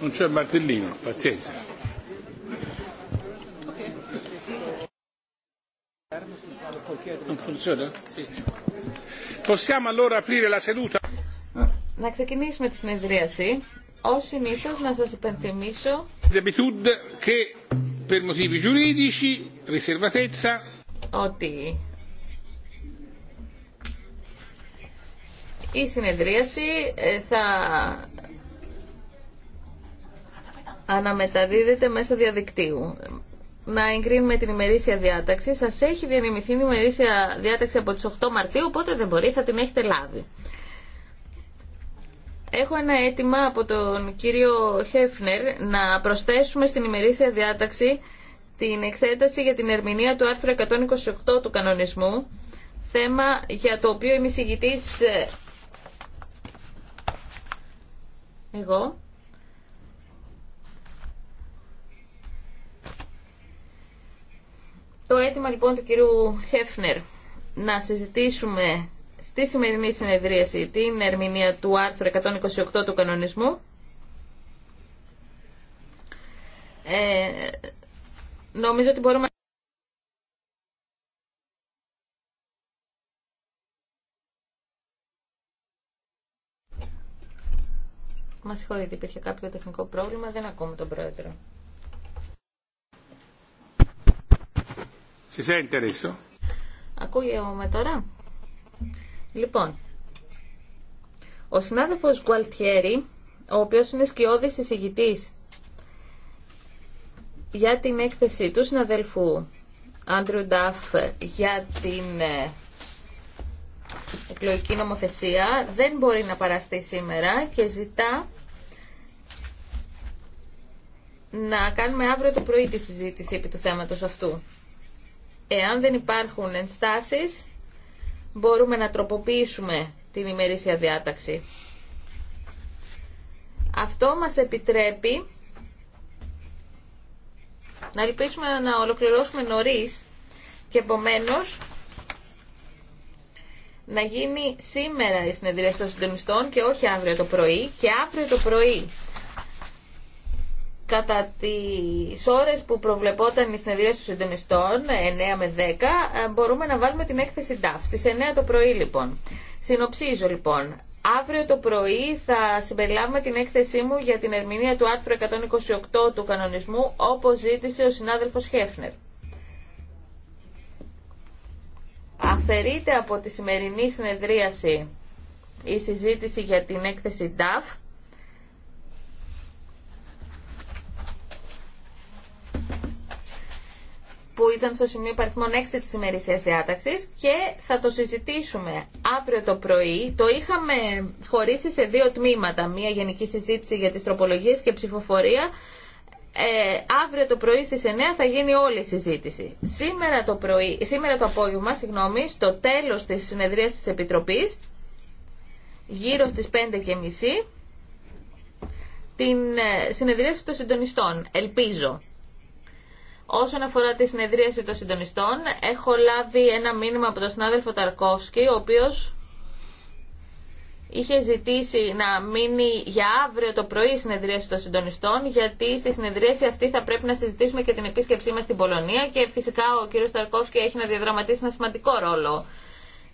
Non c'è Martellino, pazienza. Non funziona? Sì. Possiamo allora aprire la seduta? Να ξεκινήσουμε τη συνεδρίαση. Ω συνήθω, να σα υπενθυμίσω. Ότι Η συνεδρίαση ε, θα αναμεταδίδεται μέσω διαδικτύου. Να εγκρίνουμε την ημερήσια διάταξη. Σας έχει διανημηθεί η ημερήσια διάταξη από τις 8 Μαρτίου, οπότε δεν μπορεί, θα την έχετε λάβει. Έχω ένα αίτημα από τον κύριο Χέφνερ να προσθέσουμε στην ημερήσια διάταξη την εξέταση για την ερμηνεία του άρθρου 128 του κανονισμού, θέμα για το οποίο είμαι εγώ Το αίτημα λοιπόν του κυρίου Χέφνερ να συζητήσουμε στη σημερινή συνεδρίαση την ερμηνεία του άρθρου 128 του κανονισμού ε, νομίζω ότι μπορούμε συγχωρείτε, υπήρχε κάποιο τεχνικό πρόβλημα, δεν ακούμε τον Πρόεδρο. Si τώρα. Λοιπόν, ο συνάδελφος Γκουαλτιέρη, ο οποίος είναι σκιώδης εισηγητής για την έκθεση του συναδέλφου Άντριου Νταφ για την ε, εκλογική νομοθεσία, δεν μπορεί να παραστεί σήμερα και ζητά να κάνουμε αύριο το πρωί τη συζήτηση επί του θέματος αυτού. Εάν δεν υπάρχουν ενστάσεις, μπορούμε να τροποποιήσουμε την ημερήσια διάταξη. Αυτό μας επιτρέπει να ελπίσουμε να ολοκληρώσουμε νωρίς και επομένως να γίνει σήμερα η συνεδρία των συντονιστών και όχι αύριο το πρωί και αύριο το πρωί κατά τι ώρες που προβλεπόταν η συνεδρία των συντονιστών, 9 με 10, ε, μπορούμε να βάλουμε την έκθεση DAF, στις 9 το πρωί λοιπόν. Συνοψίζω λοιπόν, Αύριο το πρωί θα συμπεριλάβουμε την έκθεσή μου για την ερμηνεία του άρθρου 128 του κανονισμού, όπως ζήτησε ο συνάδελφος Χέφνερ. Αφαιρείται από τη σημερινή συνεδρίαση η συζήτηση για την έκθεση DAF που ήταν στο σημείο παριθμών 6 της ημερησίας διάταξης και θα το συζητήσουμε αύριο το πρωί. Το είχαμε χωρίσει σε δύο τμήματα, μία γενική συζήτηση για τις τροπολογίες και ψηφοφορία. Ε, αύριο το πρωί στις 9 θα γίνει όλη η συζήτηση. Σήμερα το, πρωί, σήμερα το απόγευμα, συγγνώμη, στο τέλος της συνεδρίας της Επιτροπής, γύρω στις 5.30, την ε, συνεδρίαση των συντονιστών, ελπίζω. Όσον αφορά τη συνεδρίαση των συντονιστών, έχω λάβει ένα μήνυμα από τον συνάδελφο Ταρκόφσκι, ο οποίο είχε ζητήσει να μείνει για αύριο το πρωί η συνεδρίαση των συντονιστών, γιατί στη συνεδρίαση αυτή θα πρέπει να συζητήσουμε και την επίσκεψή μα στην Πολωνία και φυσικά ο κύριο Ταρκόφσκι έχει να διαδραματίσει ένα σημαντικό ρόλο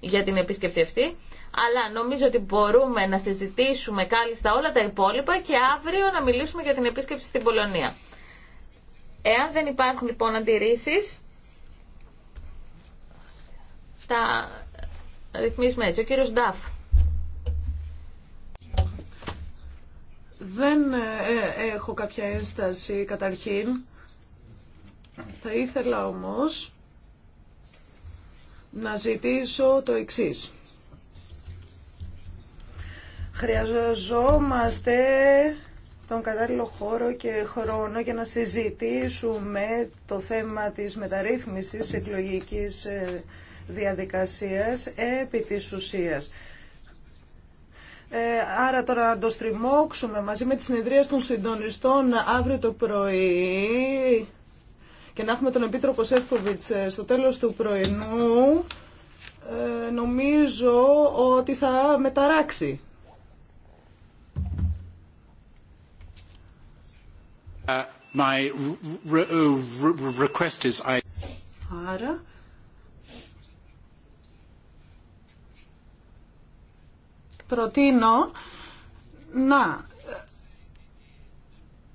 για την επίσκεψη αυτή. Αλλά νομίζω ότι μπορούμε να συζητήσουμε κάλλιστα όλα τα υπόλοιπα και αύριο να μιλήσουμε για την επίσκεψη στην Πολωνία. Εάν δεν υπάρχουν λοιπόν αντιρρήσεις, τα ρυθμίσουμε έτσι. Ο κύριος Νταφ. Δεν ε, ε, έχω κάποια ένσταση καταρχήν. Θα ήθελα όμως να ζητήσω το εξής. Χρειαζόμαστε τον κατάλληλο χώρο και χρόνο για να συζητήσουμε το θέμα της μεταρρύθμισης εκλογικής ε, διαδικασίας επί της ουσίας. Ε, άρα τώρα να το στριμώξουμε μαζί με τη συνεδρία των συντονιστών αύριο το πρωί και να έχουμε τον Επίτροπο Σεύκοβιτς ε, στο τέλος του πρωινού, νομίζω ότι θα μεταράξει Uh, my request is I... Άρα... Προτείνω να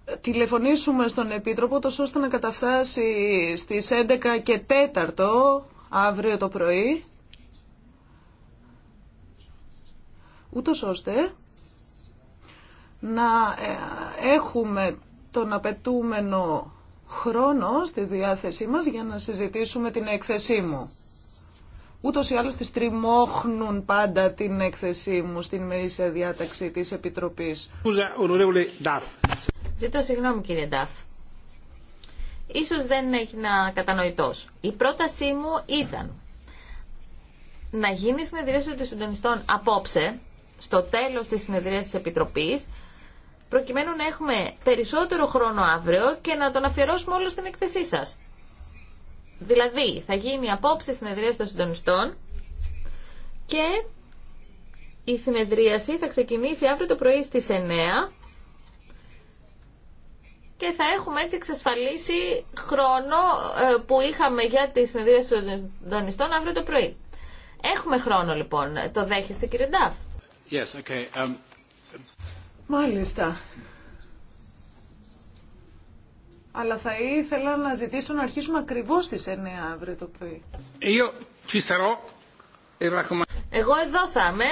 ε, τηλεφωνήσουμε στον Επίτροπο τόσο ώστε να καταφτάσει στις 11 και 4 αύριο το πρωί ούτως ώστε να ε, έχουμε τον απαιτούμενο χρόνο στη διάθεσή μας για να συζητήσουμε την έκθεσή μου. Ούτως ή άλλως τις τριμώχνουν πάντα την έκθεσή μου στην μερίσια διάταξη της Επιτροπής. Ζητώ συγγνώμη κύριε Νταφ. Ίσως δεν να κατανοητός. Η πρότασή μου ήταν να γίνει συνεδρίαση των συντονιστών απόψε, στο τέλος της συνεδρίας της Επιτροπής, προκειμένου να έχουμε περισσότερο χρόνο αύριο και να τον αφιερώσουμε όλο στην εκθεσή σα. Δηλαδή, θα γίνει απόψε συνεδρία των συντονιστών και η συνεδρίαση θα ξεκινήσει αύριο το πρωί στις 9 και θα έχουμε έτσι εξασφαλίσει χρόνο ε, που είχαμε για τη συνεδρίαση των συντονιστών αύριο το πρωί. Έχουμε χρόνο λοιπόν. Το δέχεστε κύριε Ντάφ. Yes, okay. Um, Μάλιστα. Αλλά θα ήθελα να ζητήσω να αρχίσουμε ακριβώς στις 9 αύριο το πρωί. E Εγώ εδώ θα είμαι,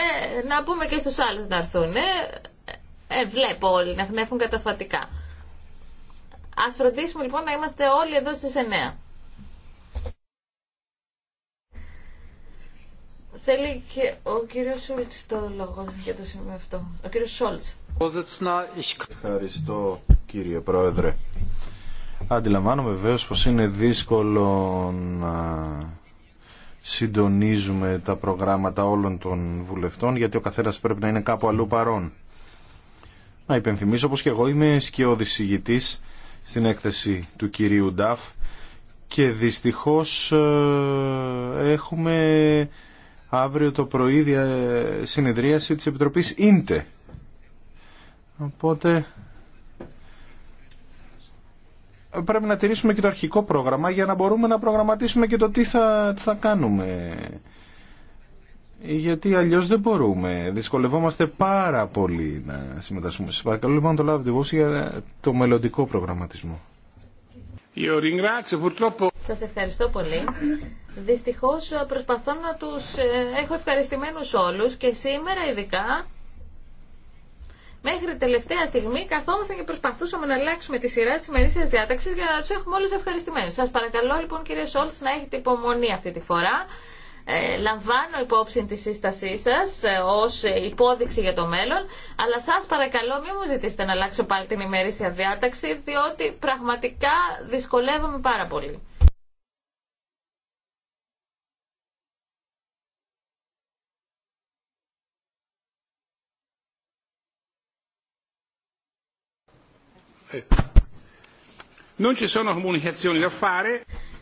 να πούμε και στους άλλους να έρθουν. Ε, ε βλέπω όλοι να χνεύουν καταφατικά. Ας φροντίσουμε λοιπόν να είμαστε όλοι εδώ στις 9. Θέλει και ο κύριο Σούλτ το λόγο για το σημείο αυτό. Ο κύριο Σόλτς. Ευχαριστώ κύριε Πρόεδρε. Αντιλαμβάνομαι βεβαίω πω είναι δύσκολο να συντονίζουμε τα προγράμματα όλων των βουλευτών γιατί ο καθένας πρέπει να είναι κάπου αλλού παρόν. Να υπενθυμίσω πως και εγώ είμαι σκιώδης συγητής στην έκθεση του κυρίου Νταφ και δυστυχώς ε, έχουμε αύριο το πρωί συνεδρίαση της Επιτροπής ΙΝΤΕ. Οπότε πρέπει να τηρήσουμε και το αρχικό πρόγραμμα για να μπορούμε να προγραμματίσουμε και το τι θα, θα κάνουμε. Γιατί αλλιώς δεν μπορούμε. Δυσκολευόμαστε πάρα πολύ να συμμετάσχουμε. Σας παρακαλώ λοιπόν να το λάβετε υπόψη για το μελλοντικό προγραμματισμό. Σας ευχαριστώ πολύ. Δυστυχώς ε, προσπαθώ να τους ε, έχω ευχαριστημένους όλους και σήμερα ειδικά μέχρι τελευταία στιγμή καθόμαστε και προσπαθούσαμε να αλλάξουμε τη σειρά τη ημερήσιας διάταξης για να τους έχουμε όλους ευχαριστημένους. Σας παρακαλώ λοιπόν κύριε Σόλτς να έχετε υπομονή αυτή τη φορά. Ε, λαμβάνω υπόψη τη σύστασή σα ε, ως υπόδειξη για το μέλλον, αλλά σα παρακαλώ μην μου ζητήσετε να αλλάξω πάλι την ημερήσια διάταξη, διότι πραγματικά δυσκολεύομαι πάρα πολύ.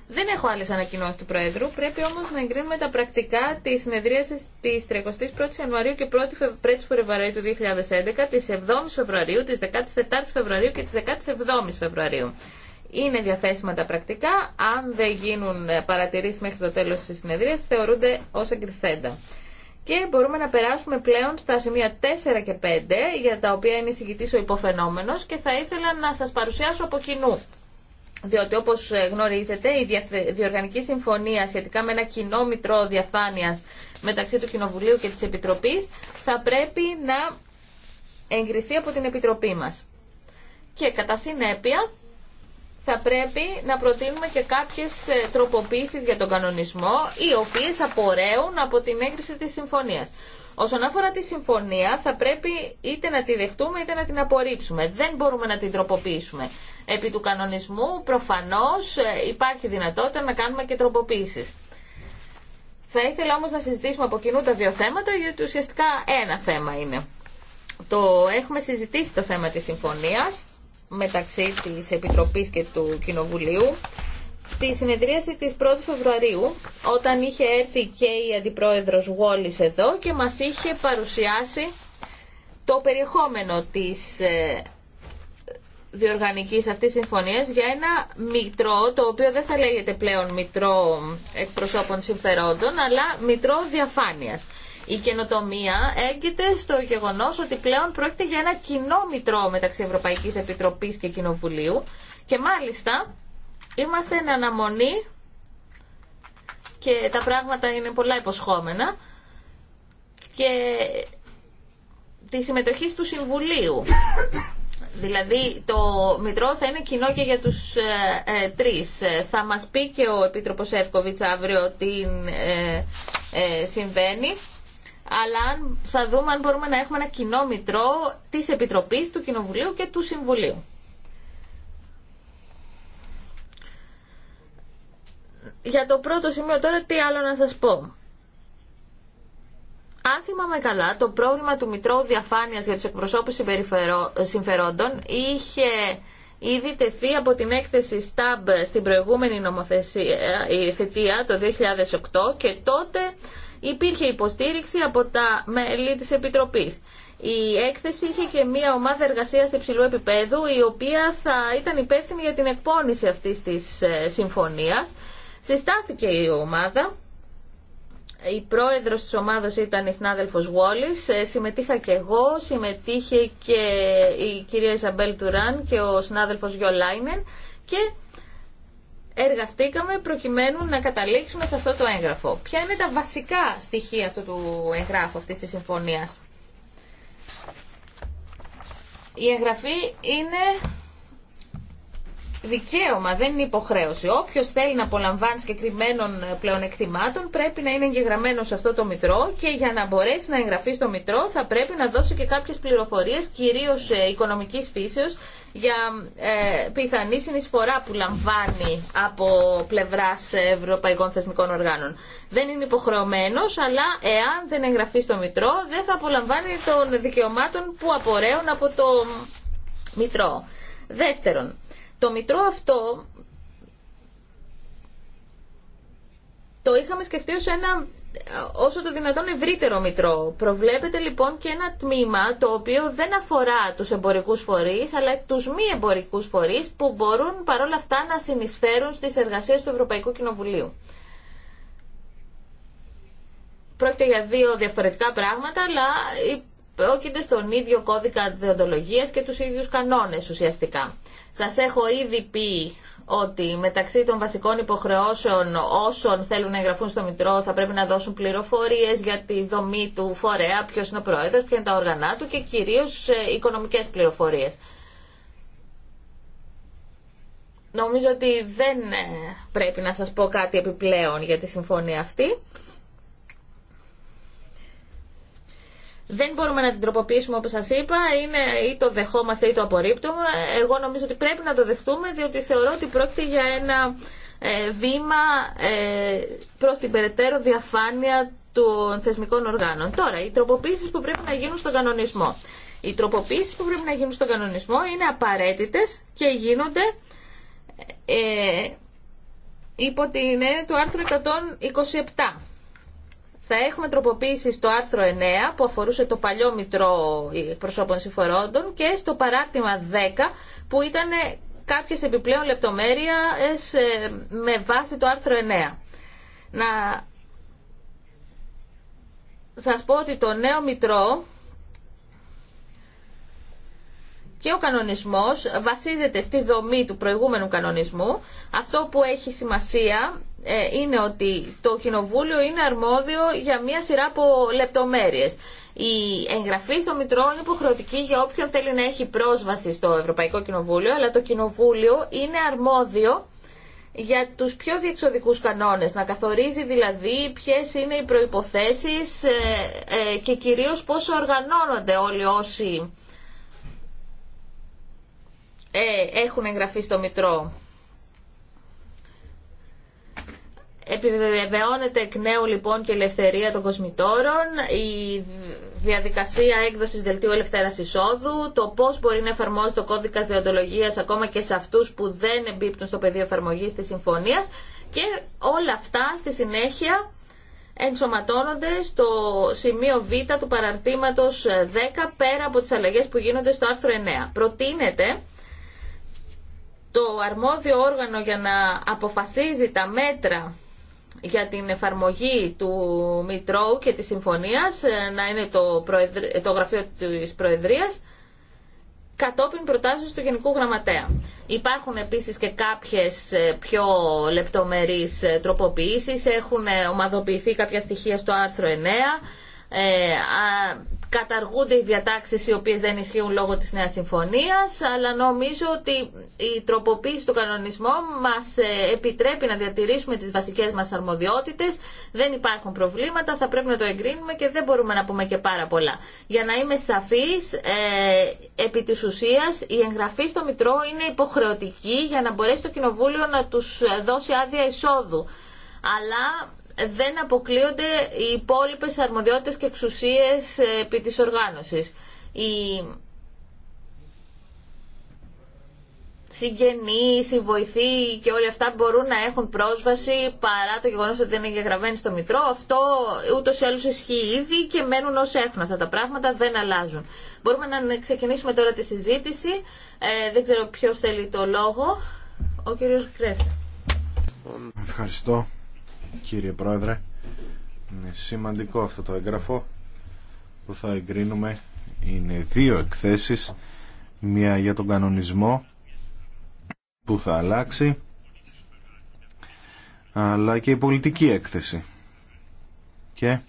Δεν έχω άλλε ανακοινώσει του Προέδρου. Πρέπει όμω να εγκρίνουμε τα πρακτικά τη συνεδρίαση τη 31η Ιανουαρίου και 1η Φεβρουαρίου του 2011, τη 7η Φεβρουαρίου, τη 14η Φεβρουαρίου και τη 17η Φεβρουαρίου. Είναι διαθέσιμα τα πρακτικά. Αν δεν γίνουν παρατηρήσει μέχρι το τέλο τη συνεδρία, θεωρούνται ω εγκριθέντα. Και μπορούμε να περάσουμε πλέον στα σημεία 4 και 5, για τα οποία είναι εισηγητή ο υποφαινόμενος και θα ήθελα να σας παρουσιάσω από κοινού. Διότι όπως ε, γνωρίζετε η διοργανική συμφωνία σχετικά με ένα κοινό μητρό διαφάνειας μεταξύ του Κοινοβουλίου και της Επιτροπής θα πρέπει να εγκριθεί από την Επιτροπή μα. Και κατά συνέπεια θα πρέπει να προτείνουμε και κάποιες ε, τροποποίησεις για τον κανονισμό, οι οποίες απορρέουν από την έγκριση της συμφωνίας. Όσον αφορά τη συμφωνία, θα πρέπει είτε να τη δεχτούμε είτε να την απορρίψουμε. Δεν μπορούμε να την τροποποιήσουμε. Επί του κανονισμού, προφανώς, ε, υπάρχει δυνατότητα να κάνουμε και τροποποίησεις. Θα ήθελα όμως να συζητήσουμε από κοινού τα δύο θέματα, γιατί ουσιαστικά ένα θέμα είναι. Το έχουμε συζητήσει το θέμα της συμφωνίας μεταξύ της Επιτροπής και του Κοινοβουλίου στη συνεδρίαση της 1ης Φεβρουαρίου όταν είχε έρθει και η Αντιπρόεδρος Γόλης εδώ και μας είχε παρουσιάσει το περιεχόμενο της ε, διοργανικής αυτής συμφωνίας για ένα μητρό, το οποίο δεν θα λέγεται πλέον μητρό εκπροσώπων συμφερόντων, αλλά μητρό διαφάνειας. Η καινοτομία έγκυται στο γεγονός ότι πλέον πρόκειται για ένα κοινό μητρό μεταξύ Ευρωπαϊκής Επιτροπής και Κοινοβουλίου και μάλιστα είμαστε εν αναμονή και τα πράγματα είναι πολλά υποσχόμενα και τη συμμετοχή του Συμβουλίου. Δηλαδή το Μητρό θα είναι κοινό και για τους ε, ε, ε Θα μας πει και ο Επίτροπος Εύκοβιτς αύριο τι ε, ε συμβαίνει αλλά θα δούμε αν μπορούμε να έχουμε ένα κοινό μητρό της Επιτροπής, του Κοινοβουλίου και του Συμβουλίου. Για το πρώτο σημείο τώρα τι άλλο να σας πω. Αν θυμάμαι καλά, το πρόβλημα του Μητρώου Διαφάνειας για τους εκπροσώπους συμφερόντων είχε ήδη τεθεί από την έκθεση ΣΤΑΜΠ στην προηγούμενη νομοθεσία, η θετία, το 2008 και τότε υπήρχε υποστήριξη από τα μέλη της Επιτροπής. Η έκθεση είχε και μια ομάδα εργασίας υψηλού επίπεδου, η οποία θα ήταν υπεύθυνη για την εκπόνηση αυτής της ε, συμφωνίας. Συστάθηκε η ομάδα. Η πρόεδρος της ομάδας ήταν η συνάδελφος Γουόλης, ε, συμμετείχα και εγώ, συμμετείχε και η κυρία Ισαμπέλ Τουράν και ο συνάδελφος Γιολάινεν και εργαστήκαμε προκειμένου να καταλήξουμε σε αυτό το έγγραφο. Ποια είναι τα βασικά στοιχεία αυτού του εγγράφου αυτής της συμφωνίας. Η εγγραφή είναι δικαίωμα, δεν είναι υποχρέωση. Όποιο θέλει να απολαμβάνει συγκεκριμένων ε, πλεονεκτημάτων πρέπει να είναι εγγεγραμμένο σε αυτό το Μητρό και για να μπορέσει να εγγραφεί στο Μητρό θα πρέπει να δώσει και κάποιε πληροφορίε, κυρίω ε, οικονομική φύσεω, για ε, πιθανή συνεισφορά που λαμβάνει από πλευρά ευρωπαϊκών θεσμικών οργάνων. Δεν είναι υποχρεωμένο, αλλά εάν δεν εγγραφεί στο Μητρό δεν θα απολαμβάνει των δικαιωμάτων που απορρέουν από το Μητρό. Δεύτερον, το μητρό αυτό το είχαμε σκεφτεί ως ένα όσο το δυνατόν ευρύτερο μητρό. Προβλέπεται λοιπόν και ένα τμήμα το οποίο δεν αφορά τους εμπορικούς φορείς αλλά τους μη εμπορικούς φορείς που μπορούν παρόλα αυτά να συνεισφέρουν στις εργασίες του Ευρωπαϊκού Κοινοβουλίου. Πρόκειται για δύο διαφορετικά πράγματα αλλά πρόκειται στον ίδιο κώδικα διοντολογία και του ίδιους κανόνες ουσιαστικά. Σας έχω ήδη πει ότι μεταξύ των βασικών υποχρεώσεων όσων θέλουν να εγγραφούν στο Μητρό θα πρέπει να δώσουν πληροφορίες για τη δομή του φορέα, ποιο είναι ο προέδρο ποια είναι τα όργανά του και κυρίως ε, οικονομικές πληροφορίε. Νομίζω ότι δεν ε, πρέπει να σας πω κάτι επιπλέον για τη συμφωνία αυτή. δεν μπορούμε να την τροποποιήσουμε όπως σας είπα, είναι ή το δεχόμαστε ή το απορρίπτουμε. Εγώ νομίζω ότι πρέπει να το δεχτούμε διότι θεωρώ ότι πρόκειται για ένα ε, βήμα ε, προς την περαιτέρω διαφάνεια των θεσμικών οργάνων. Τώρα, οι τροποποίησεις που πρέπει να γίνουν στον κανονισμό. Οι τροποποίησεις που πρέπει να γίνουν στον κανονισμό είναι απαραίτητες και γίνονται ε, υπό την έννοια του άρθρου 127 θα έχουμε τροποποίηση στο άρθρο 9 που αφορούσε το παλιό μητρό προσώπων συμφορώντων και στο παράρτημα 10 που ήταν κάποιες επιπλέον λεπτομέρειες ε, με βάση το άρθρο 9. Να σας πω ότι το νέο μητρό και ο κανονισμός βασίζεται στη δομή του προηγούμενου κανονισμού. Αυτό που έχει σημασία ε, είναι ότι το Κοινοβούλιο είναι αρμόδιο για μία σειρά από λεπτομέρειες. Η εγγραφή στο Μητρό είναι υποχρεωτική για όποιον θέλει να έχει πρόσβαση στο Ευρωπαϊκό Κοινοβούλιο, αλλά το Κοινοβούλιο είναι αρμόδιο για τους πιο διεξοδικούς κανόνες, να καθορίζει δηλαδή ποιες είναι οι προϋποθέσεις ε, ε, και κυρίως πόσο οργανώνονται όλοι όσοι ε, έχουν εγγραφεί στο Μητρό. Επιβεβαιώνεται εκ νέου λοιπόν και η ελευθερία των κοσμητόρων, η διαδικασία έκδοσης δελτίου ελευθέρας εισόδου, το πώς μπορεί να εφαρμόσει το κώδικα διοντολογίας ακόμα και σε αυτούς που δεν εμπίπτουν στο πεδίο εφαρμογής της συμφωνίας και όλα αυτά στη συνέχεια ενσωματώνονται στο σημείο Β του παραρτήματος 10 πέρα από τις αλλαγές που γίνονται στο άρθρο 9. Προτείνεται το αρμόδιο όργανο για να αποφασίζει τα μέτρα για την εφαρμογή του Μητρώου και της Συμφωνίας ε, να είναι το, το γραφείο της Προεδρίας κατόπιν προτάσεις του Γενικού Γραμματέα. Υπάρχουν επίσης και κάποιες ε, πιο λεπτομερείς ε, τροποποιήσεις, έχουν ομαδοποιηθεί κάποια στοιχεία στο άρθρο 9, καταργούνται οι διατάξεις οι οποίες δεν ισχύουν λόγω της νέας συμφωνίας, αλλά νομίζω ότι η τροποποίηση του κανονισμού μας ε, επιτρέπει να διατηρήσουμε τις βασικές μας αρμοδιότητες, δεν υπάρχουν προβλήματα, θα πρέπει να το εγκρίνουμε και δεν μπορούμε να πούμε και πάρα πολλά. Για να είμαι σαφής, ε, επί της ουσίας η εγγραφή στο Μητρό είναι υποχρεωτική για να μπορέσει το Κοινοβούλιο να τους δώσει άδεια εισόδου. Αλλά δεν αποκλείονται οι υπόλοιπες αρμοδιότητες και εξουσίες ε, επί της οργάνωσης. Η συγγενείς, οι βοηθοί και όλοι αυτά μπορούν να έχουν πρόσβαση παρά το γεγονός ότι δεν είναι εγγεγραμμένοι στο Μητρό. Αυτό ούτως ή άλλως ισχύει ήδη και μένουν όσοι έχουν αυτά τα πράγματα, δεν αλλάζουν. Μπορούμε να ξεκινήσουμε τώρα τη συζήτηση. Ε, δεν ξέρω ποιος θέλει το λόγο. Ο κύριος Κρέφ. Ευχαριστώ κύριε Πρόεδρε. Είναι σημαντικό αυτό το έγγραφο που θα εγκρίνουμε. Είναι δύο εκθέσεις. Μία για τον κανονισμό που θα αλλάξει αλλά και η πολιτική έκθεση. Και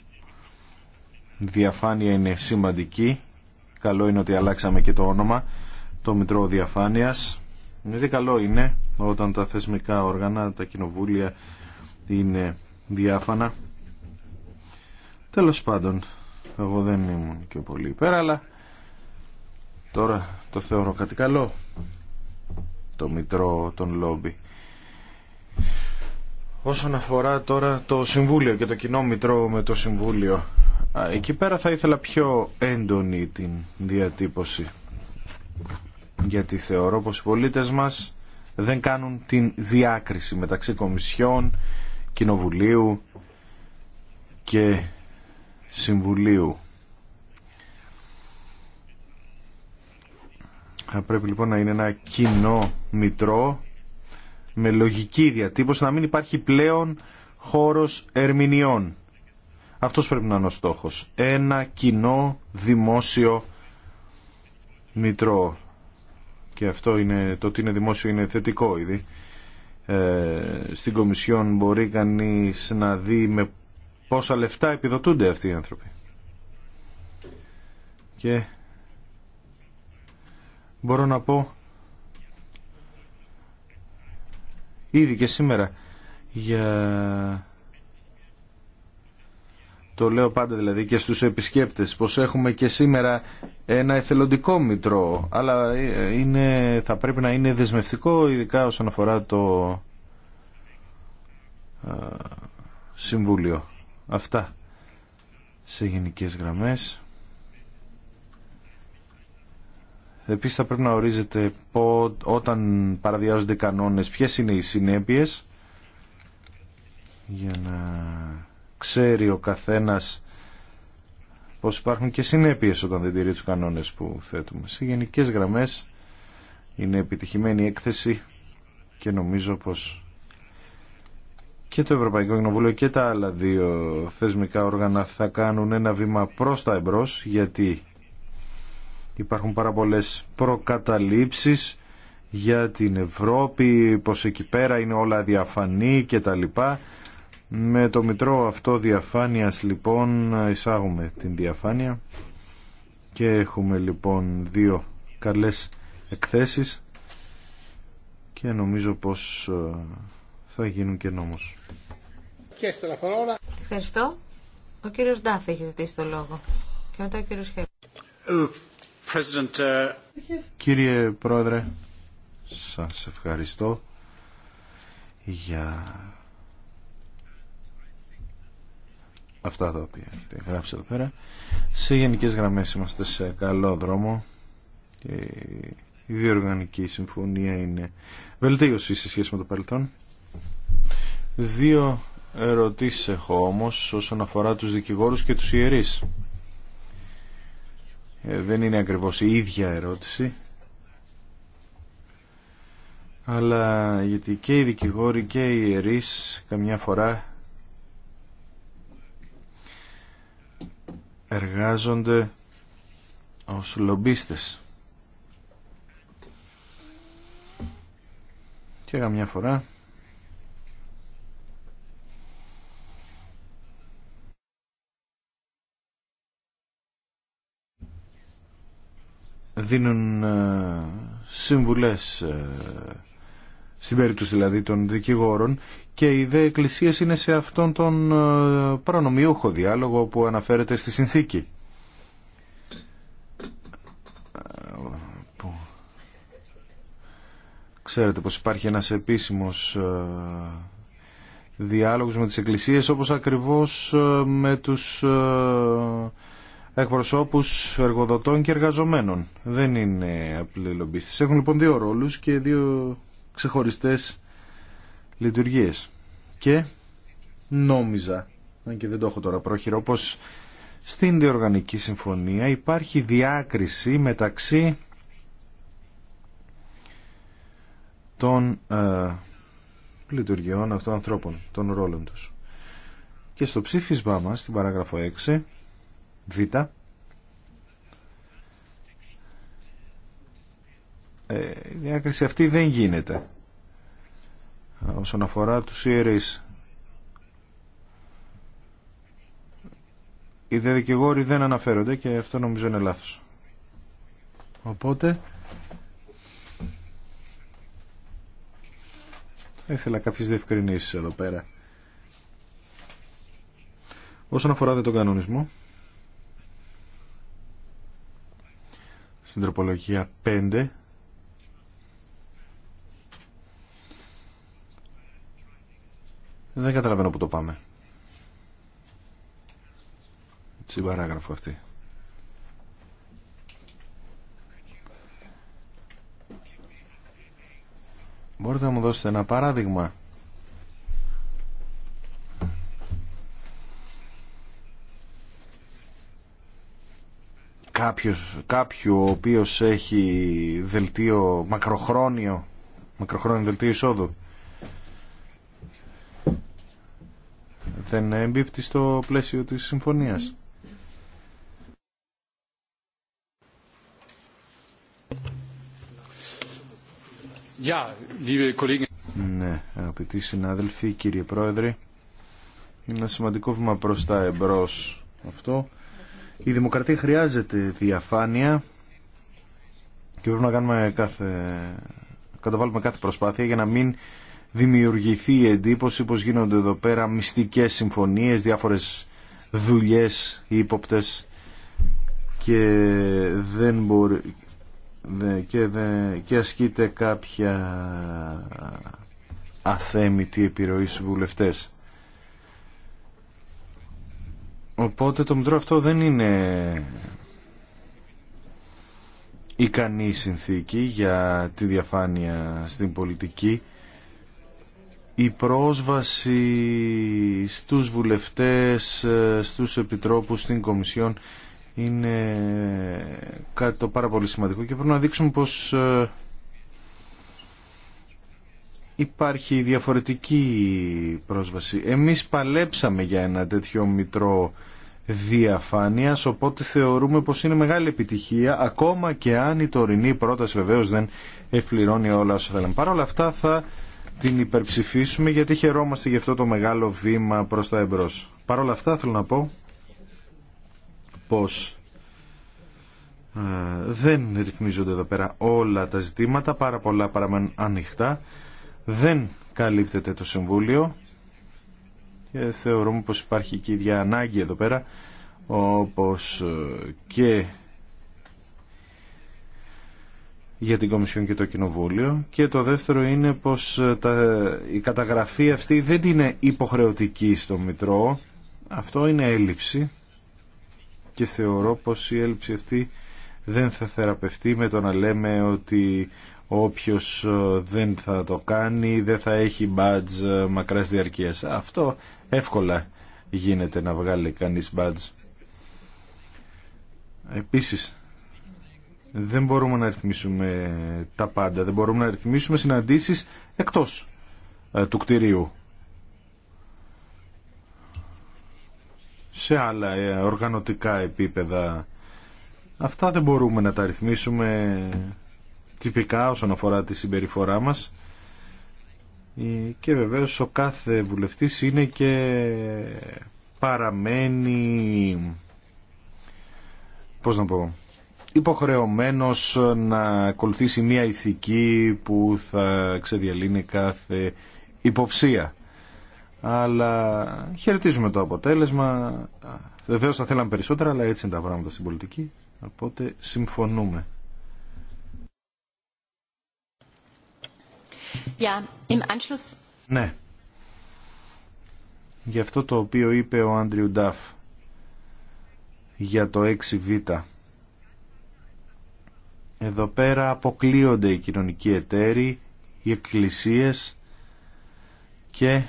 διαφάνεια είναι σημαντική. Καλό είναι ότι αλλάξαμε και το όνομα, το Μητρό Διαφάνειας. Δηλαδή καλό είναι όταν τα θεσμικά όργανα, τα κοινοβούλια είναι διάφανα. Τέλος πάντων, εγώ δεν ήμουν και πολύ υπέρα, αλλά τώρα το θεωρώ κάτι καλό, το μητρό των λόμπι. Όσον αφορά τώρα το Συμβούλιο και το κοινό μητρό με το Συμβούλιο, εκεί πέρα θα ήθελα πιο έντονη την διατύπωση. Γιατί θεωρώ πως οι πολίτες μας δεν κάνουν την διάκριση μεταξύ κομισιών, Κοινοβουλίου και Συμβουλίου. Θα πρέπει λοιπόν να είναι ένα κοινό μητρό με λογική διατύπωση να μην υπάρχει πλέον χώρος ερμηνεών. Αυτός πρέπει να είναι ο στόχος. Ένα κοινό δημόσιο μητρό. Και αυτό είναι, το ότι είναι δημόσιο είναι θετικό ήδη. Ε, στην Κομισιόν μπορεί κανείς να δει με πόσα λεφτά επιδοτούνται αυτοί οι άνθρωποι. Και μπορώ να πω ήδη και σήμερα για το λέω πάντα δηλαδή και στους επισκέπτες, πως έχουμε και σήμερα ένα εθελοντικό μητρό, αλλά ε, είναι, θα πρέπει να είναι δεσμευτικό, ειδικά όσον αφορά το ε, Συμβούλιο. Αυτά σε γενικές γραμμές. Επίσης θα πρέπει να ορίζετε πό, όταν παραδιάζονται κανόνες, ποιες είναι οι συνέπειες για να ξέρει ο καθένας πως υπάρχουν και συνέπειες όταν δεν τηρεί τους κανόνες που θέτουμε. Σε γενικές γραμμές είναι επιτυχημένη έκθεση και νομίζω πως και το Ευρωπαϊκό Κοινοβούλιο και τα άλλα δύο θεσμικά όργανα θα κάνουν ένα βήμα προς τα εμπρός γιατί υπάρχουν πάρα πολλέ προκαταλήψεις για την Ευρώπη, πως εκεί πέρα είναι όλα διαφανή και τα λοιπά. Με το μητρό αυτό διαφάνειας λοιπόν εισάγουμε την διαφάνεια και έχουμε λοιπόν δύο καλές εκθέσεις και νομίζω πως ε, θα γίνουν και νόμος. Ευχαριστώ. Ο κύριος Ντάφ έχει ζητήσει το λόγο. Και μετά ο κύριος President... Ε, Κύριε Πρόεδρε, σας ευχαριστώ για αυτά τα οποία έχετε γράψει εδώ πέρα. Σε γενικές γραμμές είμαστε σε καλό δρόμο και η διοργανική συμφωνία είναι βελτίωση σε σχέση με το παρελθόν. Δύο ερωτήσεις έχω όμως όσον αφορά τους δικηγόρους και τους ιερείς. Ε, δεν είναι ακριβώς η ίδια ερώτηση αλλά γιατί και οι δικηγόροι και οι ιερείς καμιά φορά εργάζονται ως λομπίστες. Και καμιά φορά δίνουν ε, συμβουλές ε, στην περίπτωση δηλαδή των δικηγόρων και οι δε εκκλησίες είναι σε αυτόν τον ε, προνομιούχο διάλογο που αναφέρεται στη συνθήκη. Ξέρετε πως υπάρχει ένας επίσημος ε, διάλογος με τις εκκλησίες όπως ακριβώς ε, με τους εκπροσώπους εργοδοτών και εργαζομένων. Δεν είναι απλή λομπίστες. Έχουν λοιπόν δύο ρόλους και δύο ξεχωριστές λειτουργίες. Και νόμιζα, αν ναι, και δεν το έχω τώρα πρόχειρο, πως στην διοργανική συμφωνία υπάρχει διάκριση μεταξύ των ε, λειτουργιών αυτών ανθρώπων, των ρόλων τους. Και στο ψήφισμά μας, στην παράγραφο 6, β, ε, η διάκριση αυτή δεν γίνεται όσον αφορά τους ιερείς. Οι δε δικηγόροι δεν αναφέρονται και αυτό νομίζω είναι λάθος. Οπότε ήθελα κάποιες διευκρινήσεις εδώ πέρα. Όσον αφορά δε τον κανονισμό στην τροπολογία 5 Δεν καταλαβαίνω που το πάμε. Τι παράγραφο αυτή. Μπορείτε να μου δώσετε ένα παράδειγμα. Κάποιος, κάποιου ο οποίος έχει δελτίο μακροχρόνιο, μακροχρόνιο δελτίο εισόδου. δεν εμπίπτει στο πλαίσιο της συμφωνίας. ναι, αγαπητοί συνάδελφοι, κύριε Πρόεδρε, είναι ένα σημαντικό βήμα προς τα εμπρός αυτό. Η δημοκρατία χρειάζεται διαφάνεια και πρέπει να κάνουμε κάθε, καταβάλουμε κάθε προσπάθεια για να μην δημιουργηθεί η εντύπωση πως γίνονται εδώ πέρα μυστικές συμφωνίες, διάφορες δουλειές ύποπτες και δεν μπορεί και, δε και ασκείται κάποια αθέμητη επιρροή στους βουλευτές. Οπότε το μητρό αυτό δεν είναι ικανή συνθήκη για τη διαφάνεια στην πολιτική η πρόσβαση στους βουλευτές, στους επιτρόπους, στην Κομισιόν είναι κάτι το πάρα πολύ σημαντικό και πρέπει να δείξουμε πως ε, υπάρχει διαφορετική πρόσβαση. Εμείς παλέψαμε για ένα τέτοιο μητρό διαφάνειας, οπότε θεωρούμε πως είναι μεγάλη επιτυχία, ακόμα και αν η τωρινή πρόταση βεβαίως δεν εκπληρώνει όλα όσα θέλαμε. όλα αυτά θα την υπερψηφίσουμε γιατί χαιρόμαστε γι' αυτό το μεγάλο βήμα προς τα εμπρός. Παρ' όλα αυτά θέλω να πω πως ε, δεν ρυθμίζονται εδώ πέρα όλα τα ζητήματα, πάρα πολλά παραμένουν ανοιχτά, δεν καλύπτεται το Συμβούλιο και θεωρούμε πως υπάρχει και η ίδια ανάγκη εδώ πέρα όπως ε, και για την Κομισιόν και το Κοινοβούλιο και το δεύτερο είναι πως ε, η καταγραφή αυτή δεν είναι υποχρεωτική στο Μητρό αυτό είναι έλλειψη και θεωρώ πως η έλλειψη αυτή δεν θα θεραπευτεί με το να λέμε ότι όποιος ε, δεν θα το κάνει δεν θα έχει μπάτζ ε, μακράς διαρκείας αυτό εύκολα γίνεται να βγάλει κανείς μπάτζ επίσης δεν μπορούμε να ρυθμίσουμε τα πάντα. Δεν μπορούμε να ρυθμίσουμε συναντήσεις εκτός ε, του κτηρίου. Σε άλλα ε, οργανωτικά επίπεδα. Αυτά δεν μπορούμε να τα ρυθμίσουμε τυπικά όσον αφορά τη συμπεριφορά μας. Ε, και βεβαίως ο κάθε βουλευτής είναι και παραμένει... Πώς να πω υποχρεωμένος να ακολουθήσει μια ηθική που θα ξεδιαλύνει κάθε υποψία. Αλλά χαιρετίζουμε το αποτέλεσμα. Βεβαίως θα θέλαμε περισσότερα, αλλά έτσι είναι τα πράγματα στην πολιτική. Οπότε συμφωνούμε. Yeah, im Anschluss... Ναι. Γι' αυτό το οποίο είπε ο Άντριου Νταφ για το 6β εδώ πέρα αποκλείονται οι κοινωνικοί εταίροι, οι εκκλησίες και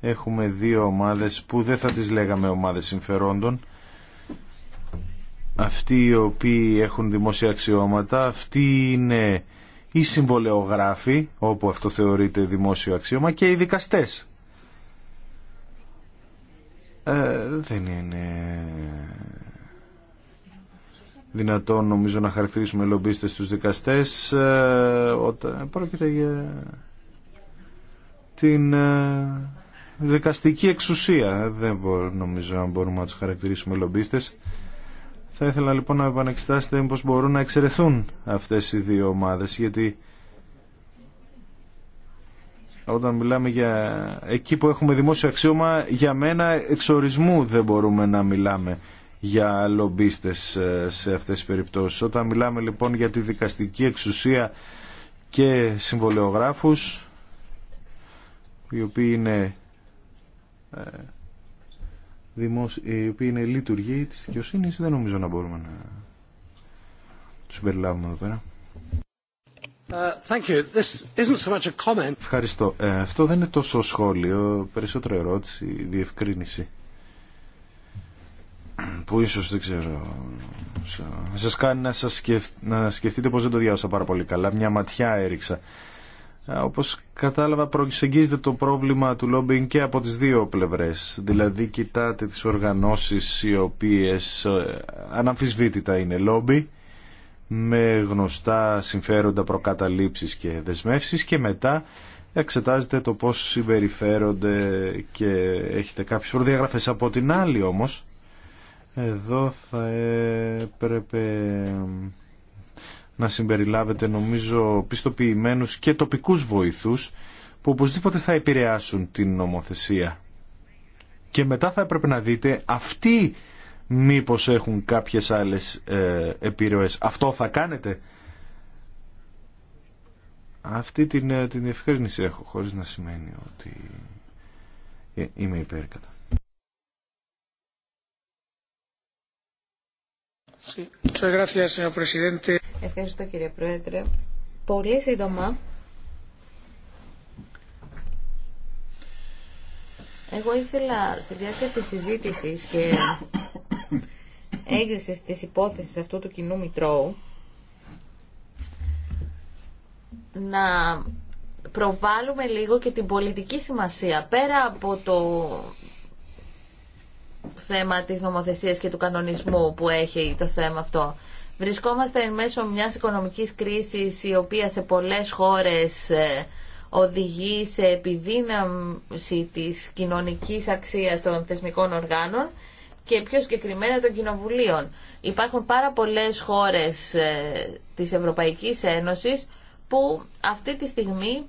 έχουμε δύο ομάδες που δεν θα τις λέγαμε ομάδες συμφερόντων αυτοί οι οποίοι έχουν δημόσια αξιώματα, αυτοί είναι οι συμβολεογράφοι, όπου αυτό θεωρείται δημόσιο αξίωμα, και οι δικαστές. Ε, δεν είναι δυνατόν νομίζω να χαρακτηρίσουμε λομπίστες στους δικαστές ε, όταν πρόκειται για την ε, δικαστική εξουσία δεν μπορώ, νομίζω αν μπορούμε να τους χαρακτηρίσουμε λομπίστες θα ήθελα λοιπόν να επανεξετάσετε πως μπορούν να εξαιρεθούν αυτές οι δύο ομάδες γιατί όταν μιλάμε για εκεί που έχουμε δημόσιο αξίωμα για μένα εξορισμού δεν μπορούμε να μιλάμε για λομπίστες ε, σε αυτές τις περιπτώσεις. Όταν μιλάμε λοιπόν για τη δικαστική εξουσία και συμβολεογράφους οι οποίοι είναι ε, οι οποίοι είναι λειτουργοί της δικαιοσύνης δεν νομίζω να μπορούμε να τους περιλάβουμε εδώ πέρα. Ε, thank you. This isn't so much a comment. Ευχαριστώ. αυτό δεν είναι τόσο σχόλιο, περισσότερο ερώτηση, διευκρίνηση που ίσως δεν ξέρω σας κάνει να, σας σκεφτείτε πως δεν το διάβασα πάρα πολύ καλά μια ματιά έριξα όπως κατάλαβα προσεγγίζεται το πρόβλημα του λόμπινγκ και από τις δύο πλευρές δηλαδή κοιτάτε τις οργανώσεις οι οποίες ε, αναμφισβήτητα είναι λόμπι με γνωστά συμφέροντα προκαταλήψεις και δεσμεύσεις και μετά εξετάζετε το πώς συμπεριφέρονται και έχετε κάποιες προδιαγραφές από την άλλη όμως εδώ θα έπρεπε να συμπεριλάβετε νομίζω πιστοποιημένους και τοπικούς βοηθούς που οπωσδήποτε θα επηρεάσουν την νομοθεσία. Και μετά θα έπρεπε να δείτε αυτοί μήπως έχουν κάποιες άλλες ε, επιρροές. Αυτό θα κάνετε. Αυτή την, ε, την ευκρίνηση έχω χωρίς να σημαίνει ότι ε, είμαι υπέρ Ευχαριστώ κύριε Πρόεδρε. Πολύ σύντομα. Εγώ ήθελα στη διάρκεια της συζήτησης και έγκρισης της υπόθεσης αυτού του κοινού Μητρώου να προβάλλουμε λίγο και την πολιτική σημασία πέρα από το θέμα της νομοθεσίας και του κανονισμού που έχει το θέμα αυτό. Βρισκόμαστε εν μέσω μιας οικονομικής κρίσης η οποία σε πολλές χώρες ε, οδηγεί σε επιδύναμση της κοινωνικής αξίας των θεσμικών οργάνων και πιο συγκεκριμένα των κοινοβουλίων. Υπάρχουν πάρα πολλές χώρες ε, της Ευρωπαϊκής Ένωσης που αυτή τη στιγμή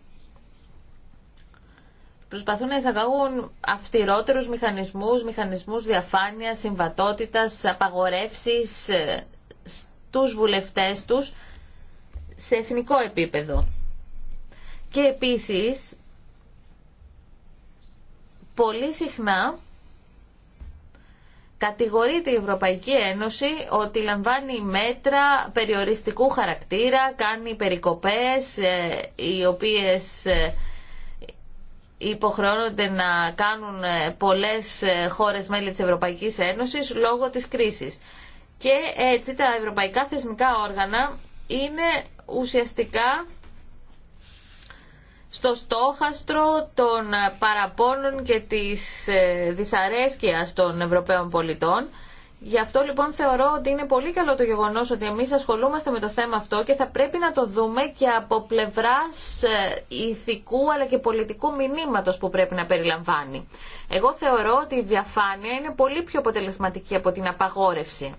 Προσπαθούν να εισαγαγούν αυστηρότερους μηχανισμούς, μηχανισμούς διαφάνειας, συμβατότητας, απαγορεύσεις ε, στους βουλευτές τους σε εθνικό επίπεδο. Και επίσης, πολύ συχνά κατηγορείται η Ευρωπαϊκή Ένωση ότι λαμβάνει μέτρα περιοριστικού χαρακτήρα, κάνει περικοπές ε, οι οποίες ε, υποχρεώνονται να κάνουν ε, πολλές ε, χώρες μέλη της Ευρωπαϊκής Ένωσης λόγω της κρίσης. Και έτσι τα ευρωπαϊκά θεσμικά όργανα είναι ουσιαστικά στο στόχαστρο των παραπώνων και της ε, δυσαρέσκειας των Ευρωπαίων πολιτών Γι' αυτό λοιπόν θεωρώ ότι είναι πολύ καλό το γεγονός ότι εμείς ασχολούμαστε με το θέμα αυτό και θα πρέπει να το δούμε και από πλευράς ε, ηθικού αλλά και πολιτικού μηνύματος που πρέπει να περιλαμβάνει. Εγώ θεωρώ ότι η διαφάνεια είναι πολύ πιο αποτελεσματική από την απαγόρευση.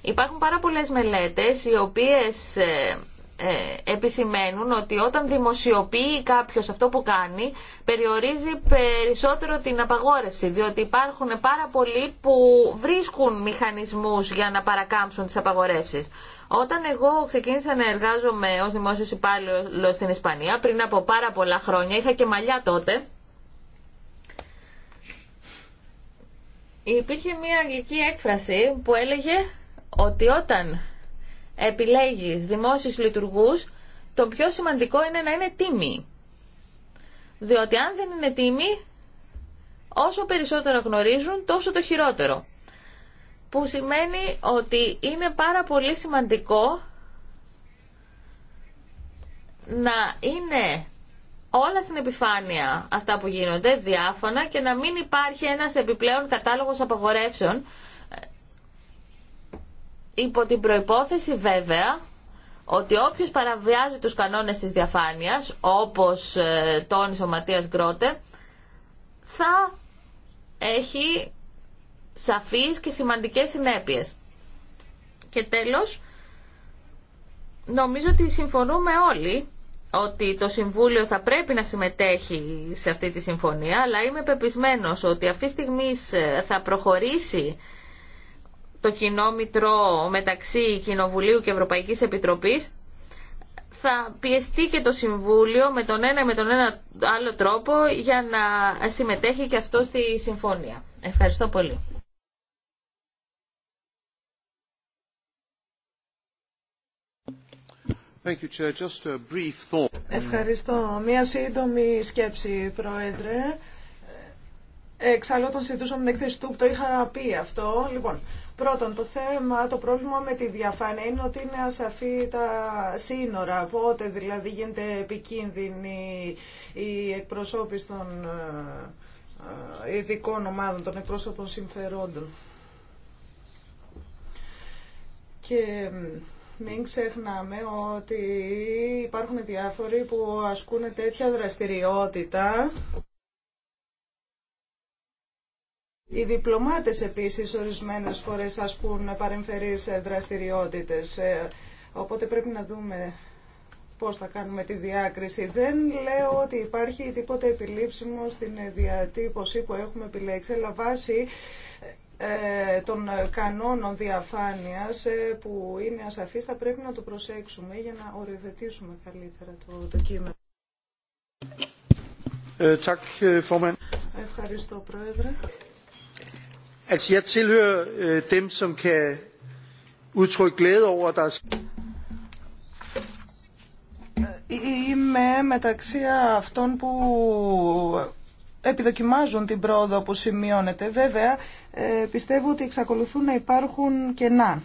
Υπάρχουν πάρα πολλές μελέτες οι οποίες ε, ε, επισημαίνουν ότι όταν δημοσιοποιεί κάποιος αυτό που κάνει περιορίζει περισσότερο την απαγόρευση διότι υπάρχουν πάρα πολλοί που βρίσκουν μηχανισμούς για να παρακάμψουν τις απαγορεύσεις. Όταν εγώ ξεκίνησα να εργάζομαι ως δημόσιος υπάλληλο στην Ισπανία πριν από πάρα πολλά χρόνια, είχα και μαλλιά τότε, υπήρχε μια αγγλική έκφραση που έλεγε ότι όταν επιλέγεις δημόσιους λειτουργούς, το πιο σημαντικό είναι να είναι τίμοι. Διότι αν δεν είναι τίμη όσο περισσότερο γνωρίζουν, τόσο το χειρότερο. Που σημαίνει ότι είναι πάρα πολύ σημαντικό να είναι όλα στην επιφάνεια αυτά που γίνονται, διάφανα και να μην υπάρχει ένας επιπλέον κατάλογος απαγορεύσεων, υπό την προϋπόθεση βέβαια ότι όποιος παραβιάζει τους κανόνες της διαφάνειας, όπως ε, τόνισε ο Ματίας Γκρότε, θα έχει σαφείς και σημαντικές συνέπειες. Και τέλος, νομίζω ότι συμφωνούμε όλοι ότι το Συμβούλιο θα πρέπει να συμμετέχει σε αυτή τη συμφωνία, αλλά είμαι πεπισμένος ότι αυτή τη στιγμή ε, θα προχωρήσει το κοινό μητρό μεταξύ Κοινοβουλίου και Ευρωπαϊκής Επιτροπής θα πιεστεί και το Συμβούλιο με τον ένα με τον ένα άλλο τρόπο για να συμμετέχει και αυτό στη συμφωνία. Ευχαριστώ πολύ. Thank you, Chair. Just a brief thought. Ευχαριστώ. Μία σύντομη σκέψη, Πρόεδρε. Εξάλλου, όταν συζητούσαμε την έκθεση του, το είχα πει αυτό. Λοιπόν, Πρώτον, το θέμα, το πρόβλημα με τη διαφάνεια είναι ότι είναι ασαφή τα σύνορα. Πότε δηλαδή γίνεται επικίνδυνη η εκπροσώπηση των ε, ε, ειδικών ομάδων, των εκπρόσωπων συμφερόντων. Και μην ξεχνάμε ότι υπάρχουν διάφοροι που ασκούν τέτοια δραστηριότητα. Οι διπλωμάτες επίσης ορισμένες φορές ασκούν παρεμφερείς δραστηριότητες. Ε, οπότε πρέπει να δούμε πώς θα κάνουμε τη διάκριση. Δεν λέω ότι υπάρχει τίποτα επιλήψιμο στην διατύπωση που έχουμε επιλέξει, αλλά βάσει ε, των κανόνων διαφάνειας ε, που είναι ασαφής θα πρέπει να το προσέξουμε για να οριοθετήσουμε καλύτερα το, το κείμενο. Ευχαριστώ, Πρόεδρε. Είμαι μεταξύ αυτών που επιδοκιμάζουν την πρόοδο που σημειώνεται. Βέβαια, ε, πιστεύω ότι εξακολουθούν να υπάρχουν κενά.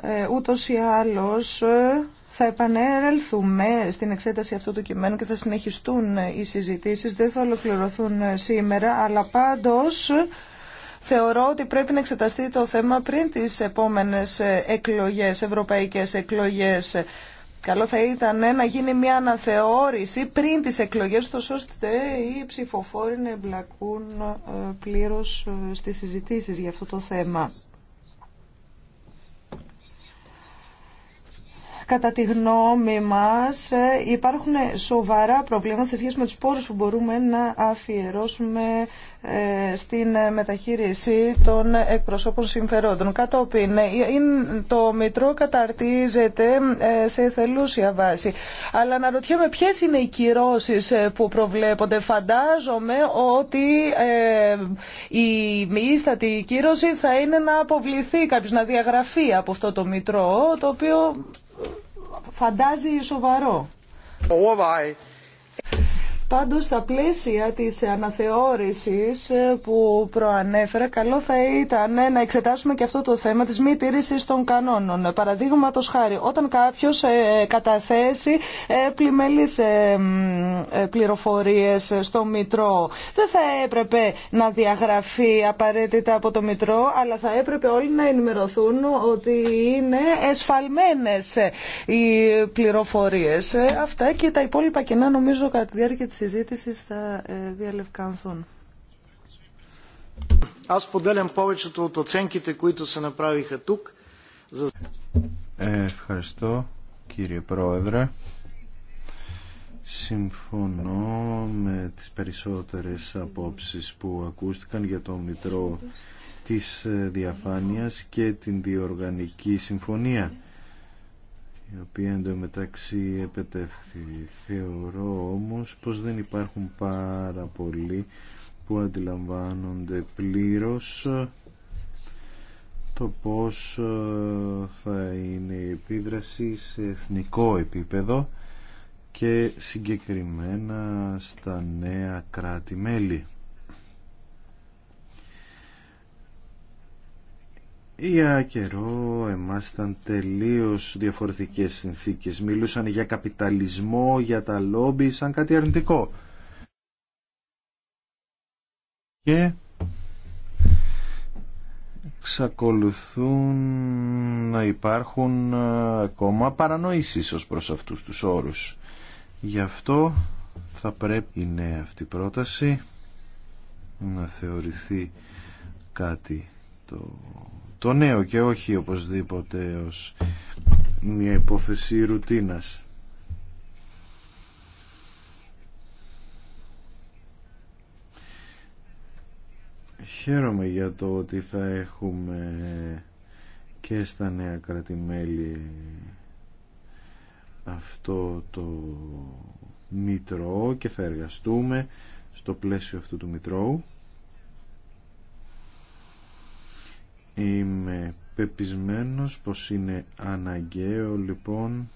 Ε, ούτως ή άλλως, ε, θα επανέλθουμε στην εξέταση αυτού του κειμένου και θα συνεχιστούν οι συζητήσεις. Δεν θα ολοκληρωθούν σήμερα, αλλά πάντως θεωρώ ότι πρέπει να εξεταστεί το θέμα πριν τις επόμενες εκλογές, ευρωπαϊκές εκλογές. Καλό θα ήταν να γίνει μια αναθεώρηση πριν τις εκλογές, ώστε οι ψηφοφόροι να εμπλακούν ε, πλήρως ε, στις συζητήσεις για αυτό το θέμα. Κατά τη γνώμη μας ε, υπάρχουν σοβαρά προβλήματα σε σχέση με τους πόρους που μπορούμε να αφιερώσουμε ε, στην μεταχείριση των εκπροσώπων συμφερόντων. Κατόπιν, ε, το Μητρό καταρτίζεται σε θελούσια βάση. Αλλά αναρωτιέμαι ποιες είναι οι κυρώσεις που προβλέπονται. Φαντάζομαι ότι η ίστατη κύρωση θα είναι να αποβληθεί κάποιος, να διαγραφεί από αυτό το Μητρό, το οποίο φαντάζει σοβαρό. Πάντως στα πλαίσια της αναθεώρησης ε, που προανέφερα καλό θα ήταν να εξετάσουμε και αυτό το θέμα της μη τήρησης των κανόνων. Παραδείγματο χάρη, όταν κάποιος ε, καταθέσει πλημελείς ε, πληροφορίες στο Μητρό δεν θα έπρεπε να διαγραφεί απαραίτητα από το Μητρό αλλά θα έπρεπε όλοι να ενημερωθούν ότι είναι εσφαλμένες οι πληροφορίες. Αυτά και τα υπόλοιπα κοινά, νομίζω κατά τη διάρκεια της συζήτησης θα ε, διαλευκανθούν. Ευχαριστώ κύριε Πρόεδρε. Συμφωνώ με τις περισσότερες απόψεις που ακούστηκαν για το Μητρό της ε, Διαφάνειας και την Διοργανική Συμφωνία η οποία εντωμεταξύ επετεύχθη. Θεωρώ όμως πως δεν υπάρχουν πάρα πολλοί που αντιλαμβάνονται πλήρως το πώς ε, θα είναι η επίδραση σε εθνικό επίπεδο και συγκεκριμένα στα νέα κράτη-μέλη. Για καιρό εμάς ήταν τελείως διαφορετικές συνθήκες. Μιλούσαν για καπιταλισμό, για τα λόμπι, σαν κάτι αρνητικό. Και εξακολουθούν να υπάρχουν ε, ακόμα παρανοήσεις ως προς αυτούς τους όρους. Γι' αυτό θα πρέπει νέα αυτή πρόταση να θεωρηθεί κάτι το το νέο και όχι οπωσδήποτε ως μια υπόθεση ρουτίνας. Χαίρομαι για το ότι θα έχουμε και στα νέα κρατημέλη αυτό το Μητρό και θα εργαστούμε στο πλαίσιο αυτού του Μητρώου. Είμαι πεπισμένος πως είναι αναγκαίο λοιπόν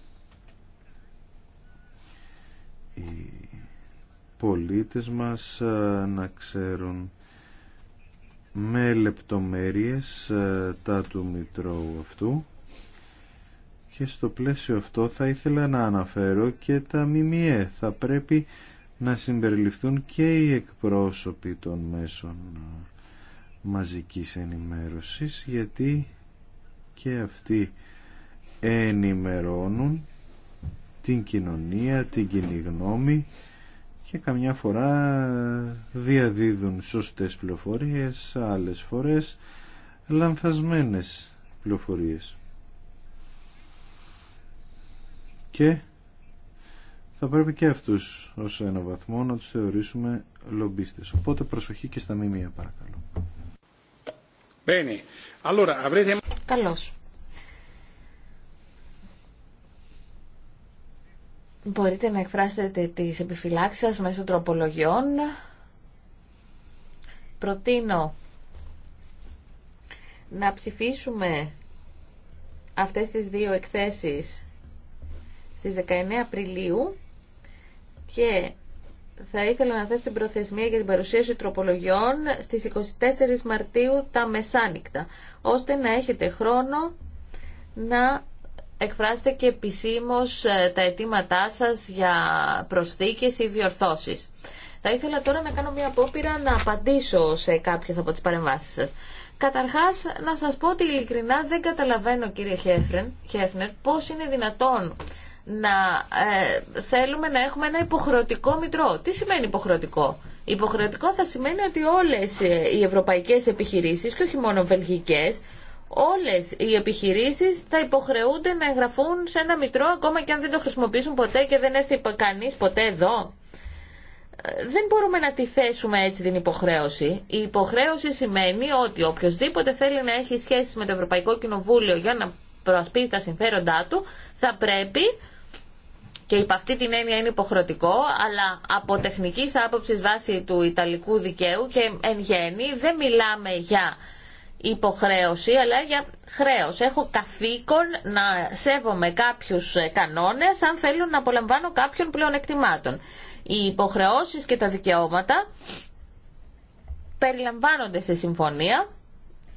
οι πολίτες μας να ξέρουν με λεπτομέρειες τα του Μητρώου αυτού και στο πλαίσιο αυτό θα ήθελα να αναφέρω και τα ΜΜΕ. Θα πρέπει να συμπεριληφθούν και οι εκπρόσωποι των μέσων μαζικής ενημέρωσης γιατί και αυτοί ενημερώνουν την κοινωνία, την κοινή γνώμη και καμιά φορά διαδίδουν σωστές πληροφορίες, άλλες φορές λανθασμένες πληροφορίες. Και θα πρέπει και αυτούς ως ένα βαθμό να τους θεωρήσουμε λομπίστες. Οπότε προσοχή και στα μήμια παρακαλώ. Καλώς. Μπορείτε να εκφράσετε τις επιφυλάξεις σας μέσω τροπολογιών. Προτείνω να ψηφίσουμε αυτές τις δύο εκθέσεις στις 19 Απριλίου και θα ήθελα να θέσω την προθεσμία για την παρουσίαση τροπολογιών στις 24 Μαρτίου τα μεσάνυχτα, ώστε να έχετε χρόνο να εκφράσετε και επισήμω ε, τα αιτήματά σας για προσθήκες ή διορθώσεις. Θα ήθελα τώρα να κάνω μια απόπειρα να απαντήσω σε κάποιες από τις παρεμβάσεις σας. Καταρχάς, να σας πω ότι ειλικρινά δεν καταλαβαίνω, κύριε Χέφνερ, πώς είναι δυνατόν να ε, θέλουμε να έχουμε ένα υποχρεωτικό μητρό. Τι σημαίνει υποχρεωτικό. Υποχρεωτικό θα σημαίνει ότι όλες ε, οι ευρωπαϊκές επιχειρήσεις και όχι μόνο βελγικές όλες οι επιχειρήσεις θα υποχρεούνται να εγγραφούν σε ένα μητρό ακόμα και αν δεν το χρησιμοποιήσουν ποτέ και δεν έρθει κανείς ποτέ εδώ. Ε, δεν μπορούμε να τη θέσουμε έτσι την υποχρέωση. Η υποχρέωση σημαίνει ότι οποιοδήποτε θέλει να έχει σχέσεις με το Ευρωπαϊκό Κοινοβούλιο για να προασπίσει τα συμφέροντά του θα πρέπει και υπ' αυτή την έννοια είναι υποχρεωτικό, αλλά από τεχνική άποψη βάση του Ιταλικού δικαίου και εν γέννη δεν μιλάμε για υποχρέωση αλλά για χρέος. Έχω καθήκον να σέβομαι κάποιους ε, κανόνες αν θέλω να απολαμβάνω κάποιων εκτιμάτων. Οι υποχρεώσεις και τα δικαιώματα περιλαμβάνονται σε συμφωνία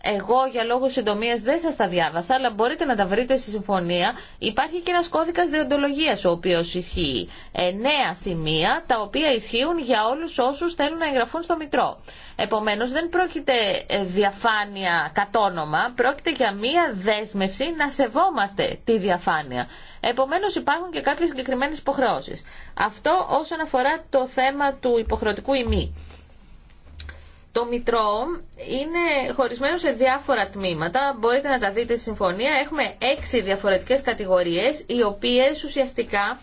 εγώ για λόγου συντομία δεν σα τα διάβασα, αλλά μπορείτε να τα βρείτε στη συμφωνία. Υπάρχει και ένα κώδικα διοντολογία ο οποίο ισχύει. Εννέα σημεία τα οποία ισχύουν για όλου όσου θέλουν να εγγραφούν στο Μητρό. Επομένω δεν πρόκειται ε, διαφάνεια κατόνομα, πρόκειται για μία δέσμευση να σεβόμαστε τη διαφάνεια. Επομένω, υπάρχουν και κάποιε συγκεκριμένε υποχρεώσει. Αυτό όσον αφορά το θέμα του υποχρεωτικού ημί. Το Μητρό είναι χωρισμένο σε διάφορα τμήματα, μπορείτε να τα δείτε στη συμφωνία. Έχουμε έξι διαφορετικές κατηγορίες, οι οποίες ουσιαστικά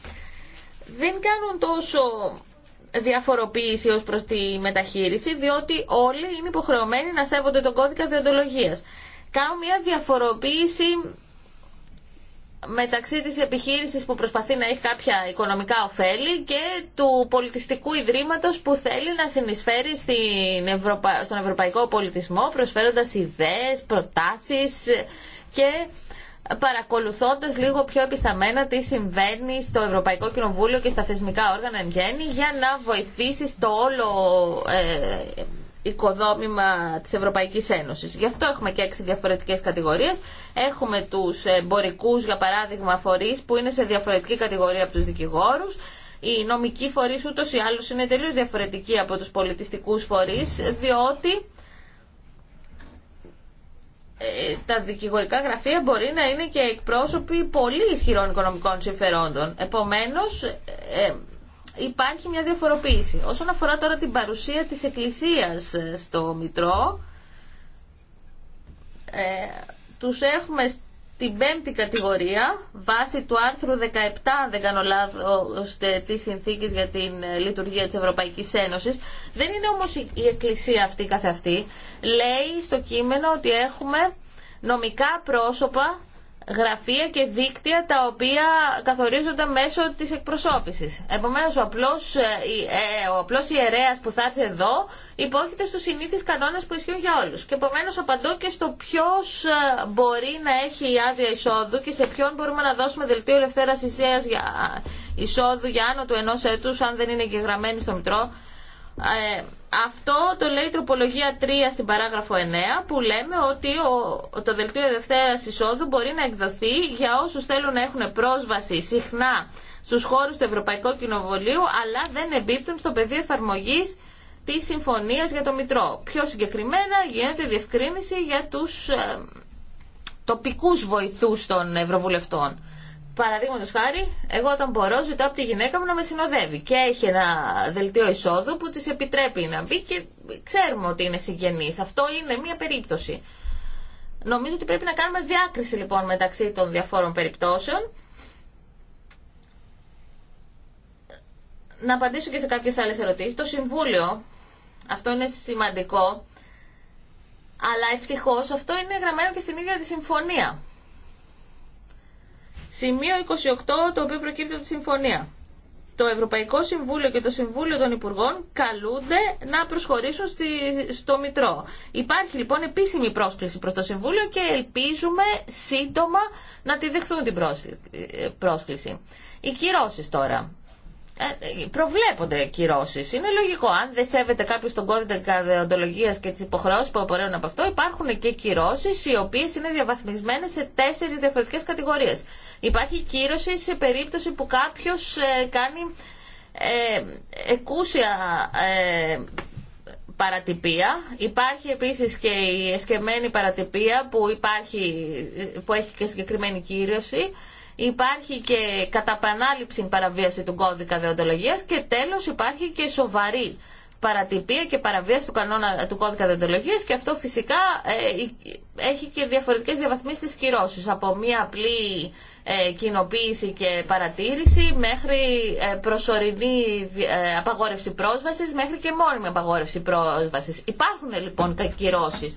δεν κάνουν τόσο διαφοροποίηση ως προς τη μεταχείριση, διότι όλοι είναι υποχρεωμένοι να σέβονται τον κώδικα διοντολογίας. Κάνω μια διαφοροποίηση μεταξύ της επιχείρησης που προσπαθεί να έχει κάποια οικονομικά ωφέλη και του πολιτιστικού ιδρύματος που θέλει να συνεισφέρει στην Ευρωπα... στον ευρωπαϊκό πολιτισμό προσφέροντας ιδέες, προτάσεις και παρακολουθώντας λίγο πιο επισταμένα τι συμβαίνει στο Ευρωπαϊκό Κοινοβούλιο και στα θεσμικά όργανα εν γέννη για να βοηθήσει στο όλο ε, οικοδόμημα της Ευρωπαϊκής Ένωσης. Γι' αυτό έχουμε και έξι διαφορετικές κατηγορίες. Έχουμε τους εμπορικού, για παράδειγμα, φορείς που είναι σε διαφορετική κατηγορία από τους δικηγόρους. Οι νομικοί φορείς ούτως ή άλλως είναι τελείως διαφορετικοί από τους πολιτιστικούς φορείς, διότι ε, τα δικηγορικά γραφεία μπορεί να είναι και εκπρόσωποι πολύ ισχυρών οικονομικών συμφερόντων. Επομένως, ε, υπάρχει μια διαφοροποίηση. Όσον αφορά τώρα την παρουσία της Εκκλησίας ε, στο Μητρό, ε, τους έχουμε στην πέμπτη κατηγορία, βάσει του άρθρου 17, δεν κάνω λάθος, ε, της συνθήκης για την ε, λειτουργία της Ευρωπαϊκής Ένωσης. Δεν είναι όμως η Εκκλησία αυτή καθεαυτή. Λέει στο κείμενο ότι έχουμε νομικά πρόσωπα γραφεία και δίκτυα τα οποία καθορίζονται μέσω της εκπροσώπησης. Επομένως, ο απλός, ε, ε, ο που θα έρθει εδώ υπόκειται στους συνήθεις κανόνες που ισχύουν για όλους. Και επομένως απαντώ και στο ποιο ε, μπορεί να έχει άδεια εισόδου και σε ποιον μπορούμε να δώσουμε δελτίο ελευθέρας εισόδου για άνω του ενός έτους αν δεν είναι εγγεγραμμένοι στο Μητρό ε, αυτό το λέει η τροπολογία 3 στην παράγραφο 9 που λέμε ότι ο, το δελτίο δευτέρα εισόδου μπορεί να εκδοθεί για όσους θέλουν να έχουν πρόσβαση συχνά στους χώρους του Ευρωπαϊκού Κοινοβουλίου αλλά δεν εμπίπτουν στο πεδίο εφαρμογής της Συμφωνίας για το Μητρό. Πιο συγκεκριμένα γίνεται διευκρίνηση για τους ε, τοπικούς βοηθούς των Ευρωβουλευτών. Παραδείγματο χάρη, εγώ όταν μπορώ ζητώ από τη γυναίκα μου να με συνοδεύει και έχει ένα δελτίο εισόδου που τη επιτρέπει να μπει και ξέρουμε ότι είναι συγγενή. Αυτό είναι μία περίπτωση. Νομίζω ότι πρέπει να κάνουμε διάκριση λοιπόν μεταξύ των διαφόρων περιπτώσεων. Να απαντήσω και σε κάποιες άλλες ερωτήσεις. Το Συμβούλιο, αυτό είναι σημαντικό, αλλά ευτυχώς αυτό είναι γραμμένο και στην ίδια τη συμφωνία. Σημείο 28, το οποίο προκύπτει από τη συμφωνία. Το Ευρωπαϊκό Συμβούλιο και το Συμβούλιο των Υπουργών καλούνται να προσχωρήσουν στη, στο Μητρό. Υπάρχει λοιπόν επίσημη πρόσκληση προς το Συμβούλιο και ελπίζουμε σύντομα να τη δεχθούν την ε, πρόσκληση. Οι κυρώσεις τώρα. Ε, προβλέπονται κυρώσει. Είναι λογικό. Αν δεν σέβεται κάποιο τον κώδικα δεοντολογία και τι υποχρεώσει που απορρέουν από αυτό, υπάρχουν και κυρώσει οι οποίε είναι διαβαθμισμένε σε τέσσερι διαφορετικέ κατηγορίε. Υπάρχει κύρωση σε περίπτωση που κάποιο ε, κάνει ε, εκούσια ε, παρατυπία. Υπάρχει επίσης και η εσκεμμένη παρατυπία που, υπάρχει, ε, που έχει και συγκεκριμένη κύρωση υπάρχει και κατά παραβίαση του κώδικα δεοντολογίας και τέλος υπάρχει και σοβαρή παρατυπία και παραβίαση του, κανόνα, του κώδικα δεοντολογίας και αυτό φυσικά ε, έχει και διαφορετικές διαβαθμίσεις της κυρώσεις από μία απλή ε, κοινοποίηση και παρατήρηση μέχρι ε, προσωρινή απαγόρευση πρόσβασης μέχρι και μόνιμη απαγόρευση πρόσβασης. Υπάρχουν λοιπόν τα κυρώσεις.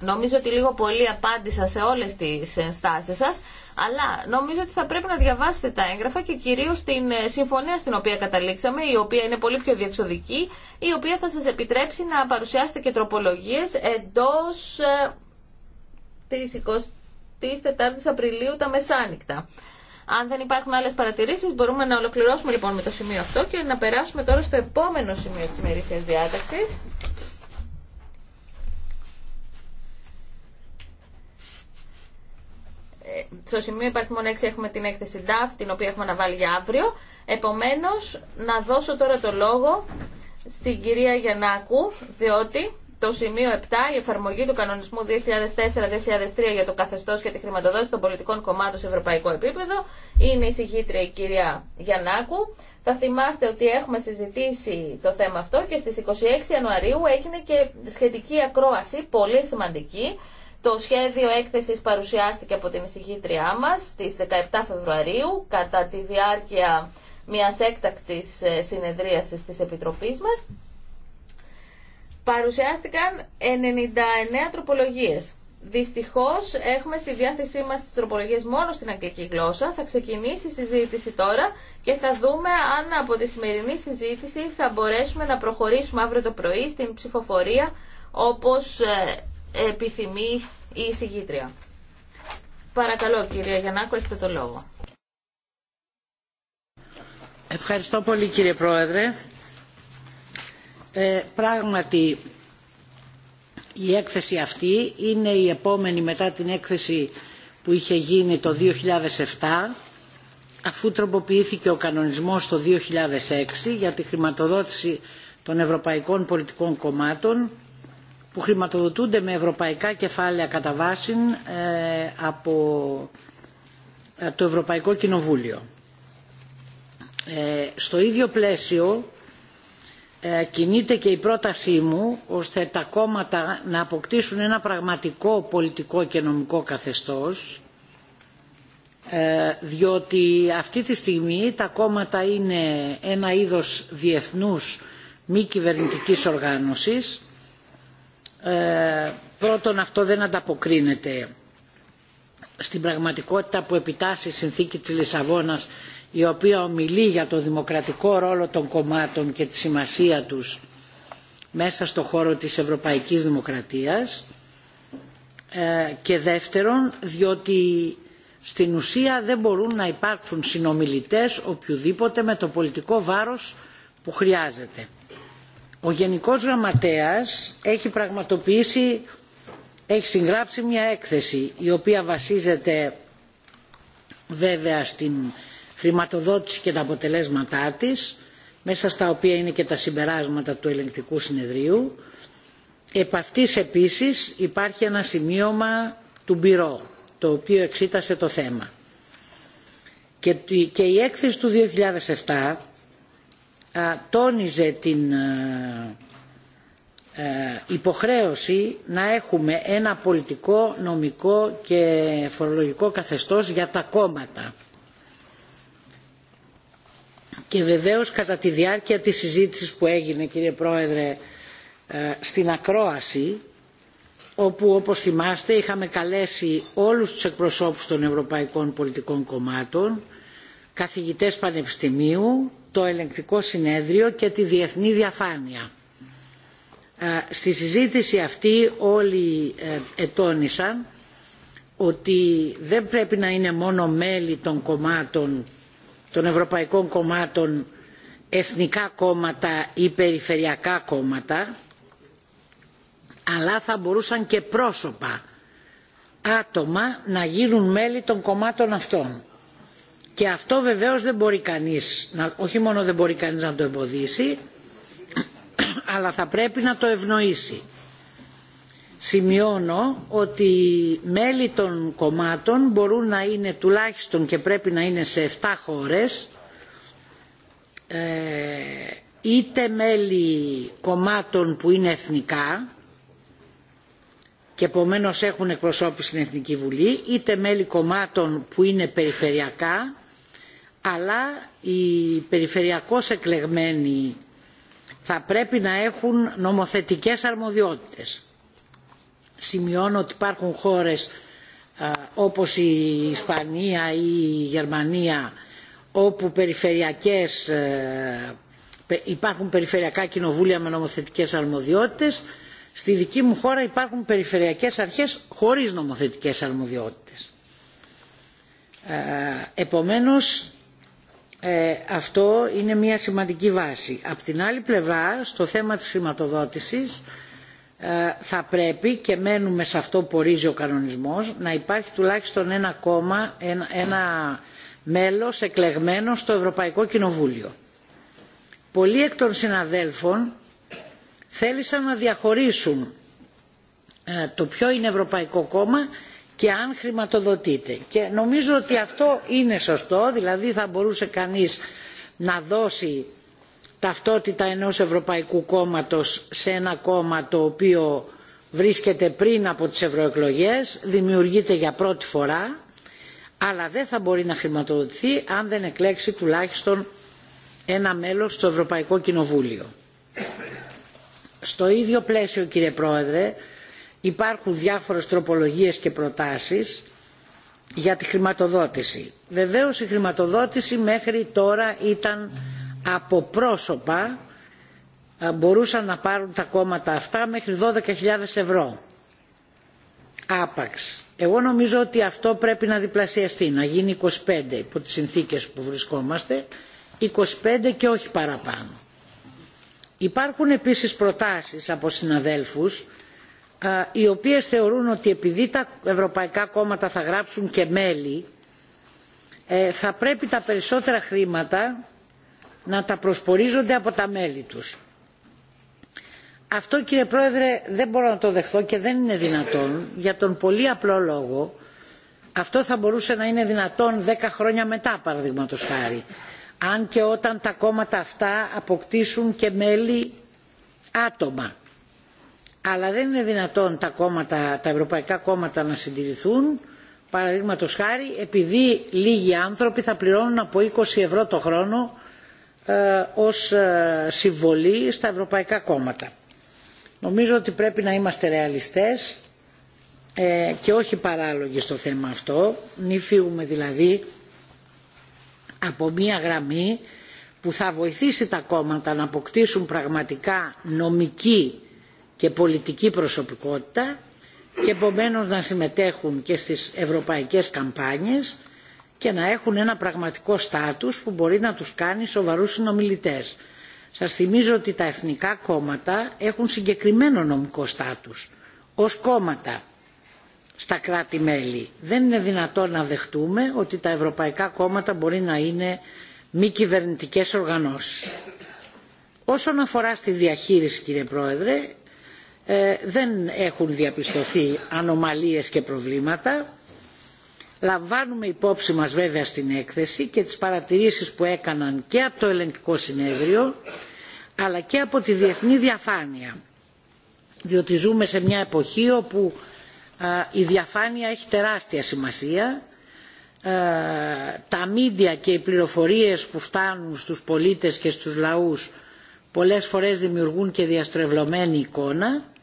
Νομίζω ότι λίγο πολύ απάντησα σε όλες τις ενστάσεις σας. Αλλά νομίζω ότι θα πρέπει να διαβάσετε τα έγγραφα και κυρίω την ε, συμφωνία στην οποία καταλήξαμε, η οποία είναι πολύ πιο διεξοδική, η οποία θα σα επιτρέψει να παρουσιάσετε και τροπολογίε εντό ε, τη 24η Απριλίου τα μεσάνυχτα. Αν δεν υπάρχουν άλλες παρατηρήσεις μπορούμε να ολοκληρώσουμε λοιπόν με το σημείο αυτό και να περάσουμε τώρα στο επόμενο σημείο της ημερήσιας διάταξης. στο σημείο υπαριθμών 6 έχουμε την έκθεση DAF, την οποία έχουμε αναβάλει για αύριο. Επομένως, να δώσω τώρα το λόγο στην κυρία Γιαννάκου, διότι το σημείο 7, η εφαρμογή του κανονισμού 2004-2003 για το καθεστώ και τη χρηματοδότηση των πολιτικών κομμάτων σε ευρωπαϊκό επίπεδο, είναι η η κυρία Γιαννάκου. Θα θυμάστε ότι έχουμε συζητήσει το θέμα αυτό και στις 26 Ιανουαρίου έγινε και σχετική ακρόαση, πολύ σημαντική, το σχέδιο έκθεσης παρουσιάστηκε από την εισηγήτριά μα στι 17 Φεβρουαρίου κατά τη διάρκεια μιας έκτακτης ε, συνεδρίασης της Επιτροπής μας. Παρουσιάστηκαν 99 τροπολογίες. Δυστυχώς έχουμε στη διάθεσή μα τις τροπολογίες μόνο στην αγγλική γλώσσα. Θα ξεκινήσει η συζήτηση τώρα και θα δούμε αν από τη σημερινή συζήτηση θα μπορέσουμε να προχωρήσουμε αύριο το πρωί στην ψηφοφορία όπως ε, επιθυμεί η εισηγήτρια. Παρακαλώ κυρία Γιαννάκο, έχετε το λόγο. Ευχαριστώ πολύ κύριε Πρόεδρε. Ε, πράγματι η έκθεση αυτή είναι η επόμενη μετά την έκθεση που είχε γίνει το 2007 αφού τροποποιήθηκε ο κανονισμός το 2006 για τη χρηματοδότηση των ευρωπαϊκών πολιτικών κομμάτων που χρηματοδοτούνται με ευρωπαϊκά κεφάλαια κατά βάση ε, από ε, το Ευρωπαϊκό Κοινοβούλιο. Ε, στο ίδιο πλαίσιο κινείται και η πρότασή μου ώστε τα κόμματα να αποκτήσουν ένα πραγματικό πολιτικό και νομικό καθεστώς διότι αυτή τη στιγμή τα κόμματα είναι ένα είδος διεθνούς μη κυβερνητικής οργάνωσης ε, πρώτον αυτό δεν ανταποκρίνεται στην πραγματικότητα που επιτάσσει η συνθήκη της Λισαβόνας η οποία ομιλεί για το δημοκρατικό ρόλο των κομμάτων και τη σημασία τους μέσα στο χώρο της Ευρωπαϊκής Δημοκρατίας ε, και δεύτερον διότι στην ουσία δεν μπορούν να υπάρξουν συνομιλητές οποιοδήποτε με το πολιτικό βάρος που χρειάζεται. Ο Γενικός Γραμματέας έχει πραγματοποιήσει, έχει συγγράψει μια έκθεση η οποία βασίζεται βέβαια στην χρηματοδότηση και τα αποτελέσματά της μέσα στα οποία είναι και τα συμπεράσματα του ελεγκτικού συνεδρίου. Επ' αυτής επίσης υπάρχει ένα σημείωμα του Μπυρό, το οποίο εξήτασε το θέμα. Και η έκθεση του 2007 ε, τόνιζε την ε, ε, υποχρέωση να έχουμε ένα πολιτικό, νομικό και φορολογικό καθεστώς για τα κόμματα. Και βεβαίως κατά τη διάρκεια της συζήτησης που έγινε κύριε Πρόεδρε στην Ακρόαση όπου όπως θυμάστε είχαμε καλέσει όλους τους εκπροσώπους των ευρωπαϊκών πολιτικών κομμάτων καθηγητές πανεπιστημίου το ελεγκτικό συνέδριο και τη διεθνή διαφάνεια. Ε, στη συζήτηση αυτή όλοι ε, ετώνησαν ότι δεν πρέπει να είναι μόνο μέλη των κομμάτων, των ευρωπαϊκών κομμάτων, εθνικά κόμματα ή περιφερειακά κόμματα, αλλά θα μπορούσαν και πρόσωπα, άτομα να γίνουν μέλη των κομμάτων αυτών και αυτό βεβαίως δεν μπορεί κανείς, όχι μόνο δεν μπορεί κανείς να το εμποδίσει, αλλά θα πρέπει να το ευνοήσει. Σημειώνω ότι μέλη των κομμάτων μπορούν να είναι τουλάχιστον και πρέπει να είναι σε 7 χώρες, ε, είτε μέλη κομμάτων που είναι εθνικά, και επομένως έχουν εκπροσώπηση στην Εθνική Βουλή, είτε μέλη κομμάτων που είναι περιφερειακά αλλά οι περιφερειακώς εκλεγμένοι θα πρέπει να έχουν νομοθετικές αρμοδιότητες. Σημειώνω ότι υπάρχουν χώρες όπως η Ισπανία ή η Γερμανία όπου ε, υπάρχουν περιφερειακά κοινοβούλια με νομοθετικές αρμοδιότητες. Στη δική μου χώρα υπάρχουν περιφερειακές αρχές χωρίς νομοθετικές αρμοδιότητες. Ε, επομένως ε, αυτό είναι μια σημαντική βάση. Απ' την άλλη πλευρά, στο θέμα της χρηματοδότησης, ε, θα πρέπει και μένουμε σε αυτό που ορίζει ο κανονισμός να υπάρχει τουλάχιστον ένα κόμμα, ένα μέλος εκλεγμένο στο Ευρωπαϊκό Κοινοβούλιο. Πολλοί εκ των συναδέλφων θέλησαν να διαχωρίσουν ε, το ποιο είναι Ευρωπαϊκό Κόμμα και αν χρηματοδοτείται. Και νομίζω ότι αυτό είναι σωστό, δηλαδή θα μπορούσε κανείς να δώσει ταυτότητα ενός Ευρωπαϊκού κόμματος σε ένα κόμμα το οποίο βρίσκεται πριν από τις ευρωεκλογέ, δημιουργείται για πρώτη φορά, αλλά δεν θα μπορεί να χρηματοδοτηθεί αν δεν εκλέξει τουλάχιστον ένα μέλος στο Ευρωπαϊκό Κοινοβούλιο. Στο ίδιο πλαίσιο κύριε Πρόεδρε, υπάρχουν διάφορες τροπολογίες και προτάσεις για τη χρηματοδότηση. Βεβαίως η χρηματοδότηση μέχρι τώρα ήταν από πρόσωπα μπορούσαν να πάρουν τα κόμματα αυτά μέχρι 12.000 ευρώ. Άπαξ. Εγώ νομίζω ότι αυτό πρέπει να διπλασιαστεί, να γίνει 25 υπό τις συνθήκες που βρισκόμαστε, 25 και όχι παραπάνω. Υπάρχουν επίσης προτάσεις από συναδέλφους ε, οι οποίες θεωρούν ότι επειδή τα ευρωπαϊκά κόμματα θα γράψουν και μέλη ε, θα πρέπει τα περισσότερα χρήματα να τα προσπορίζονται από τα μέλη τους. Αυτό κύριε Πρόεδρε δεν μπορώ να το δεχθώ και δεν είναι δυνατόν για τον πολύ απλό λόγο αυτό θα μπορούσε να είναι δυνατόν 10 χρόνια μετά παραδείγματο χάρη αν και όταν τα κόμματα αυτά αποκτήσουν και μέλη άτομα αλλά δεν είναι δυνατόν τα, ευρωπαϊκά κόμματα να συντηρηθούν παραδείγματο χάρη επειδή λίγοι άνθρωποι θα πληρώνουν από 20 ευρώ το χρόνο ε, ως ε, συμβολή στα ευρωπαϊκά κόμματα. Νομίζω ότι πρέπει να είμαστε ρεαλιστές ε, και όχι παράλογοι στο θέμα αυτό. Μη φύγουμε δηλαδή από μία γραμμή που θα βοηθήσει τα κόμματα να αποκτήσουν πραγματικά νομική και πολιτική προσωπικότητα και επομένως να συμμετέχουν και στις ευρωπαϊκές καμπάνιες και να έχουν ένα πραγματικό στάτους που μπορεί να τους κάνει σοβαρούς συνομιλητές. Σας θυμίζω ότι τα εθνικά κόμματα έχουν συγκεκριμένο νομικό στάτους ως κόμματα στα κράτη-μέλη. Δεν είναι δυνατόν να δεχτούμε ότι τα ευρωπαϊκά κόμματα μπορεί να είναι μη κυβερνητικέ οργανώσεις. Όσον αφορά στη διαχείριση κύριε Πρόεδρε, ε, δεν έχουν διαπιστωθεί ανομαλίες και προβλήματα. Λαμβάνουμε υπόψη μας βέβαια στην έκθεση και τις παρατηρήσεις που έκαναν και από το ελεγκτικό συνέδριο αλλά και από τη διεθνή διαφάνεια. Διότι ζούμε σε μια εποχή όπου η διαφάνεια έχει τεράστια σημασία. Τα μίντια και οι πληροφορίες που φτάνουν στους πολίτες και στους λαούς πολλές φορές δημιουργούν και διαστρεβλωμένη εικόνα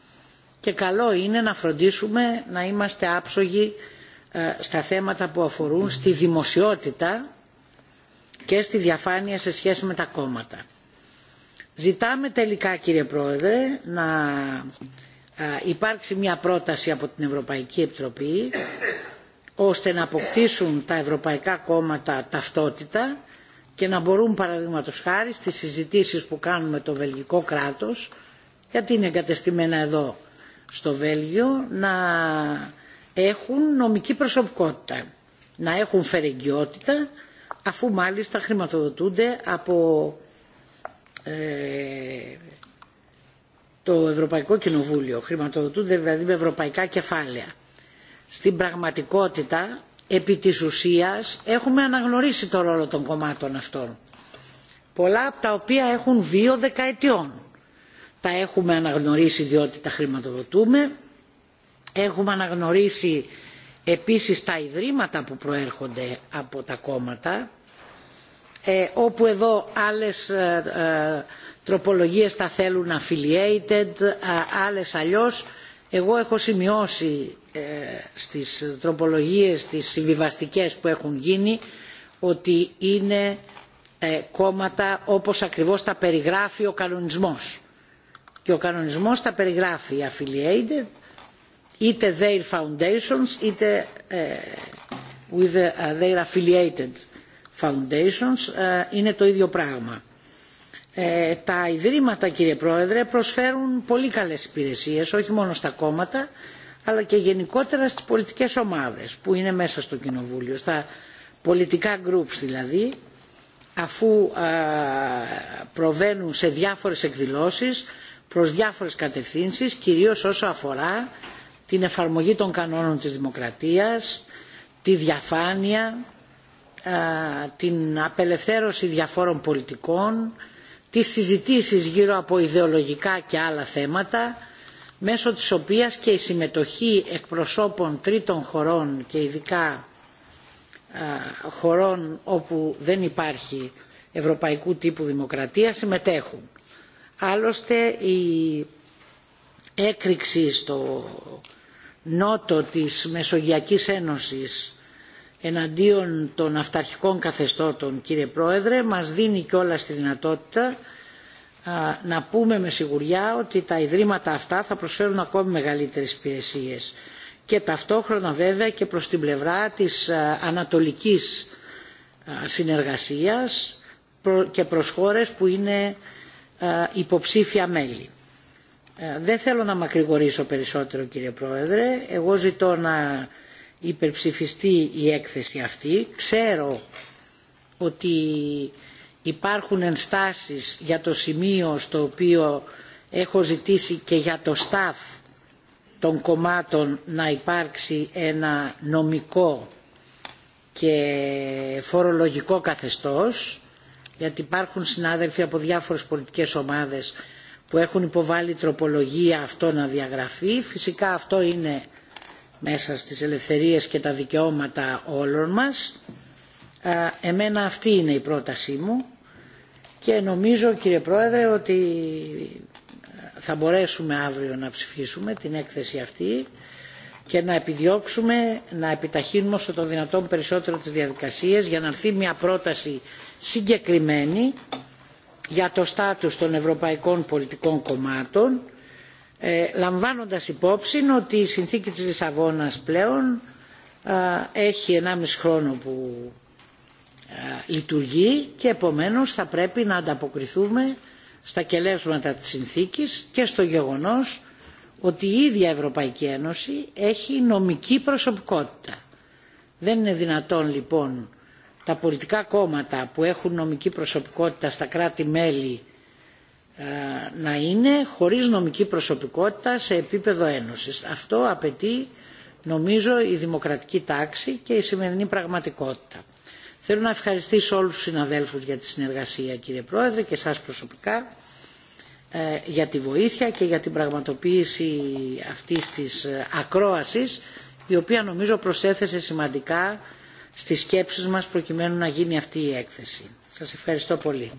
και καλό είναι να φροντίσουμε να είμαστε άψογοι ε, στα θέματα που αφορούν στη δημοσιότητα και στη διαφάνεια σε σχέση με τα κόμματα. Ζητάμε τελικά κύριε Πρόεδρε να ε, υπάρξει μια πρόταση από την Ευρωπαϊκή Επιτροπή ώστε να αποκτήσουν τα ευρωπαϊκά κόμματα ταυτότητα και να μπορούν παραδείγματο χάρη στις συζητήσεις που κάνουμε το βελγικό κράτος γιατί είναι εγκατεστημένα εδώ στο Βέλγιο να έχουν νομική προσωπικότητα, να έχουν φερεγγιότητα αφού μάλιστα χρηματοδοτούνται από ε, το Ευρωπαϊκό Κοινοβούλιο, χρηματοδοτούνται δηλαδή με ευρωπαϊκά κεφάλαια. Στην πραγματικότητα, επί της ουσίας, έχουμε αναγνωρίσει το ρόλο των κομμάτων αυτών, πολλά από τα οποία έχουν δύο δεκαετιών τα έχουμε αναγνωρίσει διότι τα χρηματοδοτούμε. Έχουμε αναγνωρίσει επίσης τα ιδρύματα που προέρχονται από τα κόμματα ε, όπου εδώ άλλες ε, ε, τροπολογίες τα θέλουν affiliated, άλλες αλλιώς. Εγώ έχω σημειώσει στις τροπολογίες, τις συμβιβαστικές που έχουν γίνει ότι είναι κόμματα όπως ακριβώς τα περιγράφει ο κανονισμός και ο κανονισμός τα περιγράφει affiliated είτε their foundations είτε ε, with ε, their affiliated foundations ε, είναι το ίδιο πράγμα. Τα ιδρύματα κύριε Πρόεδρε προσφέρουν πολύ καλές υπηρεσίες όχι μόνο στα κόμματα αλλά και γενικότερα στις πολιτικές ομάδες που είναι μέσα στο κοινοβούλιο, στα πολιτικά groups δηλαδή αφού προβαίνουν σε διάφορες εκδηλώσεις προς διάφορες κατευθύνσεις, κυρίως όσο αφορά την εφαρμογή των κανόνων της δημοκρατίας, τη διαφάνεια, την απελευθέρωση διαφόρων πολιτικών, τις συζητήσεις γύρω από ιδεολογικά και άλλα θέματα, μέσω της οποίας και η συμμετοχή εκπροσώπων τρίτων χωρών και ειδικά χωρών όπου δεν υπάρχει ευρωπαϊκού τύπου δημοκρατία συμμετέχουν. Άλλωστε η έκρηξη στο νότο της Μεσογειακής Ένωσης εναντίον των αυταρχικών καθεστώτων κύριε Πρόεδρε μας δίνει όλα τη δυνατότητα να πούμε με σιγουριά ότι τα ιδρύματα αυτά θα προσφέρουν ακόμη μεγαλύτερες υπηρεσίε και ταυτόχρονα βέβαια και προς την πλευρά της ανατολικής συνεργασίας και προς χώρες που είναι ε, υποψήφια μέλη. Ε, δεν θέλω να μακρηγορήσω περισσότερο κύριε Πρόεδρε. Εγώ ζητώ να υπερψηφιστεί η έκθεση αυτή. Ξέρω ότι υπάρχουν ενστάσεις για το σημείο στο οποίο έχω ζητήσει και για το staff των κομμάτων να υπάρξει ένα νομικό και φορολογικό καθεστώς γιατί υπάρχουν συνάδελφοι από διάφορες πολιτικές ομάδες που έχουν υποβάλει τροπολογία αυτό να διαγραφεί. Φυσικά αυτό είναι μέσα στις ελευθερίες και τα δικαιώματα όλων μας. Εμένα αυτή είναι η πρότασή μου και νομίζω κύριε Πρόεδρε ότι θα μπορέσουμε αύριο να ψηφίσουμε την έκθεση αυτή και να επιδιώξουμε να επιταχύνουμε όσο το δυνατόν περισσότερο τις διαδικασίες για να έρθει μια πρόταση συγκεκριμένη για το στάτους των ευρωπαϊκών πολιτικών κομμάτων ε, λαμβάνοντας υπόψη ότι η συνθήκη της Λισαβόνας πλέον ε, έχει 1,5 χρόνο που ε, λειτουργεί και επομένως θα πρέπει να ανταποκριθούμε στα κελέσματα της συνθήκης και στο γεγονός ότι η ίδια Ευρωπαϊκή Ένωση έχει νομική προσωπικότητα. Δεν είναι δυνατόν λοιπόν τα πολιτικά κόμματα που έχουν νομική προσωπικότητα στα κράτη-μέλη ε, να είναι χωρίς νομική προσωπικότητα σε επίπεδο ένωσης. Αυτό απαιτεί νομίζω η δημοκρατική τάξη και η σημερινή πραγματικότητα. Θέλω να ευχαριστήσω όλους τους συναδέλφους για τη συνεργασία κύριε Πρόεδρε και σας προσωπικά ε, για τη βοήθεια και για την πραγματοποίηση αυτής της ε, ακρόασης η οποία νομίζω προσέθεσε σημαντικά στις σκέψεις μας προκειμένου να γίνει αυτή η έκθεση. Σας ευχαριστώ πολύ.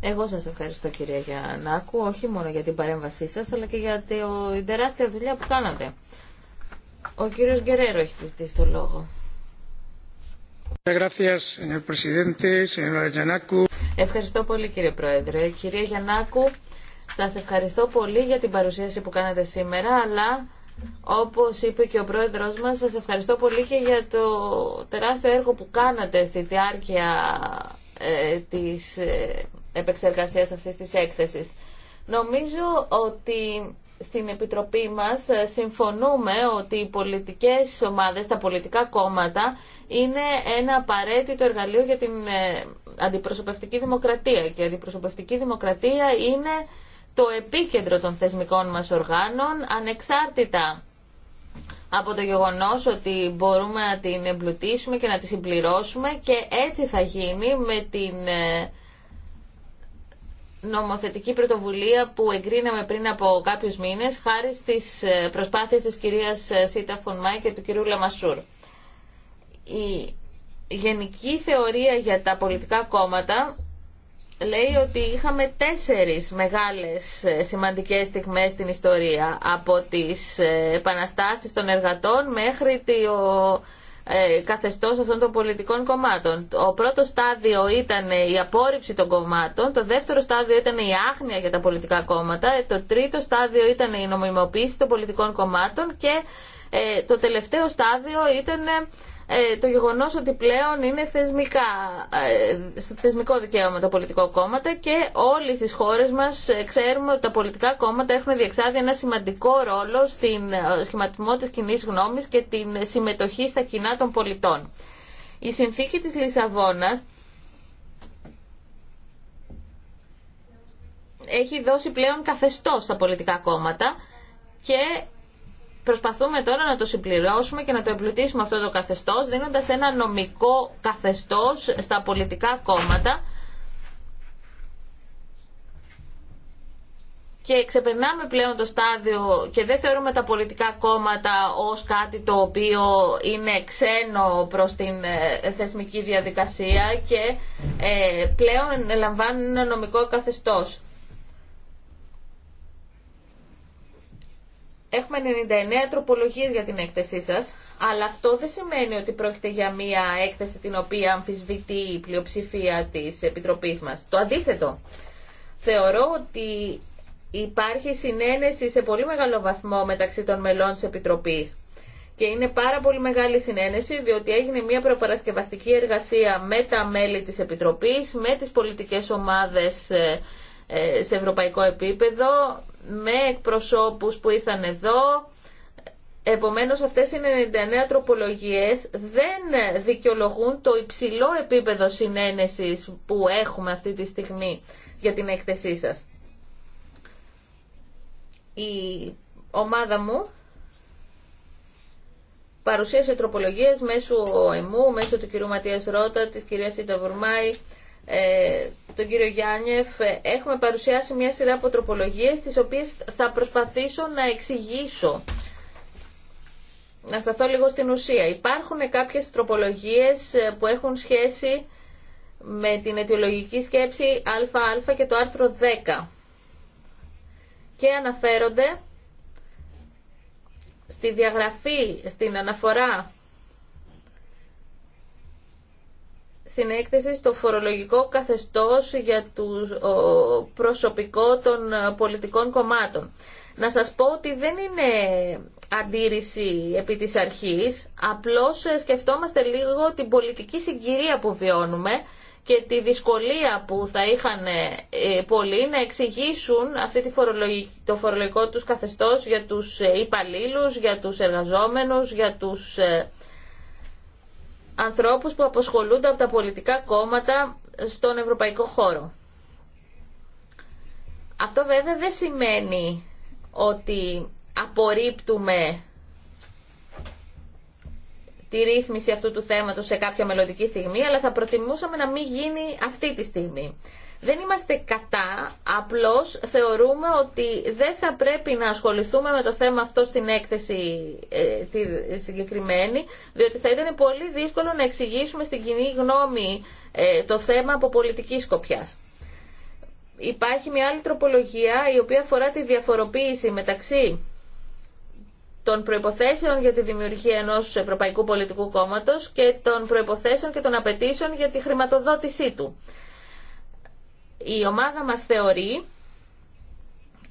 Εγώ σας ευχαριστώ κυρία Γιαννάκου, όχι μόνο για την παρέμβασή σας, αλλά και για την τεράστια δουλειά που κάνατε. Ο κύριος Γκερέρο έχει ζητήσει το λόγο. Ευχαριστώ πολύ κύριε Πρόεδρε. Κυρία Γιαννάκου, σας ευχαριστώ πολύ για την παρουσίαση που κάνατε σήμερα, αλλά όπως είπε και ο πρόεδρος μας, σας ευχαριστώ πολύ και για το τεράστιο έργο που κάνατε στη διάρκεια ε, της ε, επεξεργασίας αυτής της έκθεσης. Νομίζω ότι στην Επιτροπή μας ε, συμφωνούμε ότι οι πολιτικές ομάδες, τα πολιτικά κόμματα είναι ένα απαραίτητο εργαλείο για την ε, αντιπροσωπευτική δημοκρατία και η αντιπροσωπευτική δημοκρατία είναι το επίκεντρο των θεσμικών μας οργάνων, ανεξάρτητα από το γεγονός ότι μπορούμε να την εμπλουτίσουμε και να τη συμπληρώσουμε και έτσι θα γίνει με την ε, νομοθετική πρωτοβουλία που εγκρίναμε πριν από κάποιους μήνες χάρη στις ε, προσπάθειες της κυρίας ε, Σίτα Φωνμάη και του κυρίου Λαμασούρ. Η γενική θεωρία για τα πολιτικά κόμματα λέει ότι είχαμε τέσσερις μεγάλες ε, σημαντικές στιγμές στην ιστορία από τις ε, επαναστάσεις των εργατών μέχρι το ε, καθεστώς αυτών των πολιτικών κομμάτων. Το πρώτο στάδιο ήταν η απόρριψη των κομμάτων, το δεύτερο στάδιο ήταν η άγνοια για τα πολιτικά κόμματα, το τρίτο στάδιο ήταν η νομιμοποίηση των πολιτικών κομμάτων και το τελευταίο στάδιο ήταν ε, το γεγονό ότι πλέον είναι θεσμικά, ε, θεσμικό δικαίωμα τα πολιτικό κόμματα και όλοι στις χώρες μας ε, ξέρουμε ότι τα πολιτικά κόμματα έχουν διεξάδει ένα σημαντικό ρόλο στην σχηματισμό της κοινή γνώμης και την συμμετοχή στα κοινά των πολιτών. Η συνθήκη της Λισαβόνας έχει δώσει πλέον καθεστώς στα πολιτικά κόμματα και Προσπαθούμε τώρα να το συμπληρώσουμε και να το εμπλουτίσουμε αυτό το καθεστώς, δίνοντας ένα νομικό καθεστώς στα πολιτικά κόμματα και ξεπερνάμε πλέον το στάδιο και δεν θεωρούμε τα πολιτικά κόμματα ως κάτι το οποίο είναι ξένο προς την ε, θεσμική διαδικασία και ε, πλέον λαμβάνουν ένα νομικό καθεστώς. Έχουμε 99 τροπολογίες για την έκθεσή σα, αλλά αυτό δεν σημαίνει ότι πρόκειται για μία έκθεση την οποία αμφισβητεί η πλειοψηφία της Επιτροπής μας. Το αντίθετο. Θεωρώ ότι υπάρχει συνένεση σε πολύ μεγάλο βαθμό μεταξύ των μελών της Επιτροπής. Και είναι πάρα πολύ μεγάλη συνένεση, διότι έγινε μια προπαρασκευαστική εργασία με τα μέλη της Επιτροπής, με τις πολιτικές ομάδες ε, ε, σε ευρωπαϊκό επίπεδο, με εκπροσώπους που ήρθαν εδώ. Επομένως αυτές οι 99 τροπολογίες δεν δικαιολογούν το υψηλό επίπεδο συνένεσης που έχουμε αυτή τη στιγμή για την έκθεσή σας. Η ομάδα μου παρουσίασε τροπολογίες μέσω εμού, μέσω του κ. Ματίας Ρότα, της κυρίας Σίτα ε, τον κύριο Γιάννεφ, ε, έχουμε παρουσιάσει μια σειρά από τροπολογίες τις οποίες θα προσπαθήσω να εξηγήσω. Να σταθώ λίγο στην ουσία. Υπάρχουν κάποιες τροπολογίες ε, που έχουν σχέση με την αιτιολογική σκέψη ΑΑ και το άρθρο 10 και αναφέρονται στη διαγραφή, στην αναφορά στην έκθεση στο φορολογικό καθεστώς για το προσωπικό των ε, πολιτικών κομμάτων. Να σας πω ότι δεν είναι αντίρρηση επί της αρχής, απλώς ε, σκεφτόμαστε λίγο την πολιτική συγκυρία που βιώνουμε και τη δυσκολία που θα είχαν ε, πολλοί να εξηγήσουν αυτή τη το φορολογικό τους καθεστώς για τους υπαλλήλους, για τους εργαζόμενους, για τους ανθρώπους που αποσχολούνται από τα πολιτικά κόμματα στον ευρωπαϊκό χώρο. Αυτό βέβαια δεν σημαίνει ότι απορρίπτουμε τη ρύθμιση αυτού του θέματος σε κάποια μελλοντική στιγμή, αλλά θα προτιμούσαμε να μην γίνει αυτή τη στιγμή. Δεν είμαστε κατά, απλώς θεωρούμε ότι δεν θα πρέπει να ασχοληθούμε με το θέμα αυτό στην έκθεση ε, τη συγκεκριμένη, διότι θα ήταν πολύ δύσκολο να εξηγήσουμε στην κοινή γνώμη ε, το θέμα από πολιτική σκοπιάς. Υπάρχει μια άλλη τροπολογία η οποία αφορά τη διαφοροποίηση μεταξύ των προϋποθέσεων για τη δημιουργία ενός Ευρωπαϊκού Πολιτικού Κόμματος και των προϋποθέσεων και των απαιτήσεων για τη χρηματοδότησή του η ομάδα μας θεωρεί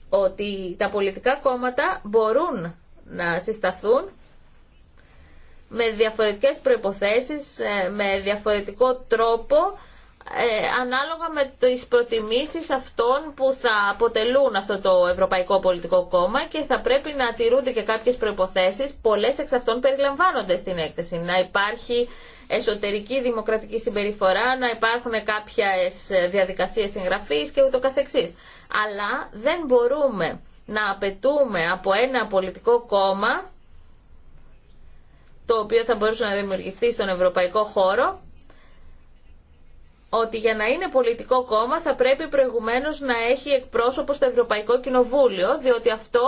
ότι τα πολιτικά κόμματα μπορούν να συσταθούν με διαφορετικές προϋποθέσεις, ε, με διαφορετικό τρόπο, ε, ανάλογα με τις προτιμήσεις αυτών που θα αποτελούν αυτό το Ευρωπαϊκό Πολιτικό Κόμμα και θα πρέπει να τηρούνται και κάποιες προϋποθέσεις. Πολλές εξ αυτών περιλαμβάνονται στην έκθεση. Να υπάρχει εσωτερική δημοκρατική συμπεριφορά, να υπάρχουν κάποιες διαδικασίες συγγραφής και ούτω καθεξής. Αλλά δεν μπορούμε να απαιτούμε από ένα πολιτικό κόμμα το οποίο θα μπορούσε να δημιουργηθεί στον ευρωπαϊκό χώρο, ότι για να είναι πολιτικό κόμμα θα πρέπει προηγουμένως να έχει εκπρόσωπο στο Ευρωπαϊκό Κοινοβούλιο, διότι αυτό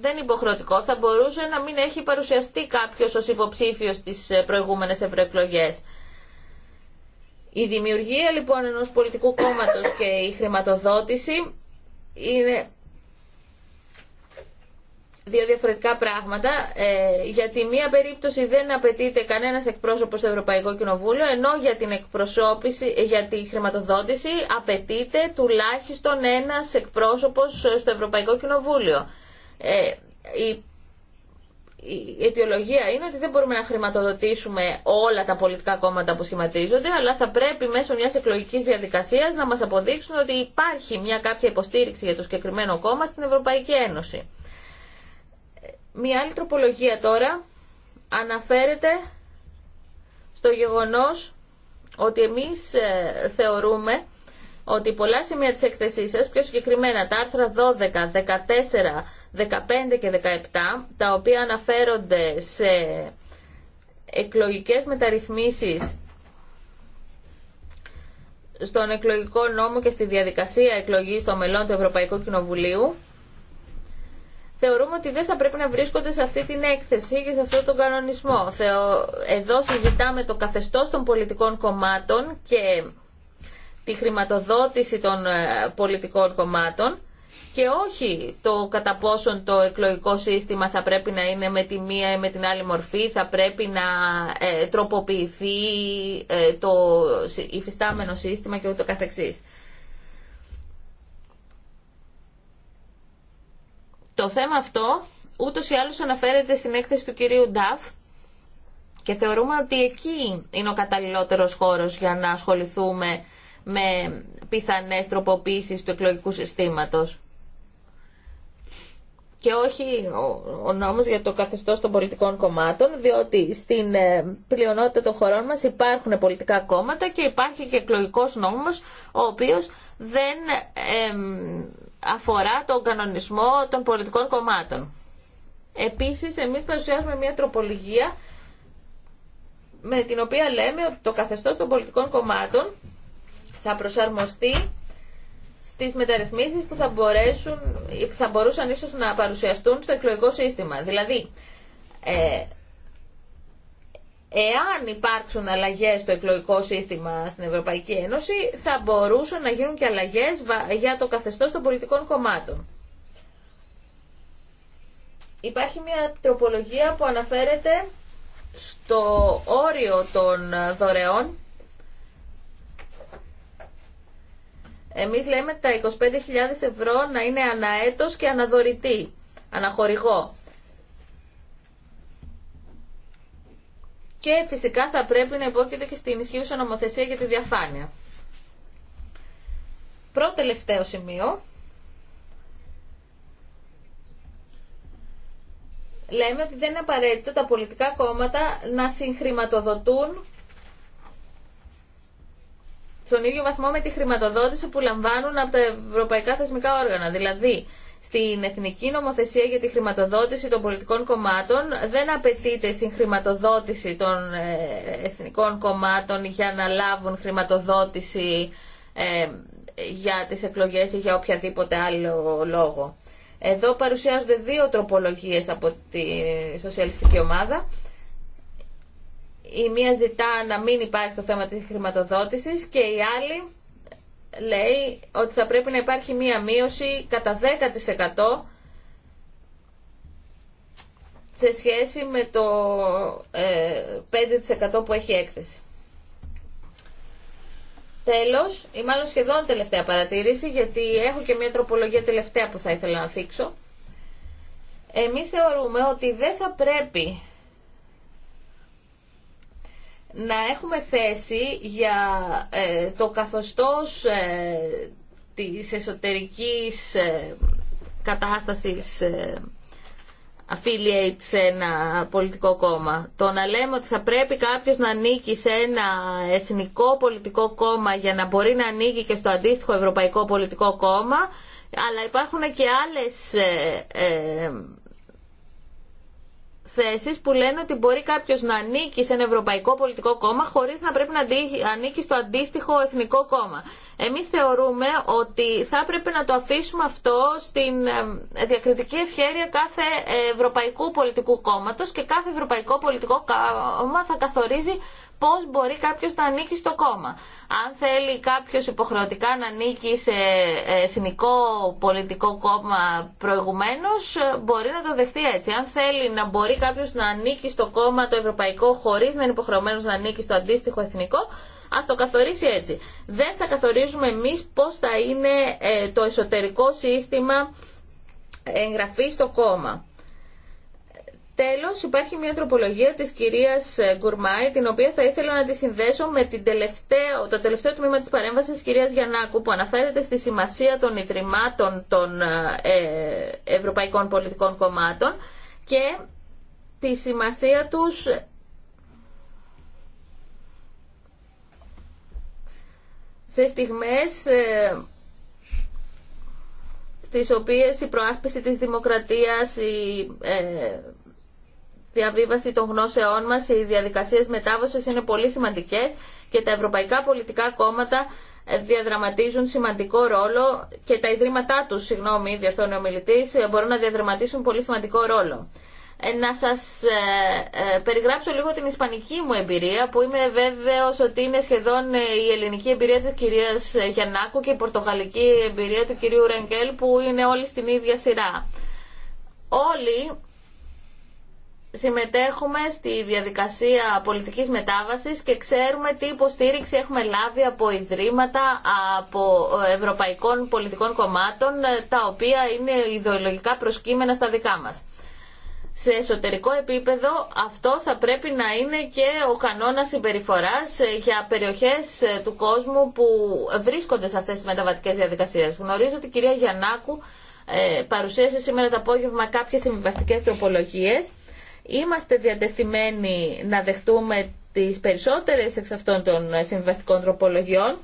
δεν είναι υποχρεωτικό, θα μπορούσε να μην έχει παρουσιαστεί κάποιο ως υποψήφιο στι ε, προηγούμενες ευρωεκλογέ. Η δημιουργία λοιπόν ενός πολιτικού κόμματος και η χρηματοδότηση είναι δύο διαφορετικά πράγματα. Ε, για τη μία περίπτωση δεν απαιτείται κανένας εκπρόσωπος στο Ευρωπαϊκό Κοινοβούλιο, ενώ για την εκπροσώπηση, για τη χρηματοδότηση απαιτείται τουλάχιστον ένας εκπρόσωπος στο Ευρωπαϊκό Κοινοβούλιο. Ε, η η αιτιολογία είναι ότι δεν μπορούμε να χρηματοδοτήσουμε όλα τα πολιτικά κόμματα που σχηματίζονται, αλλά θα πρέπει μέσω μιας εκλογικής διαδικασίας να μας αποδείξουν ότι υπάρχει μια κάποια υποστήριξη για το συγκεκριμένο κόμμα στην Ευρωπαϊκή Ένωση. Μια άλλη τροπολογία τώρα αναφέρεται στο γεγονός ότι εμείς ε, θεωρούμε ότι πολλά σημεία της έκθεσής σας, πιο συγκεκριμένα τα άρθρα 12, 14, 15 και 17, τα οποία αναφέρονται σε εκλογικές μεταρρυθμίσεις στον εκλογικό νόμο και στη διαδικασία εκλογής των μελών του Ευρωπαϊκού Κοινοβουλίου, θεωρούμε ότι δεν θα πρέπει να βρίσκονται σε αυτή την έκθεση και σε αυτόν τον κανονισμό. Εδώ συζητάμε το καθεστώς των πολιτικών κομμάτων και τη χρηματοδότηση των ε, πολιτικών κομμάτων και όχι το κατά πόσον το εκλογικό σύστημα θα πρέπει να είναι με τη μία ή με την άλλη μορφή, θα πρέπει να ε, τροποποιηθεί ε, το υφιστάμενο σύστημα και ούτω καθεξής. Το θέμα αυτό ούτως ή άλλως αναφέρεται στην έκθεση του κυρίου Νταφ και θεωρούμε ότι εκεί είναι ο καταλληλότερος χώρος για να ασχοληθούμε με πιθανές τροποποίησεις του εκλογικού συστήματος. Και όχι ο νόμος για το καθεστώς των πολιτικών κομμάτων, διότι στην ε, πλειονότητα των χωρών μας υπάρχουν πολιτικά κόμματα και υπάρχει και εκλογικός νόμος, ο οποίος δεν αφορά τον κανονισμό των πολιτικών κομμάτων. Επίσης, εμείς παρουσιάζουμε μια τροπολογία με την οποία λέμε ότι το καθεστώς των πολιτικών κομμάτων θα προσαρμοστεί στις μεταρρυθμίσεις που θα, μπορέσουν, θα μπορούσαν ίσως να παρουσιαστούν στο εκλογικό σύστημα. Δηλαδή, ε, εάν υπάρξουν αλλαγέ στο εκλογικό σύστημα στην Ευρωπαϊκή Ένωση, θα μπορούσαν να γίνουν και αλλαγές για το καθεστώς των πολιτικών κομμάτων. Υπάρχει μια τροπολογία που αναφέρεται στο όριο των δωρεών Εμείς λέμε τα 25.000 ευρώ να είναι αναέτος και αναδορητή, αναχωρηγό. Και φυσικά θα πρέπει να υπόκειται και στην ισχύουσα νομοθεσία για τη διαφάνεια. Πρώτο τελευταίο σημείο. Λέμε ότι δεν είναι απαραίτητο τα πολιτικά κόμματα να συγχρηματοδοτούν στον ίδιο βαθμό με τη χρηματοδότηση που λαμβάνουν από τα ευρωπαϊκά θεσμικά όργανα. Δηλαδή, στην Εθνική Νομοθεσία για τη Χρηματοδότηση των Πολιτικών Κομμάτων δεν απαιτείται συγχρηματοδότηση των ε, εθνικών κομμάτων για να λάβουν χρηματοδότηση ε, για τις εκλογές ή για οποιαδήποτε άλλο λόγο. Εδώ παρουσιάζονται δύο τροπολογίες από τη σοσιαλιστική ομάδα η μία ζητά να μην υπάρχει το θέμα της χρηματοδότησης και η άλλη λέει ότι θα πρέπει να υπάρχει μία μείωση κατά 10% σε σχέση με το 5% ε, που έχει έκθεση. Τέλος, ή μάλλον σχεδόν τελευταία παρατήρηση, γιατί έχω και μια τροπολογία τελευταία που θα ήθελα να θίξω. Εμείς θεωρούμε ότι δεν θα πρέπει να έχουμε θέση για ε, το καθοστός ε, της εσωτερικής ε, κατάστασης affiliate σε ένα πολιτικό κόμμα. Το να λέμε ότι θα πρέπει κάποιος να ανήκει σε ένα εθνικό πολιτικό κόμμα για να μπορεί να ανήκει και στο αντίστοιχο ευρωπαϊκό πολιτικό κόμμα, αλλά υπάρχουν και άλλες θέσεις που λένε ότι μπορεί κάποιος να ανήκει σε ένα ευρωπαϊκό πολιτικό κόμμα χωρίς να πρέπει να ανήκει στο αντίστοιχο εθνικό κόμμα. Εμείς θεωρούμε ότι θα πρέπει να το αφήσουμε αυτό στην διακριτική ευχέρεια κάθε ευρωπαϊκού πολιτικού κόμματος και κάθε ευρωπαϊκό πολιτικό κόμμα θα καθορίζει πώς μπορεί κάποιο να ανήκει στο κόμμα. Αν θέλει κάποιο υποχρεωτικά να ανήκει σε εθνικό πολιτικό κόμμα προηγουμένω, μπορεί να το δεχτεί έτσι. Αν θέλει να μπορεί κάποιο να ανήκει στο κόμμα το ευρωπαϊκό χωρίς να είναι υποχρεωμένο να ανήκει στο αντίστοιχο εθνικό, Α το καθορίσει έτσι. Δεν θα καθορίζουμε εμεί πώ θα είναι ε, το εσωτερικό σύστημα εγγραφή στο κόμμα. Τέλο υπάρχει μια τροπολογία της κυρίας ε, Γκουρμάη, την οποία θα ήθελα να τη συνδέσω με την τελευταία, το τελευταίο τμήμα της παρέμβασης τη κυρίας Γιαννάκου, που αναφέρεται στη σημασία των ιδρυμάτων των ε, ε, ευρωπαϊκών πολιτικών κομμάτων και τη σημασία τους σε στιγμές στις οποίες η προάσπιση της δημοκρατίας, η διαβίβαση των γνώσεών μας, οι διαδικασίες μετάβασης είναι πολύ σημαντικές και τα ευρωπαϊκά πολιτικά κόμματα ε, διαδραματίζουν σημαντικό ρόλο και τα ιδρύματά τους, συγγνώμη, διορθώνει ο μιλητής, ε, μπορούν να διαδραματίσουν πολύ σημαντικό ρόλο. Ε, να σας περιγράψω λίγο την ισπανική μου εμπειρία που είμαι βέβαιος ότι είναι σχεδόν η ελληνική εμπειρία της κυρίας Γιαννάκου και η πορτογαλική εμπειρία του κυρίου Ρενκέλ που είναι όλοι στην ίδια σειρά. Όλοι συμμετέχουμε στη διαδικασία πολιτικής μετάβασης και ξέρουμε τι υποστήριξη έχουμε λάβει από ιδρύματα, από ε, ευρωπαϊκών πολιτικών κομμάτων, ε, τα οποία είναι ιδεολογικά προσκύμενα στα δικά μας. Σε εσωτερικό επίπεδο αυτό θα πρέπει να είναι και ο κανόνας συμπεριφοράς ε, για περιοχές του κόσμου που βρίσκονται σε αυτές τις μεταβατικές διαδικασίες. Γνωρίζω ότι η κυρία Γιαννάκου παρουσίασε σήμερα το απόγευμα κάποιες συμβιβαστικές τροπολογίες Είμαστε διατεθειμένοι να δεχτούμε τις περισσότερες εξ αυτών των συμβαστικών τροπολογιών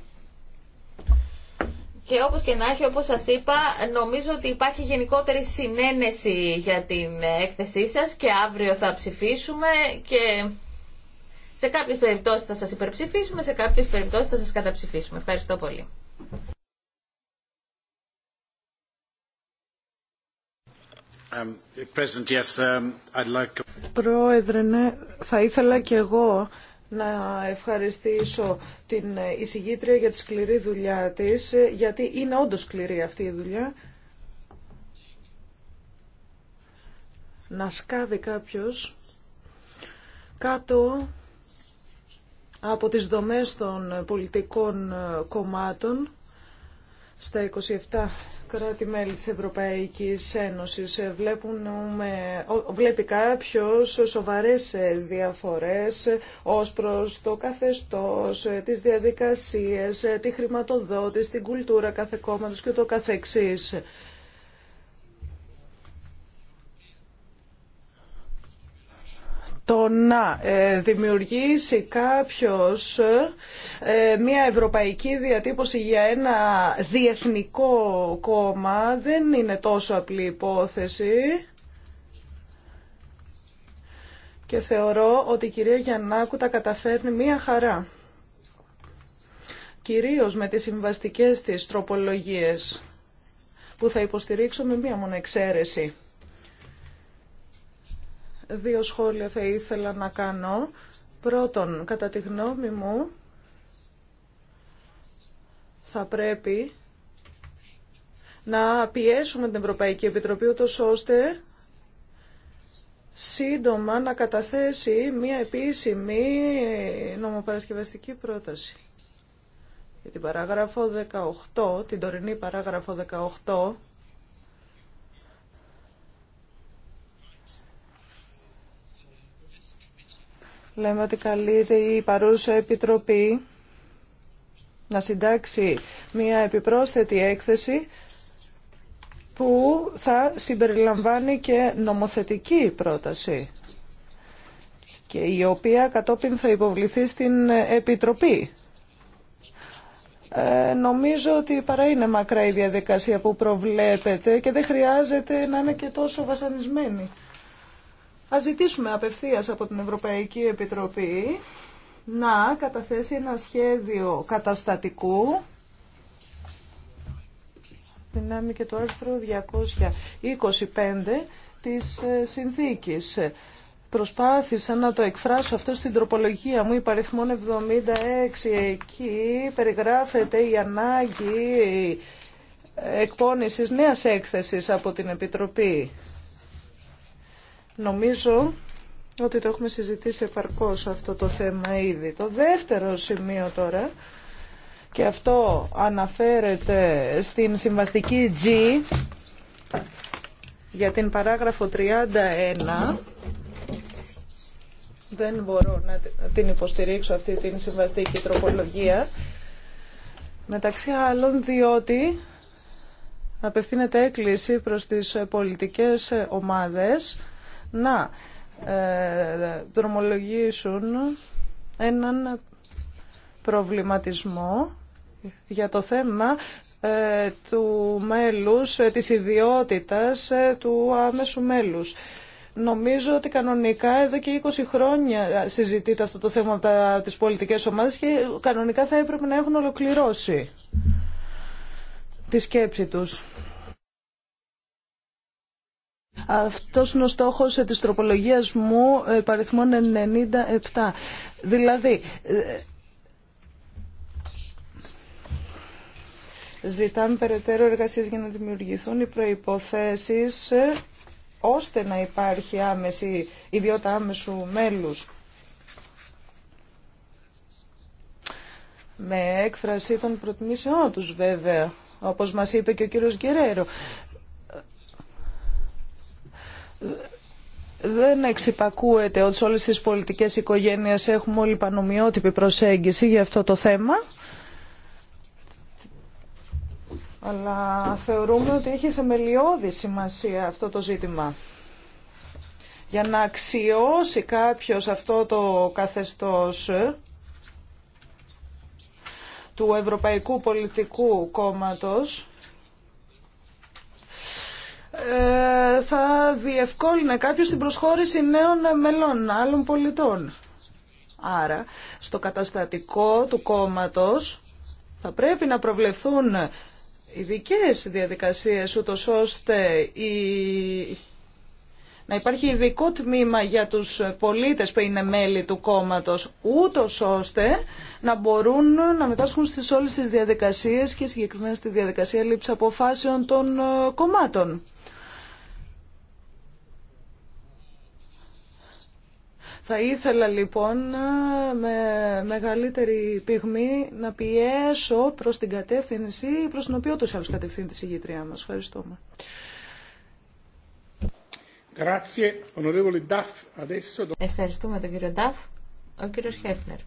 και όπως και να έχει, όπως σας είπα, νομίζω ότι υπάρχει γενικότερη συνένεση για την έκθεσή σας και αύριο θα ψηφίσουμε και σε κάποιες περιπτώσεις θα σας υπερψηφίσουμε, σε κάποιες περιπτώσεις θα σας καταψηφίσουμε. Ευχαριστώ πολύ. Um, um, Πρόεδρε, ναι, θα ήθελα και εγώ να ευχαριστήσω την εισηγήτρια για τη σκληρή δουλειά της, γιατί είναι όντως σκληρή αυτή η δουλειά. Να σκάβει κάποιος κάτω από τις δομές των πολιτικών κομμάτων στα 27 κράτη-μέλη της Ευρωπαϊκής Ένωσης. βλέπει κάποιος σοβαρές διαφορές ως προς το καθεστώς, τις διαδικασίες, τη χρηματοδότηση, την κουλτούρα κάθε κόμματος και το καθεξής. το να ε, δημιουργήσει κάποιος ε, μια ευρωπαϊκή διατύπωση για ένα διεθνικό κόμμα δεν είναι τόσο απλή υπόθεση. Και θεωρώ ότι η κυρία Γιαννάκου τα καταφέρνει μία χαρά. Κυρίως με τις συμβαστικές της τροπολογίες που θα υποστηρίξω με μία μόνο εξαίρεση. Δύο σχόλια θα ήθελα να κάνω. Πρώτον, κατά τη γνώμη μου, θα πρέπει να πιέσουμε την Ευρωπαϊκή Επιτροπή ούτως ώστε σύντομα να καταθέσει μία επίσημη νομοπαρασκευαστική πρόταση. Για την παράγραφο 18, την τωρινή παράγραφο 18, λέμε ότι καλείται η παρούσα επιτροπή να συντάξει μια επιπρόσθετη έκθεση που θα συμπεριλαμβάνει και νομοθετική πρόταση και η οποία κατόπιν θα υποβληθεί στην Επιτροπή. Ε, νομίζω ότι παρά είναι μακρά η διαδικασία που προβλέπετε και δεν χρειάζεται να είναι και τόσο βασανισμένη. Ας ζητήσουμε απευθείας από την Ευρωπαϊκή Επιτροπή να καταθέσει ένα σχέδιο καταστατικού δυνάμει και το άρθρο 225 της ε, συνθήκης. Προσπάθησα να το εκφράσω αυτό στην τροπολογία μου υπαριθμών 76. Εκεί περιγράφεται η ανάγκη ε, εκπόνησης νέας έκθεσης από την Επιτροπή Νομίζω ότι το έχουμε συζητήσει επαρκώς αυτό το θέμα ήδη. Το δεύτερο σημείο τώρα, και αυτό αναφέρεται στην συμβαστική G για την παράγραφο 31, δεν μπορώ να την υποστηρίξω αυτή την συμβαστική τροπολογία, μεταξύ άλλων διότι απευθύνεται έκκληση προς τις πολιτικές ομάδες να ε, δρομολογήσουν έναν προβληματισμό για το θέμα ε, του μέλους, ε, της ιδιότητας του άμεσου μέλους. Νομίζω ότι κανονικά εδώ και 20 χρόνια συζητείται αυτό το θέμα από τα, τις πολιτικές ομάδες και κανονικά θα έπρεπε να έχουν ολοκληρώσει τη σκέψη τους. Αυτός είναι ο στόχο της τροπολογίας μου ε, παριθμών 97. Δηλαδή, ε, ζητάμε περαιτέρω εργασίες για να δημιουργηθούν οι προϋποθέσεις ε, ώστε να υπάρχει άμεση ιδιότητα άμεσου μέλους. Με έκφραση των προτιμήσεών τους βέβαια, όπως μας είπε και ο κύριος Γκερέρο δεν εξυπακούεται ότι σε όλες τις πολιτικές οικογένειες έχουμε όλοι πανομοιότυπη προσέγγιση για αυτό το θέμα. Αλλά θεωρούμε ότι έχει θεμελιώδη σημασία αυτό το ζήτημα. Για να αξιώσει κάποιος αυτό το καθεστώς του Ευρωπαϊκού Πολιτικού Κόμματος, ε, θα διευκόλυνε κάποιος την προσχώρηση νέων μελών, άλλων πολιτών. Άρα, στο καταστατικό του κόμματος θα πρέπει να προβλεφθούν ειδικέ διαδικασίες, ούτως ώστε η... να υπάρχει ειδικό τμήμα για τους πολίτες που είναι μέλη του κόμματος, ούτως ώστε να μπορούν να μετάσχουν στις όλες τις διαδικασίες και συγκεκριμένα στη διαδικασία λήψη αποφάσεων των ε, κομμάτων. Θα ήθελα λοιπόν με μεγαλύτερη πυγμή να πιέσω προς την κατεύθυνση προς την οποία ούτως άλλως κατευθύνει τη συγγήτριά μας. Ευχαριστούμε. Ευχαριστούμε τον κύριο Νταφ. Ο κύριος Χέφνερ.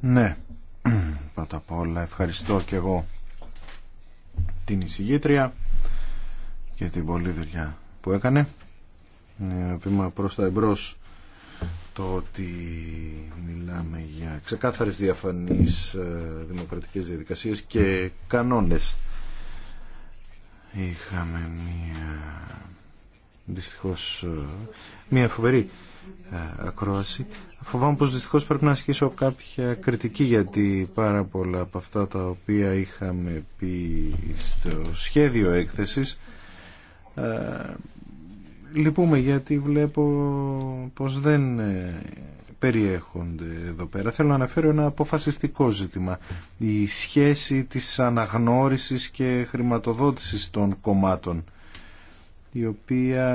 Ναι, πρώτα απ' όλα ευχαριστώ και εγώ την εισηγήτρια και την πολλή δουλειά που έκανε βήμα προς τα εμπρός το ότι μιλάμε για ξεκάθαρες διαφανείς ε, δημοκρατικές διαδικασίες και κανόνες. Είχαμε μία δυστυχώς ε, μία φοβερή ε, ακρόαση. Φοβάμαι πως δυστυχώς πρέπει να ασκήσω κάποια κριτική γιατί πάρα πολλά από αυτά τα οποία είχαμε πει στο σχέδιο έκθεσης λυπούμε γιατί βλέπω πως δεν ε, περιέχονται εδώ πέρα. Θέλω να αναφέρω ένα αποφασιστικό ζήτημα. Η σχέση της αναγνώρισης και χρηματοδότησης των κομμάτων η οποία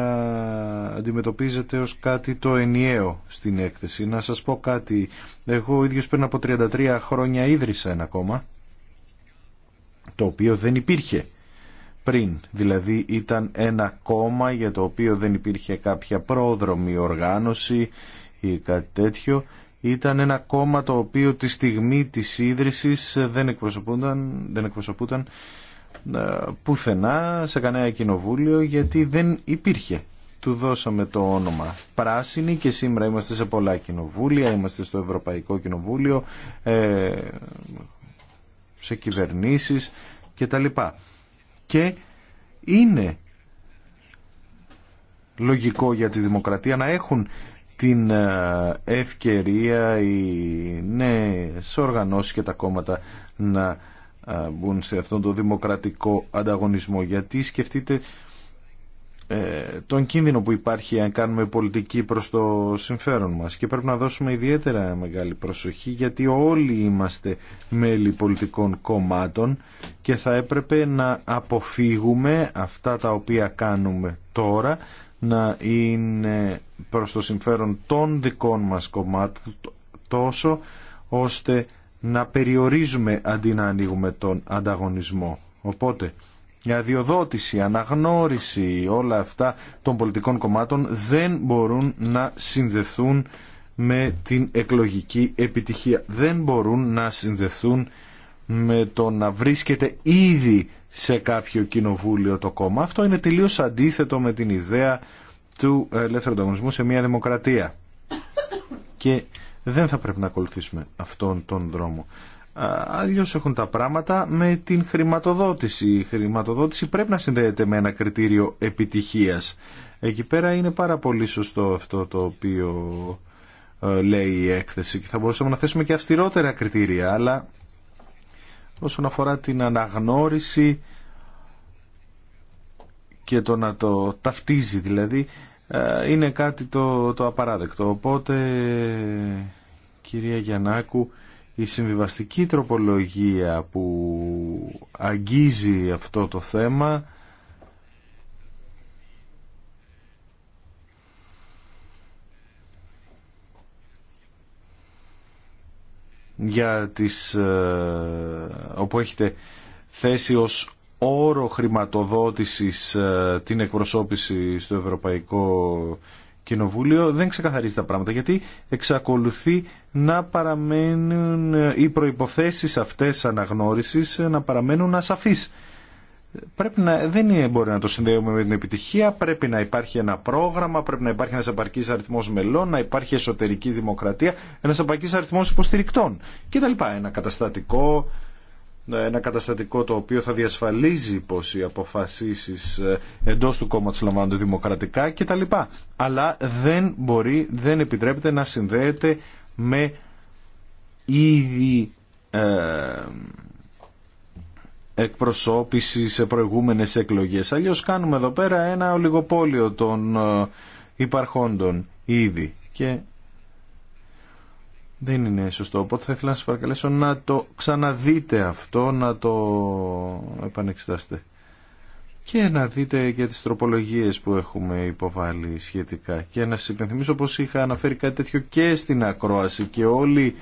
αντιμετωπίζεται ως κάτι το ενιαίο στην έκθεση. Να σας πω κάτι. Εγώ ο ίδιος πριν από 33 χρόνια ίδρυσα ένα κόμμα το οποίο δεν υπήρχε πριν. Δηλαδή ήταν ένα κόμμα για το οποίο δεν υπήρχε κάποια πρόδρομη οργάνωση ή κάτι τέτοιο. Ήταν ένα κόμμα το οποίο τη στιγμή της ίδρυσης δεν εκπροσωπούταν δεν εκπροσωπούνταν πουθενά σε κανένα κοινοβούλιο γιατί δεν υπήρχε. Του δώσαμε το όνομα Πράσινη και σήμερα είμαστε σε πολλά κοινοβούλια, είμαστε στο Ευρωπαϊκό Κοινοβούλιο, ε, σε κυβερνήσεις και τα λοιπά και είναι λογικό για τη δημοκρατία να έχουν την ε, ευκαιρία οι νέες οργανώσεις και τα κόμματα να ε, μπουν σε αυτόν τον δημοκρατικό ανταγωνισμό. Γιατί σκεφτείτε ε, τον κίνδυνο που υπάρχει αν κάνουμε πολιτική προς το συμφέρον μας και πρέπει να δώσουμε ιδιαίτερα μεγάλη προσοχή γιατί όλοι είμαστε μέλη πολιτικών κομμάτων και θα έπρεπε να αποφύγουμε αυτά τα οποία κάνουμε τώρα να είναι προς το συμφέρον των δικών μας κομμάτων τόσο ώστε να περιορίζουμε αντί να ανοίγουμε τον ανταγωνισμό. Οπότε η αδειοδότηση, αναγνώριση, όλα αυτά των πολιτικών κομμάτων δεν μπορούν να συνδεθούν με την εκλογική επιτυχία. Δεν μπορούν να συνδεθούν με το να βρίσκεται ήδη σε κάποιο κοινοβούλιο το κόμμα. Αυτό είναι τελείως αντίθετο με την ιδέα του ελεύθερου ανταγωνισμού σε μια δημοκρατία. Και δεν θα πρέπει να ακολουθήσουμε αυτόν τον δρόμο. Αλλιώ έχουν τα πράγματα με την χρηματοδότηση. Η χρηματοδότηση πρέπει να συνδέεται με ένα κριτήριο επιτυχίας. Εκεί πέρα είναι πάρα πολύ σωστό αυτό το οποίο ε, λέει η έκθεση και θα μπορούσαμε να θέσουμε και αυστηρότερα κριτήρια, αλλά όσον αφορά την αναγνώριση και το να το ταυτίζει δηλαδή, ε, είναι κάτι το, το απαράδεκτο. Οπότε, κυρία Γιαννάκου, η συμβιβαστική τροπολογία που αγγίζει αυτό το θέμα για τις, ε, όπου έχετε θέσει ως όρο χρηματοδότησης ε, την εκπροσώπηση στο Ευρωπαϊκό Κοινοβούλιο δεν ξεκαθαρίζει τα πράγματα γιατί εξακολουθεί να παραμένουν ε, οι προϋποθέσεις αυτές αναγνώρισης ε, να παραμένουν ασαφείς. Πρέπει να, δεν μπορεί να το συνδέουμε με την επιτυχία, πρέπει να υπάρχει ένα πρόγραμμα, πρέπει να υπάρχει ένας επαρκής αριθμός μελών, να υπάρχει εσωτερική δημοκρατία, ένας επαρκής αριθμός υποστηρικτών κτλ. Ένα καταστατικό ένα καταστατικό το οποίο θα διασφαλίζει πως οι αποφασίσεις ε, εντός του κόμματος λαμβάνονται δημοκρατικά κτλ. Αλλά δεν μπορεί, δεν επιτρέπεται να συνδέεται με ήδη ε, εκπροσώπηση σε προηγούμενες εκλογές. Αλλιώς κάνουμε εδώ πέρα ένα ολιγοπόλιο των ε, υπαρχόντων ήδη και δεν είναι σωστό. Οπότε θα ήθελα να σα παρακαλέσω να το ξαναδείτε αυτό, να το επανεξετάσετε. Και να δείτε και τις τροπολογίες που έχουμε υποβάλει σχετικά. Και να σα υπενθυμίσω πως είχα αναφέρει κάτι τέτοιο και στην ακρόαση και όλοι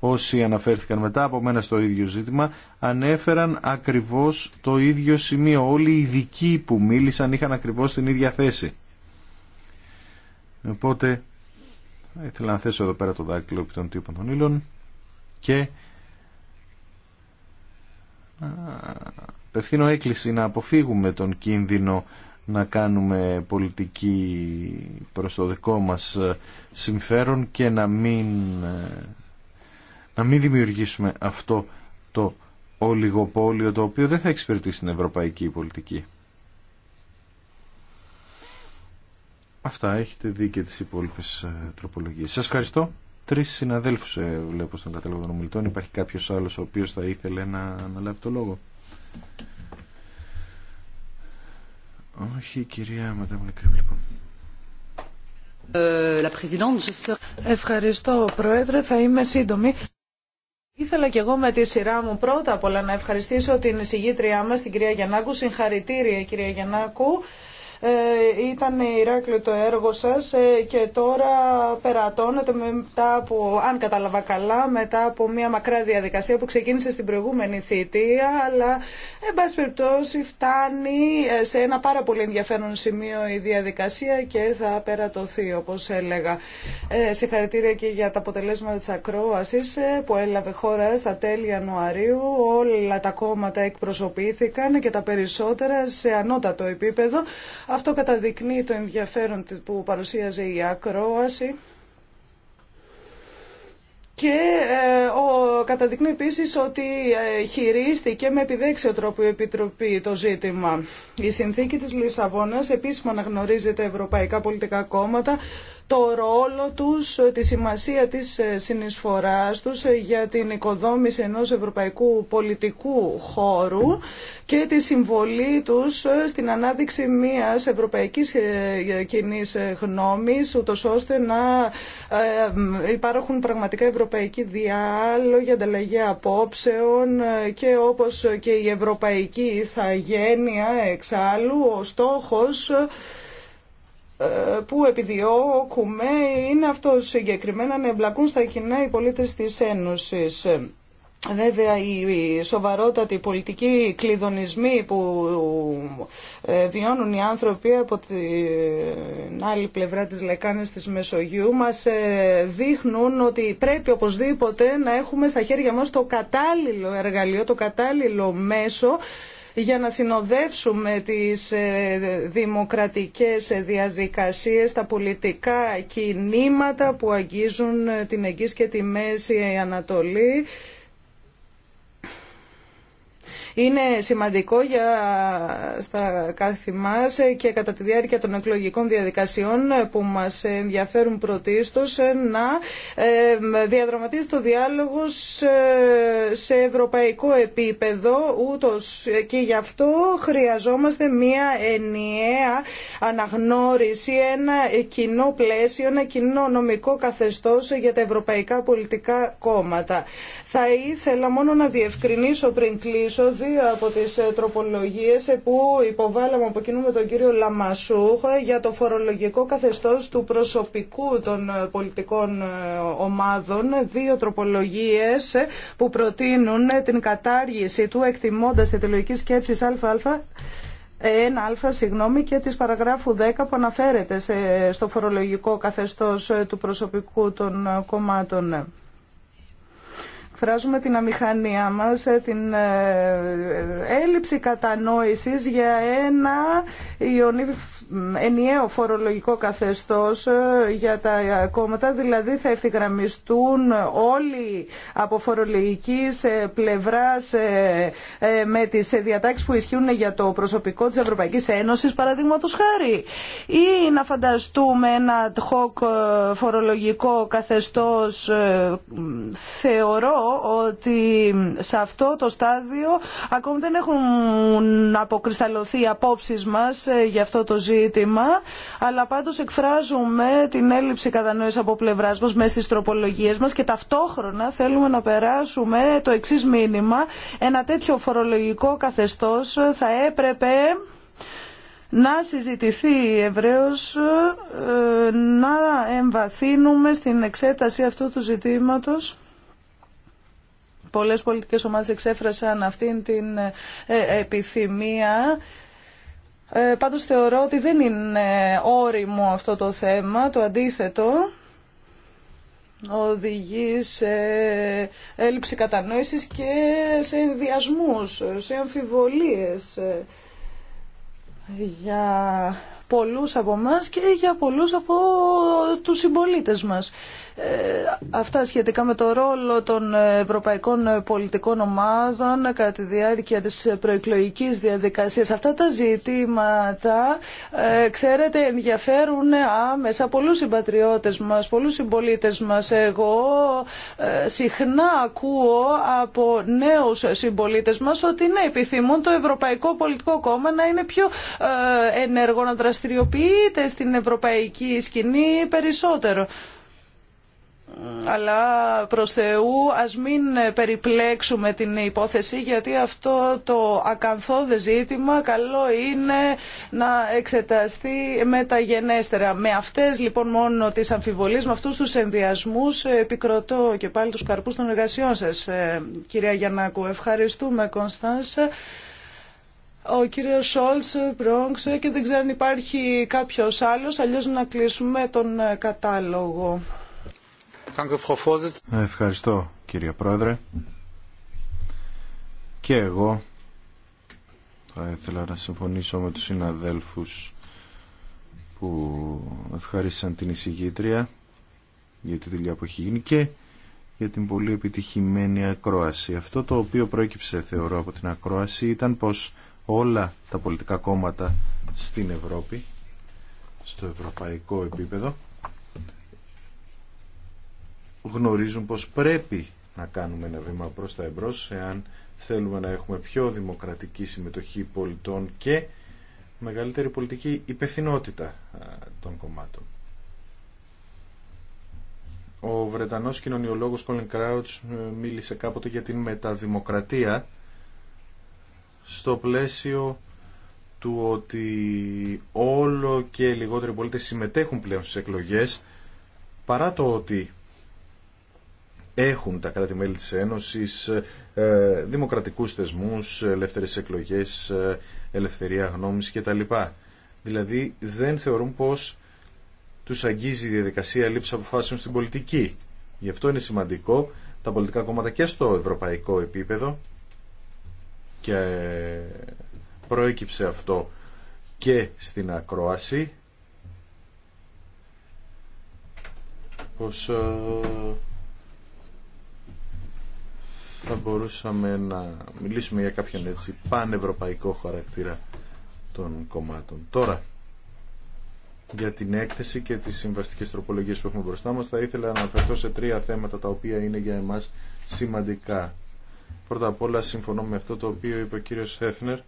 όσοι αναφέρθηκαν μετά από μένα στο ίδιο ζήτημα ανέφεραν ακριβώς το ίδιο σημείο. Όλοι οι ειδικοί που μίλησαν είχαν ακριβώς την ίδια θέση. Οπότε Ήθελα να θέσω εδώ πέρα το δάκτυλο επί των τύπων των ήλων και απευθύνω έκκληση να αποφύγουμε τον κίνδυνο να κάνουμε πολιτική προς το δικό μας ε, συμφέρον και να μην, ε, να μην δημιουργήσουμε αυτό το ολιγοπόλιο το οποίο δεν θα εξυπηρετήσει την ευρωπαϊκή πολιτική. Αυτά έχετε δει και τις υπόλοιπες ε, τροπολογίες. Σας ευχαριστώ. Τρεις συναδέλφους ε, βλέπω στον κατάλογο των ομιλητών. Υπάρχει κάποιος άλλος ο οποίος θα ήθελε να αναλάβει το λόγο. Όχι, κυρία Μαντάμ Λεκρύπ, λοιπόν. Ε, ευχαριστώ, Πρόεδρε. Θα είμαι σύντομη. Ήθελα κι εγώ με τη σειρά μου πρώτα απ' όλα να ευχαριστήσω την συγγήτριά μας, την κυρία Γιαννάκου. Συγχαρητήρια, κυρία Γιαννάκου. Ε, ήταν Ηράκλειο το έργο σας ε, και τώρα περατώνεται μετά από, αν κατάλαβα καλά, μετά από μια μακρά διαδικασία που ξεκίνησε στην προηγούμενη θητεία, αλλά εν πάση περιπτώσει φτάνει ε, σε ένα πάρα πολύ ενδιαφέρον σημείο η διαδικασία και θα περατωθεί όπως έλεγα. Ε, συγχαρητήρια και για τα αποτελέσματα της ακρόασης που έλαβε χώρα στα τέλη Ιανουαρίου. Όλα τα κόμματα εκπροσωπήθηκαν και τα περισσότερα σε ανώτατο επίπεδο. Αυτό καταδεικνύει το ενδιαφέρον που παρουσίαζε η ακρόαση και ε, ο, καταδεικνύει επίση ότι ε, χειρίστηκε με επιδέξιο τρόπο η Επιτροπή το ζήτημα. Η συνθήκη της Λισαβόνας επίσημα αναγνωρίζεται ευρωπαϊκά πολιτικά κόμματα το ρόλο τους, ε, τη σημασία της ε, συνεισφοράς τους ε, για την οικοδόμηση ενός ευρωπαϊκού πολιτικού χώρου και τη συμβολή τους στην ανάδειξη μιας ευρωπαϊκής κοινή γνώμης, ούτως ώστε να υπάρχουν πραγματικά ευρωπαϊκοί διάλογοι, ανταλλαγή απόψεων και όπως και η ευρωπαϊκή ηθαγένεια εξάλλου, ο στόχος ε, που επιδιώκουμε είναι αυτό συγκεκριμένα να εμπλακούν στα κοινά οι πολίτες της Ένωσης. Βέβαια οι σοβαρότατοι πολιτικοί κλειδονισμοί που ε, βιώνουν οι άνθρωποι από την άλλη πλευρά της λεκάνης της Μεσογείου μας ε, δείχνουν ότι πρέπει οπωσδήποτε να έχουμε στα χέρια μας το κατάλληλο εργαλείο, το κατάλληλο μέσο για να συνοδεύσουμε τις ε, δημοκρατικές διαδικασίες, τα πολιτικά κινήματα που αγγίζουν ε, την Εγγύς και τη Μέση Ανατολή είναι σημαντικό για στα κάθε μας και κατά τη διάρκεια των εκλογικών διαδικασιών που μας ενδιαφέρουν πρωτίστως να ε, διαδραματίσει το διάλογο ε, σε ευρωπαϊκό επίπεδο ούτως και γι' αυτό χρειαζόμαστε μία ενιαία αναγνώριση, ένα κοινό πλαίσιο, ένα κοινό νομικό καθεστώς για τα ευρωπαϊκά πολιτικά κόμματα. Θα ήθελα μόνο να διευκρινίσω πριν κλείσω από τις ε, τροπολογίες ε, που υποβάλαμε από κοινού με τον κύριο Λαμασούχ ε, για το φορολογικό καθεστώς του προσωπικού των πολιτικών ομάδων. Δύο τροπολογίες που προτείνουν την κατάργηση του εκτιμώντας τη λογική σκέψη ΑΑ ένα αλφα συγγνώμη, και της παραγράφου 10 που αναφέρεται στο φορολογικό καθεστώς του προσωπικού των κομμάτων εκφράζουμε την αμηχανία μας, ε, την ε, ε, έλλειψη κατανόησης για ένα ιονίδιο ενιαίο φορολογικό καθεστώς ε, για τα κόμματα, δηλαδή θα ευθυγραμμιστούν όλοι από φορολογική πλευράς ε, με τις διατάξεις που ισχύουν για το προσωπικό της Ευρωπαϊκής Ένωσης, παραδείγματος χάρη. Ή να φανταστούμε ένα ad hoc ε, φορολογικό καθεστώς, θεωρώ ότι σε αυτό το στάδιο ακόμη δεν έχουν αποκρισταλωθεί οι απόψεις μας για αυτό το ζήτημα ζήτημα, αλλά πάντως εκφράζουμε την έλλειψη κατανόηση από πλευρά μας μέσα στις τροπολογίες μας και ταυτόχρονα θέλουμε να περάσουμε το εξής μήνυμα. Ένα τέτοιο φορολογικό καθεστώς θα έπρεπε να συζητηθεί ευρέως, ε, να εμβαθύνουμε στην εξέταση αυτού του ζητήματος πολλές πολιτικές ομάδες εξέφρασαν αυτήν την ε, ε, επιθυμία ε, πάντως θεωρώ ότι δεν είναι όριμο αυτό το θέμα, το αντίθετο οδηγεί σε έλλειψη κατανόησης και σε ενδιασμούς, σε αμφιβολίες ε, για πολλούς από μας και για πολλούς από τους συμπολίτες μας. Ε, αυτά σχετικά με το ρόλο των ευρωπαϊκών πολιτικών ομάδων κατά τη διάρκεια της προεκλογικής διαδικασίας. Αυτά τα ζητήματα, ε, ξέρετε, ενδιαφέρουν άμεσα πολλούς συμπατριώτες μας, πολλούς συμπολίτες μας. Εγώ ε, συχνά ακούω από νέους συμπολίτες μας ότι ναι, επιθυμούν το Ευρωπαϊκό Πολιτικό Κόμμα να είναι πιο ενεργό, να δραστηριοποιείται στην ευρωπαϊκή σκηνή περισσότερο αλλά προς Θεού ας μην περιπλέξουμε την υπόθεση γιατί αυτό το ακαθόδε ζήτημα καλό είναι να εξεταστεί με γενέστερα. Με αυτές λοιπόν μόνο τις αμφιβολίες, με αυτούς τους ενδιασμούς ε, επικροτώ και πάλι τους καρπούς των εργασιών σας ε, κυρία Γιαννάκου. Ευχαριστούμε Κωνσταντς ο κύριος Σόλτς, Μπρόγκς ε, και δεν ξέρω αν υπάρχει κάποιος άλλος, αλλιώς να κλείσουμε τον κατάλογο. Ε, ευχαριστώ κύριε Πρόεδρε. Και εγώ θα ήθελα να συμφωνήσω με τους συναδέλφους που ευχαρίστησαν την εισηγήτρια για τη δουλειά που έχει γίνει και για την πολύ επιτυχημένη ακρόαση. Αυτό το οποίο προέκυψε θεωρώ από την ακρόαση ήταν πως όλα τα πολιτικά κόμματα στην Ευρώπη, στο ευρωπαϊκό επίπεδο, γνωρίζουν πως πρέπει να κάνουμε ένα βήμα προς τα εμπρός εάν θέλουμε να έχουμε πιο δημοκρατική συμμετοχή πολιτών και μεγαλύτερη πολιτική υπευθυνότητα των κομμάτων. Ο Βρετανός κοινωνιολόγος Colin Crouch ε, μίλησε κάποτε για την μεταδημοκρατία στο πλαίσιο του ότι όλο και λιγότεροι πολίτες συμμετέχουν πλέον στις εκλογές παρά το ότι έχουν τα κράτη-μέλη της Ένωσης ε, δημοκρατικούς θεσμούς, ελεύθερες εκλογές, ε, ελευθερία γνώμης κτλ. Δηλαδή δεν θεωρούν πως τους αγγίζει η διαδικασία λήψη αποφάσεων στην πολιτική. Γι' αυτό είναι σημαντικό τα πολιτικά κόμματα και στο ευρωπαϊκό επίπεδο και προέκυψε αυτό και στην ακρόαση πως ε, θα μπορούσαμε να μιλήσουμε για κάποιον έτσι πανευρωπαϊκό χαρακτήρα των κομμάτων. Τώρα, για την έκθεση και τις συμβαστικές τροπολογίες που έχουμε μπροστά μας, θα ήθελα να αναφερθώ σε τρία θέματα τα οποία είναι για εμάς σημαντικά. Πρώτα απ' όλα συμφωνώ με αυτό το οποίο είπε ο κύριος Έθνερ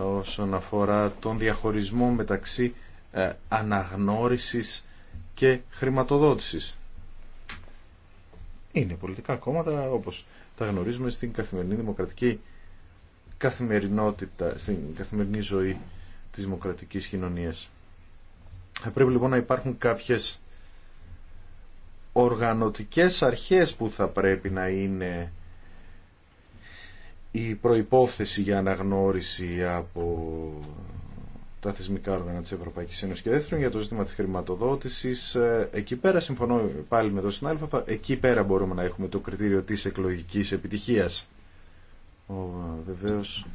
όσον αφορά τον διαχωρισμό μεταξύ ε, αναγνώρισης και χρηματοδότησης. Είναι πολιτικά κόμματα όπως τα γνωρίζουμε στην καθημερινή δημοκρατική καθημερινότητα, στην καθημερινή ζωή της δημοκρατικής κοινωνίας. Θα πρέπει λοιπόν να υπάρχουν κάποιες οργανωτικές αρχές που θα πρέπει να είναι η προϋπόθεση για αναγνώριση από τα θεσμικά όργανα της Ευρωπαϊκής Ένωσης. Και δεύτερον για το ζήτημα της χρηματοδότησης, ε, εκεί πέρα συμφωνώ πάλι με τον συνάδελφο, εκεί πέρα μπορούμε να έχουμε το κριτήριο της εκλογικής επιτυχίας. Ο, βεβαίως,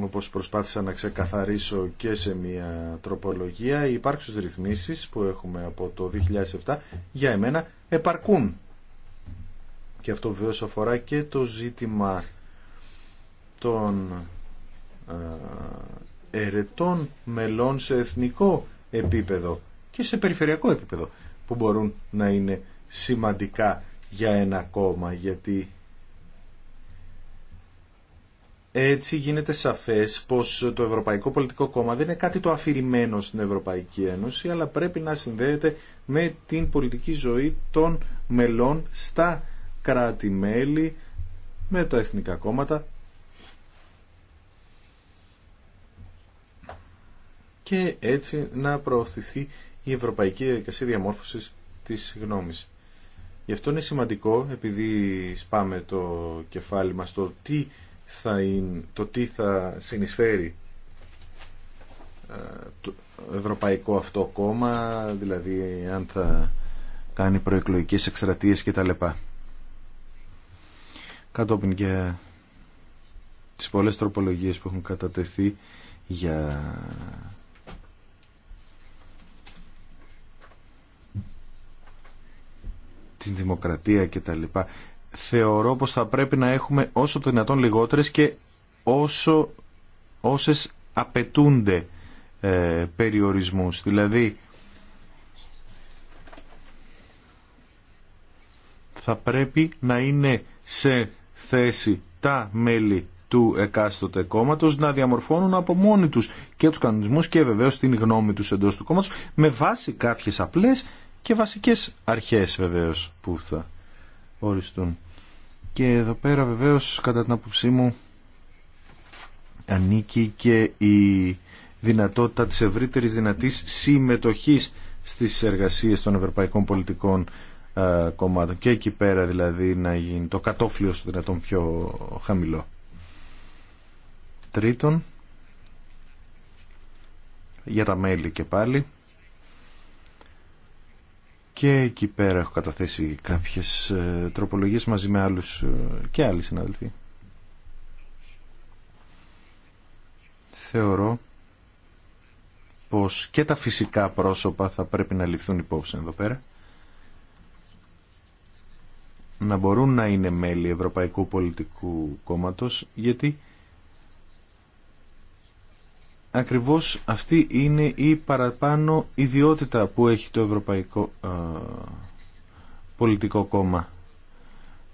όπως προσπάθησα να ξεκαθαρίσω και σε μια τροπολογία, οι υπάρξεις ρυθμίσεις που έχουμε από το 2007 για εμένα επαρκούν. Και αυτό βεβαίως αφορά και το ζήτημα των ερετών μελών σε εθνικό επίπεδο και σε περιφερειακό επίπεδο που μπορούν να είναι σημαντικά για ένα κόμμα γιατί έτσι γίνεται σαφές πως το Ευρωπαϊκό Πολιτικό Κόμμα δεν είναι κάτι το αφηρημένο στην Ευρωπαϊκή Ένωση αλλά πρέπει να συνδέεται με την πολιτική ζωή των μελών στα κράτη-μέλη με τα εθνικά κόμματα και έτσι να προωθηθεί η ευρωπαϊκή διαδικασία Διαμόρφωση της γνώμη. Γι' αυτό είναι σημαντικό, επειδή σπάμε το κεφάλι μας, το τι θα, το τι θα συνεισφέρει ε, το ευρωπαϊκό αυτό κόμμα, δηλαδή αν θα κάνει προεκλογικές εκστρατείες και τα λεπά. Κατόπιν και τις πολλές τροπολογίες που έχουν κατατεθεί για την δημοκρατία κτλ. Θεωρώ πως θα πρέπει να έχουμε όσο το δυνατόν λιγότερες και όσο, όσες απαιτούνται ε, περιορισμούς. Δηλαδή, θα πρέπει να είναι σε θέση τα μέλη του εκάστοτε κόμματο να διαμορφώνουν από μόνοι του και του κανονισμού και βεβαίω την γνώμη του εντό του κόμματο με βάση κάποιε απλέ και βασικές αρχές βεβαίως που θα οριστούν. Και εδώ πέρα βεβαίως κατά την άποψή μου ανήκει και η δυνατότητα της ευρύτερης δυνατής συμμετοχής στις εργασίες των ευρωπαϊκών πολιτικών κομμάτων και εκεί πέρα δηλαδή να γίνει το κατόφλιο στο δυνατόν πιο χαμηλό. Τρίτον, για τα μέλη και πάλι, και εκεί πέρα έχω καταθέσει κάποιες ε, τροπολογίες μαζί με άλλους ε, και άλλοι συναδελφοί. Θεωρώ πως και τα φυσικά πρόσωπα θα πρέπει να ληφθούν υπόψη εδώ πέρα. Να μπορούν να είναι μέλη Ευρωπαϊκού Πολιτικού Κόμματος γιατί ακριβώς αυτή είναι η παραπάνω ιδιότητα που έχει το Ευρωπαϊκό ε, Πολιτικό Κόμμα.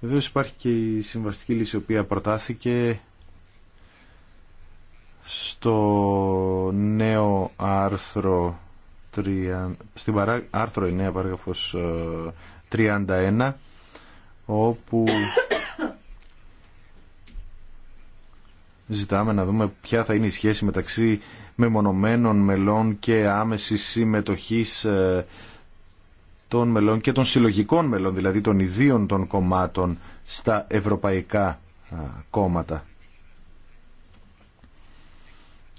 Βεβαίως υπάρχει και η συμβαστική λύση η οποία προτάθηκε στο νέο άρθρο 3, στην παρά, άρθρο 9 παράγραφος 31 ε, όπου ζητάμε να δούμε ποια θα είναι η σχέση μεταξύ μεμονωμένων μελών και άμεσης συμμετοχής ε, των μελών και των συλλογικών μελών, δηλαδή των ιδίων των κομμάτων στα ευρωπαϊκά κόμματα.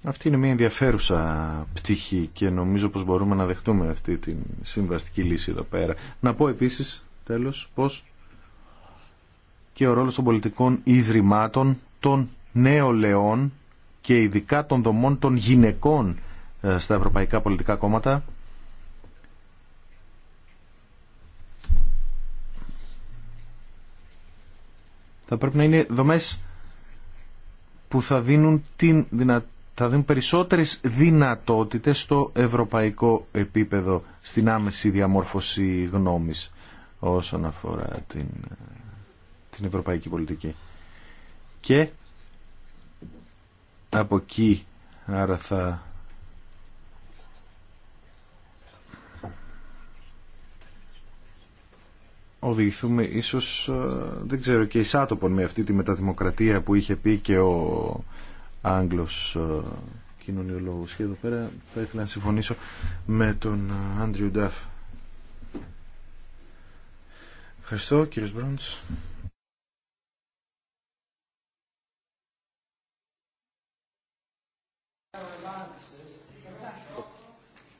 Αυτή είναι μια ενδιαφέρουσα πτυχή και νομίζω πως μπορούμε να δεχτούμε αυτή τη συμβαστική λύση εδώ πέρα. Να πω επίσης, τέλος, πως και ο ρόλος των πολιτικών ιδρυμάτων των νέων και ειδικά των δομών των γυναικών ε, στα ευρωπαϊκά πολιτικά κόμματα. Θα πρέπει να είναι δομές που θα δίνουν, την, θα δίνουν περισσότερες δυνατότητες στο ευρωπαϊκό επίπεδο στην άμεση διαμόρφωση γνώμης όσον αφορά την, ε, την ευρωπαϊκή πολιτική. Και από εκεί άρα θα οδηγηθούμε ίσως ε, δεν ξέρω και εισάτοπον με αυτή τη μεταδημοκρατία που είχε πει και ο Άγγλος ε, κοινωνιολόγος και εδώ πέρα θα ήθελα να συμφωνήσω με τον ε, Άντριου Νταφ Ευχαριστώ κύριος Μπρόντς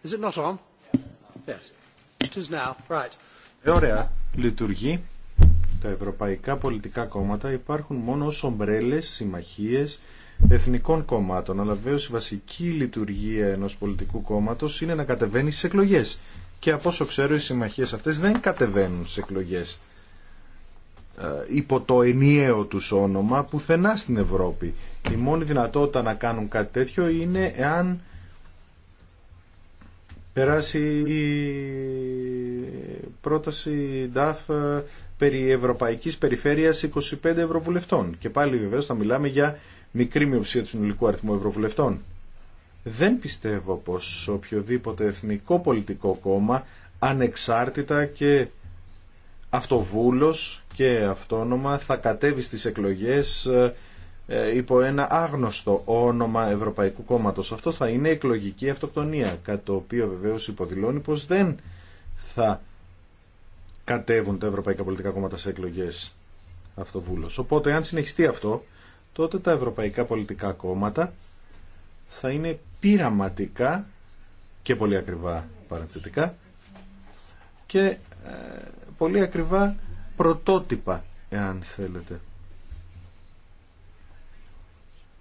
Is it ε, Ωραία. Λειτουργεί. Τα ευρωπαϊκά πολιτικά κόμματα υπάρχουν μόνο ως ομπρέλες, συμμαχίες εθνικών κομμάτων. Αλλά βέβαια η βασική λειτουργία ενός πολιτικού κόμματος είναι να κατεβαίνει στις εκλογές. Και από όσο ξέρω οι συμμαχίες αυτές δεν κατεβαίνουν στις εκλογές. Ε, υπό το ενιαίο τους όνομα πουθενά στην Ευρώπη. Η μόνη δυνατότητα να κάνουν κάτι τέτοιο είναι εάν περάσει η πρόταση DAF ε, περί Ευρωπαϊκής Περιφέρειας 25 Ευρωβουλευτών. Και πάλι βεβαίως θα μιλάμε για μικρή μειοψηφία του συνολικού αριθμού Ευρωβουλευτών. Δεν πιστεύω πως οποιοδήποτε εθνικό πολιτικό κόμμα ανεξάρτητα και αυτοβούλος και αυτόνομα θα κατέβει στις εκλογές ε, ε, υπό ένα άγνωστο όνομα Ευρωπαϊκού Κόμματος. Αυτό θα είναι εκλογική αυτοκτονία, κατά το οποίο βεβαίως υποδηλώνει πως δεν θα κατέβουν τα ευρωπαϊκά πολιτικά κόμματα σε εκλογές αυτοβούλος. Οπότε, αν συνεχιστεί αυτό, τότε τα ευρωπαϊκά πολιτικά κόμματα θα είναι πειραματικά και πολύ ακριβά παρανθετικά και ε, πολύ ακριβά πρωτότυπα, εάν θέλετε.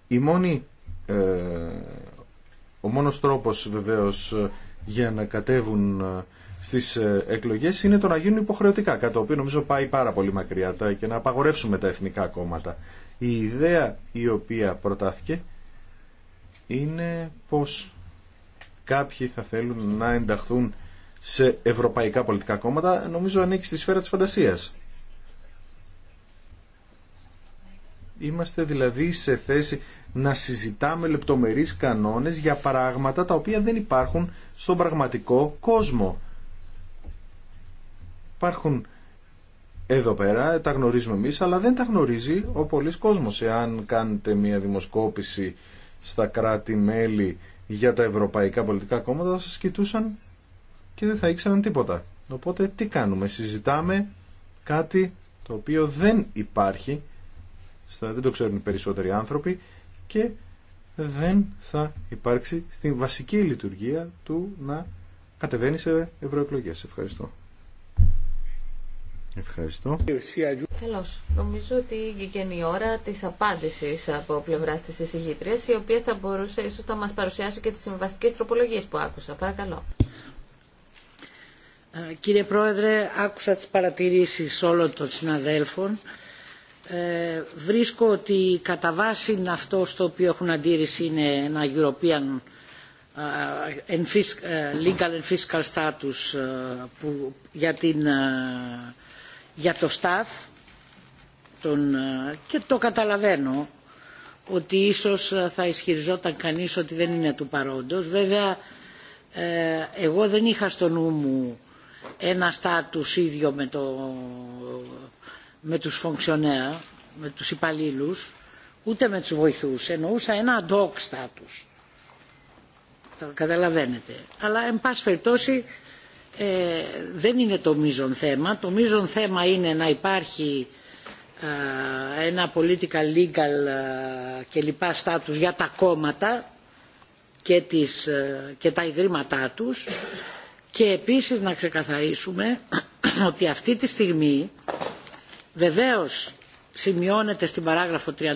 Η μόνη, ε, ο μόνος τρόπος βεβαίως για να κατέβουν ε, στις ε, εκλογές είναι το να γίνουν υποχρεωτικά, κατά το οποίο νομίζω πάει πάρα πολύ μακριά τα και να απαγορεύσουμε τα εθνικά κόμματα. Η ιδέα η οποία προτάθηκε είναι πως κάποιοι θα θέλουν να ενταχθούν σε ευρωπαϊκά πολιτικά κόμματα νομίζω ανήκει στη σφαίρα της φαντασίας. Είμαστε δηλαδή σε θέση να συζητάμε λεπτομερείς κανόνες για πράγματα τα οποία δεν υπάρχουν στον πραγματικό κόσμο. Υπάρχουν εδώ πέρα, τα γνωρίζουμε εμείς, αλλά δεν τα γνωρίζει ο πολλής κόσμος. Εάν κάνετε μια δημοσκόπηση στα κράτη-μέλη για τα ευρωπαϊκά πολιτικά κόμματα, θα σας κοιτούσαν και δεν θα ήξεραν τίποτα. Οπότε τι κάνουμε, συζητάμε κάτι το οποίο δεν υπάρχει, δεν το ξέρουν οι περισσότεροι άνθρωποι και δεν θα υπάρξει στην βασική λειτουργία του να κατεβαίνει σε ευρωεκλογές. Ευχαριστώ. Ευχαριστώ. Καλώ. Νομίζω ότι η η ώρα τη απάντηση από πλευρά της εισηγήτρια, η οποία θα μπορούσε ίσω να μα παρουσιάσει και τι συμβαστικέ τροπολογίε που άκουσα. Παρακαλώ. Ε, κύριε Πρόεδρε, άκουσα τις παρατηρήσεις όλων των συναδέλφων. Ε, βρίσκω ότι κατά βάση αυτό στο οποίο έχουν αντίρρηση είναι ένα European ε, legal and fiscal status για, το staff και το καταλαβαίνω ότι ίσως θα ισχυριζόταν κανείς ότι δεν είναι του παρόντος. Βέβαια, εγώ δεν είχα στο νου μου ένα στάτους ίδιο με, το, με τους φονξιονέα, με τους υπαλλήλους, ούτε με τους βοηθούς. Εννοούσα ένα ad hoc στάτους. καταλαβαίνετε. Αλλά, εν πάση περιπτώσει, ε, δεν είναι το μείζον θέμα. Το μείζον θέμα είναι να υπάρχει ε, ένα political, legal ε, και λοιπά στάτους για τα κόμματα και, τις, ε, και τα ιδρύματά τους και επίσης να ξεκαθαρίσουμε ότι αυτή τη στιγμή βεβαίως σημειώνεται στην παράγραφο 31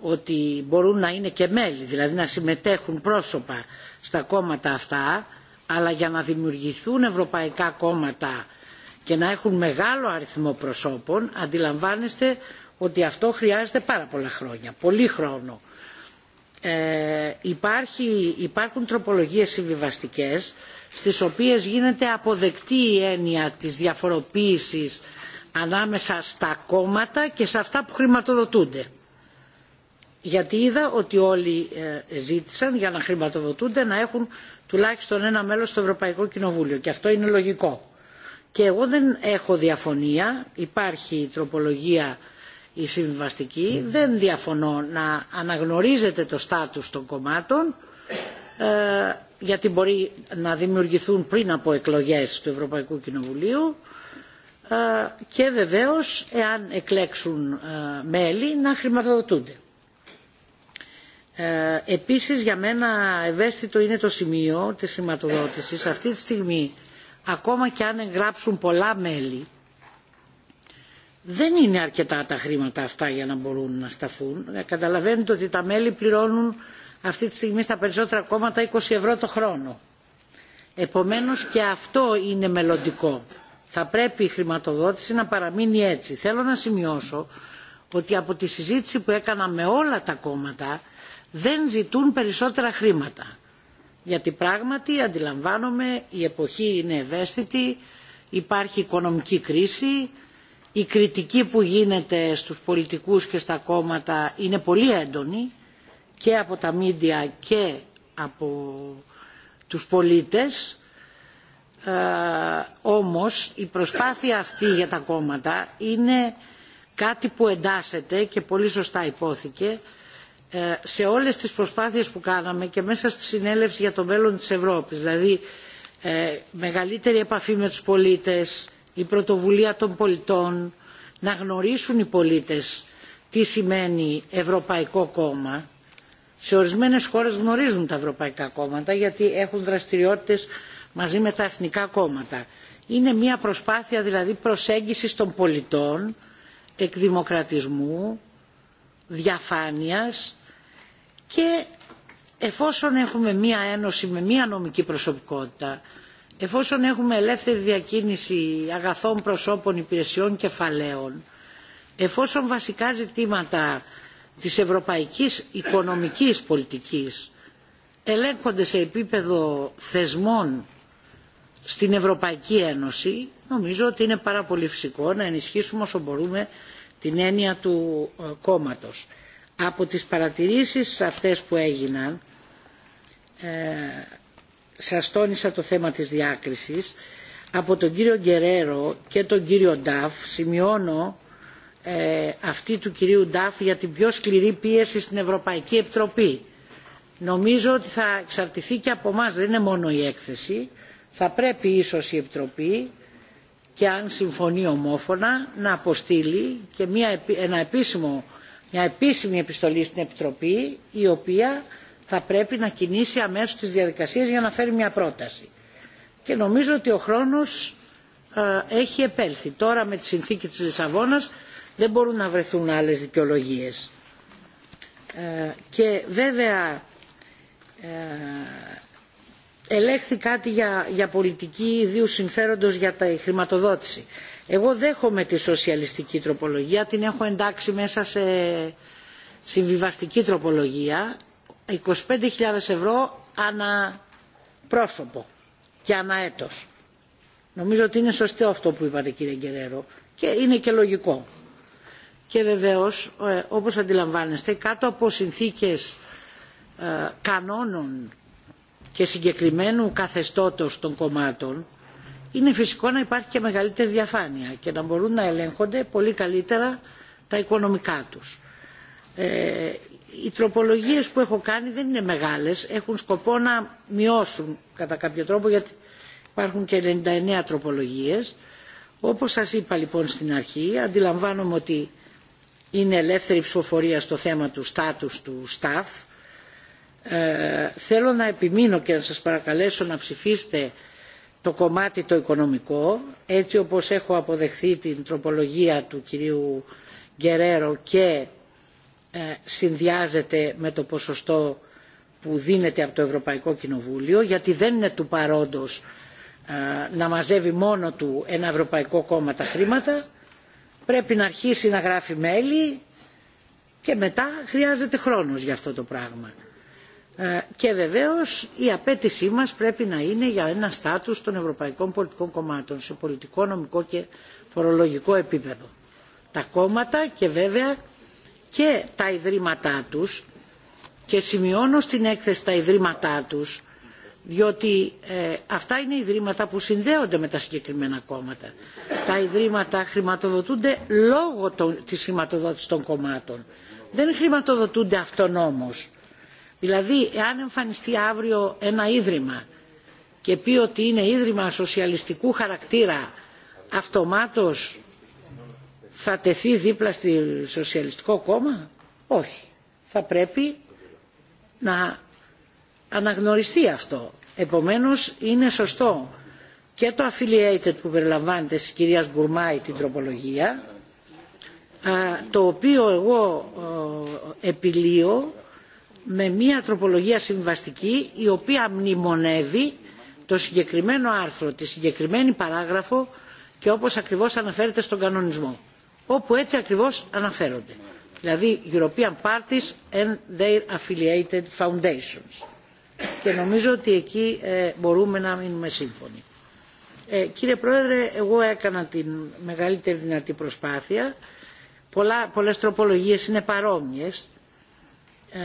ότι μπορούν να είναι και μέλη, δηλαδή να συμμετέχουν πρόσωπα στα κόμματα αυτά, αλλά για να δημιουργηθούν ευρωπαϊκά κόμματα και να έχουν μεγάλο αριθμό προσώπων, αντιλαμβάνεστε ότι αυτό χρειάζεται πάρα πολλά χρόνια, πολύ χρόνο. Ε, υπάρχει, υπάρχουν τροπολογίες συμβιβαστικές στις οποίες γίνεται αποδεκτή η έννοια της διαφοροποίησης ανάμεσα στα κόμματα και σε αυτά που χρηματοδοτούνται. Γιατί είδα ότι όλοι ε, ζήτησαν για να χρηματοδοτούνται να έχουν τουλάχιστον ένα μέλος στο Ευρωπαϊκό Κοινοβούλιο και αυτό είναι λογικό. Και εγώ δεν έχω διαφωνία, υπάρχει η τροπολογία η συμβιβαστική, δεν διαφωνώ να αναγνωρίζετε το στάτους των κομμάτων ε, γιατί μπορεί να δημιουργηθούν πριν από εκλογές του Ευρωπαϊκού Κοινοβουλίου ε, και βεβαίως εάν εκλέξουν ε, μέλη να χρηματοδοτούνται. Ε, επίσης για μένα ευαίσθητο είναι το σημείο της χρηματοδότησης. Αυτή τη στιγμή ακόμα και αν εγγράψουν πολλά μέλη δεν είναι αρκετά τα χρήματα αυτά για να μπορούν να σταθούν. Καταλαβαίνετε ότι τα μέλη πληρώνουν αυτή τη στιγμή στα περισσότερα κόμματα 20 ευρώ το χρόνο. Επομένως και αυτό είναι μελλοντικό. Θα πρέπει η χρηματοδότηση να παραμείνει έτσι. Θέλω να σημειώσω ότι από τη συζήτηση που έκανα με όλα τα κόμματα δεν ζητούν περισσότερα χρήματα. Γιατί πράγματι αντιλαμβάνομαι η εποχή είναι ευαίσθητη, υπάρχει οικονομική κρίση, η κριτική που γίνεται στους πολιτικούς και στα κόμματα είναι πολύ έντονη και από τα μίντια και από τους πολίτες ε, όμως η προσπάθεια αυτή για τα κόμματα είναι κάτι που εντάσσεται και πολύ σωστά υπόθηκε ε, σε όλες τις προσπάθειες που κάναμε και μέσα στη συνέλευση για το μέλλον της Ευρώπης δηλαδή ε, μεγαλύτερη επαφή με τους πολίτες η πρωτοβουλία των πολιτών να γνωρίσουν οι πολίτες τι σημαίνει Ευρωπαϊκό Κόμμα σε ορισμένες χώρες γνωρίζουν τα ευρωπαϊκά κόμματα γιατί έχουν δραστηριότητες μαζί με τα εθνικά κόμματα. Είναι μια προσπάθεια δηλαδή προσέγγισης των πολιτών, εκδημοκρατισμού, διαφάνειας και εφόσον έχουμε μια ένωση με μια νομική προσωπικότητα, εφόσον έχουμε ελεύθερη διακίνηση αγαθών προσώπων υπηρεσιών κεφαλαίων, εφόσον βασικά ζητήματα της ευρωπαϊκής οικονομικής πολιτικής ελέγχονται σε επίπεδο θεσμών στην Ευρωπαϊκή Ένωση νομίζω ότι είναι πάρα πολύ φυσικό να ενισχύσουμε όσο μπορούμε την έννοια του ε, κόμματος. Από τις παρατηρήσεις αυτές που έγιναν ε, σας τόνισα το θέμα της διάκρισης από τον κύριο Γκερέρο και τον κύριο Νταφ σημειώνω ε, αυτή του κυρίου Νταφ για την πιο σκληρή πίεση στην Ευρωπαϊκή Επιτροπή. Νομίζω ότι θα εξαρτηθεί και από εμά, δεν είναι μόνο η έκθεση. Θα πρέπει ίσως η Επιτροπή και αν συμφωνεί ομόφωνα να αποστείλει και μια, ένα επίσημο, μια επίσημη επιστολή στην Επιτροπή η οποία θα πρέπει να κινήσει αμέσως τις διαδικασίες για να φέρει μια πρόταση. Και νομίζω ότι ο χρόνος ε, έχει επέλθει. Τώρα με τη συνθήκη της Λισαβόνας δεν μπορούν να βρεθούν άλλες δικαιολογίε. Ε, και βέβαια ε, ελέγχθη κάτι για, για πολιτική ιδίου συμφέροντος για τα χρηματοδότηση. Εγώ δέχομαι τη σοσιαλιστική τροπολογία, την έχω εντάξει μέσα σε συμβιβαστική τροπολογία, 25.000 ευρώ ανά πρόσωπο και ανά έτος. Νομίζω ότι είναι σωστό αυτό που είπατε κύριε Γκερέρο και είναι και λογικό και βεβαίως ε, όπως αντιλαμβάνεστε κάτω από συνθήκες ε, κανόνων και συγκεκριμένου καθεστώτος των κομμάτων είναι φυσικό να υπάρχει και μεγαλύτερη διαφάνεια και να μπορούν να ελέγχονται πολύ καλύτερα τα οικονομικά τους. Ε, οι τροπολογίες που έχω κάνει δεν είναι μεγάλες, έχουν σκοπό να μειώσουν κατά κάποιο τρόπο γιατί υπάρχουν και 99 τροπολογίες. Όπως σας είπα λοιπόν στην αρχή, αντιλαμβάνομαι ότι είναι ελεύθερη ψηφοφορία στο θέμα του στάτους του ΣΤΑΦ. Ε, θέλω να επιμείνω και να σας παρακαλέσω να ψηφίσετε το κομμάτι το οικονομικό, έτσι όπως έχω αποδεχθεί την τροπολογία του κυρίου Γκερέρο και ε, συνδυάζεται με το ποσοστό που δίνεται από το Ευρωπαϊκό Κοινοβούλιο, γιατί δεν είναι του παρόντος ε, να μαζεύει μόνο του ένα Ευρωπαϊκό Κόμμα τα χρήματα, πρέπει να αρχίσει να γράφει μέλη και μετά χρειάζεται χρόνος για αυτό το πράγμα. Ε, και βεβαίως η απέτησή μας πρέπει να είναι για ένα στάτους των ευρωπαϊκών πολιτικών κομμάτων σε πολιτικό, νομικό και φορολογικό επίπεδο. Τα κόμματα και βέβαια και τα ιδρύματά τους και σημειώνω στην έκθεση τα ιδρύματά τους διότι ε, αυτά είναι ιδρύματα που συνδέονται με τα συγκεκριμένα κόμματα. Τα ιδρύματα χρηματοδοτούνται λόγω της χρηματοδότησης των κομμάτων. Δεν χρηματοδοτούνται αυτονόμως. Δηλαδή, εάν εμφανιστεί αύριο ένα ίδρυμα και πει ότι είναι ίδρυμα σοσιαλιστικού χαρακτήρα, αυτομάτως θα τεθεί δίπλα στη Σοσιαλιστικό Κόμμα. Όχι. Θα πρέπει να αναγνωριστεί αυτό Επομένως είναι σωστό και το affiliated που περιλαμβάνεται στις κυρία Γκουρμάη την τροπολογία το οποίο εγώ ε, επιλύω με μια τροπολογία συμβαστική η οποία μνημονεύει το συγκεκριμένο άρθρο, τη συγκεκριμένη παράγραφο και όπως ακριβώς αναφέρεται στον κανονισμό όπου έτσι ακριβώς αναφέρονται δηλαδή European Parties and their affiliated foundations και νομίζω ότι εκεί ε, μπορούμε να μείνουμε σύμφωνοι. Ε, κύριε Πρόεδρε, εγώ έκανα την μεγαλύτερη δυνατή προσπάθεια. Πολλά, πολλές τροπολογίες είναι παρόμοιες ε,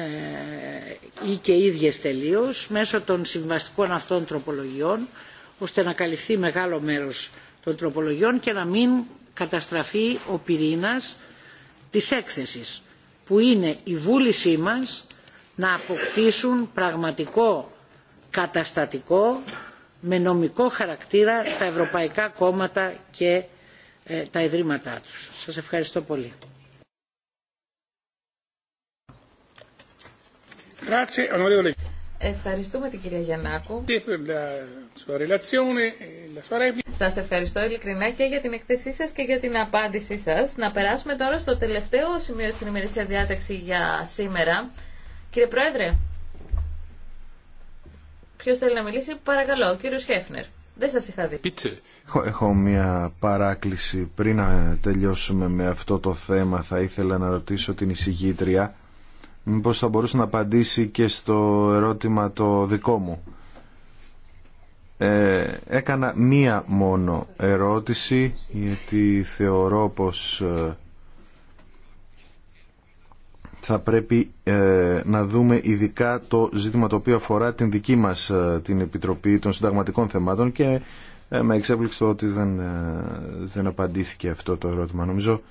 ή και ίδιες τελείως μέσω των συμβαστικών αυτών τροπολογιών ώστε να καλυφθεί μεγάλο μέρος των τροπολογιών και να μην καταστραφεί ο πυρήνας της έκθεσης που είναι η βούλησή μας να αποκτήσουν πραγματικό καταστατικό με νομικό χαρακτήρα τα ευρωπαϊκά κόμματα και ε, τα ιδρύματά τους. Σας ευχαριστώ πολύ. Ευχαριστούμε την κυρία Γιαννάκου. Σας ευχαριστώ ειλικρινά και για την εκθεσή σας και για την απάντησή σας. Να περάσουμε τώρα στο τελευταίο σημείο της ημερησία διάταξη για σήμερα. Κύριε Πρόεδρε, ποιος θέλει να μιλήσει, παρακαλώ, ο κύριος Χέφνερ. Δεν σας είχα δει. Έχω, μια παράκληση. Πριν να τελειώσουμε με αυτό το θέμα, θα ήθελα να ρωτήσω την εισηγήτρια μήπως θα μπορούσε να απαντήσει και στο ερώτημα το δικό μου. Ε, έκανα μία μόνο ερώτηση γιατί θεωρώ πως ε, θα πρέπει ε, να δούμε ειδικά το ζήτημα το οποίο αφορά την δική μας ε, την Επιτροπή των Συνταγματικών Θεμάτων και ε, με εξέπληξε το ότι δεν, δεν απαντήθηκε αυτό το ερώτημα. Νομίζω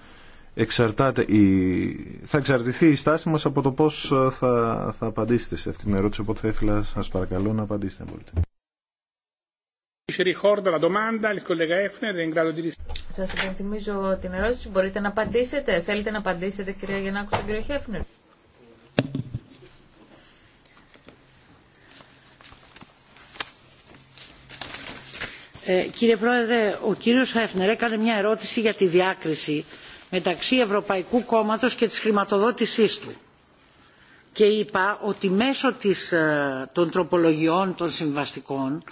εξαρτάται η... θα εξαρτηθεί η στάση μας από το πώς θα, θα απαντήσετε σε αυτή την ερώτηση, οπότε θα ήθελα σας παρακαλώ να απαντήσετε. Μπορείτε. Σα υπενθυμίζω την ερώτηση. Μπορείτε να απαντήσετε. Θέλετε να απαντήσετε, κυρία Γεννάκου, στον κύριο Χέφνερ. Ε, κύριε Πρόεδρε, ο κύριος Χέφνερ έκανε μια ερώτηση για τη διάκριση μεταξύ Ευρωπαϊκού Κόμματος και της χρηματοδότησής του. Και είπα ότι μέσω της, ε, των τροπολογιών των συμβαστικών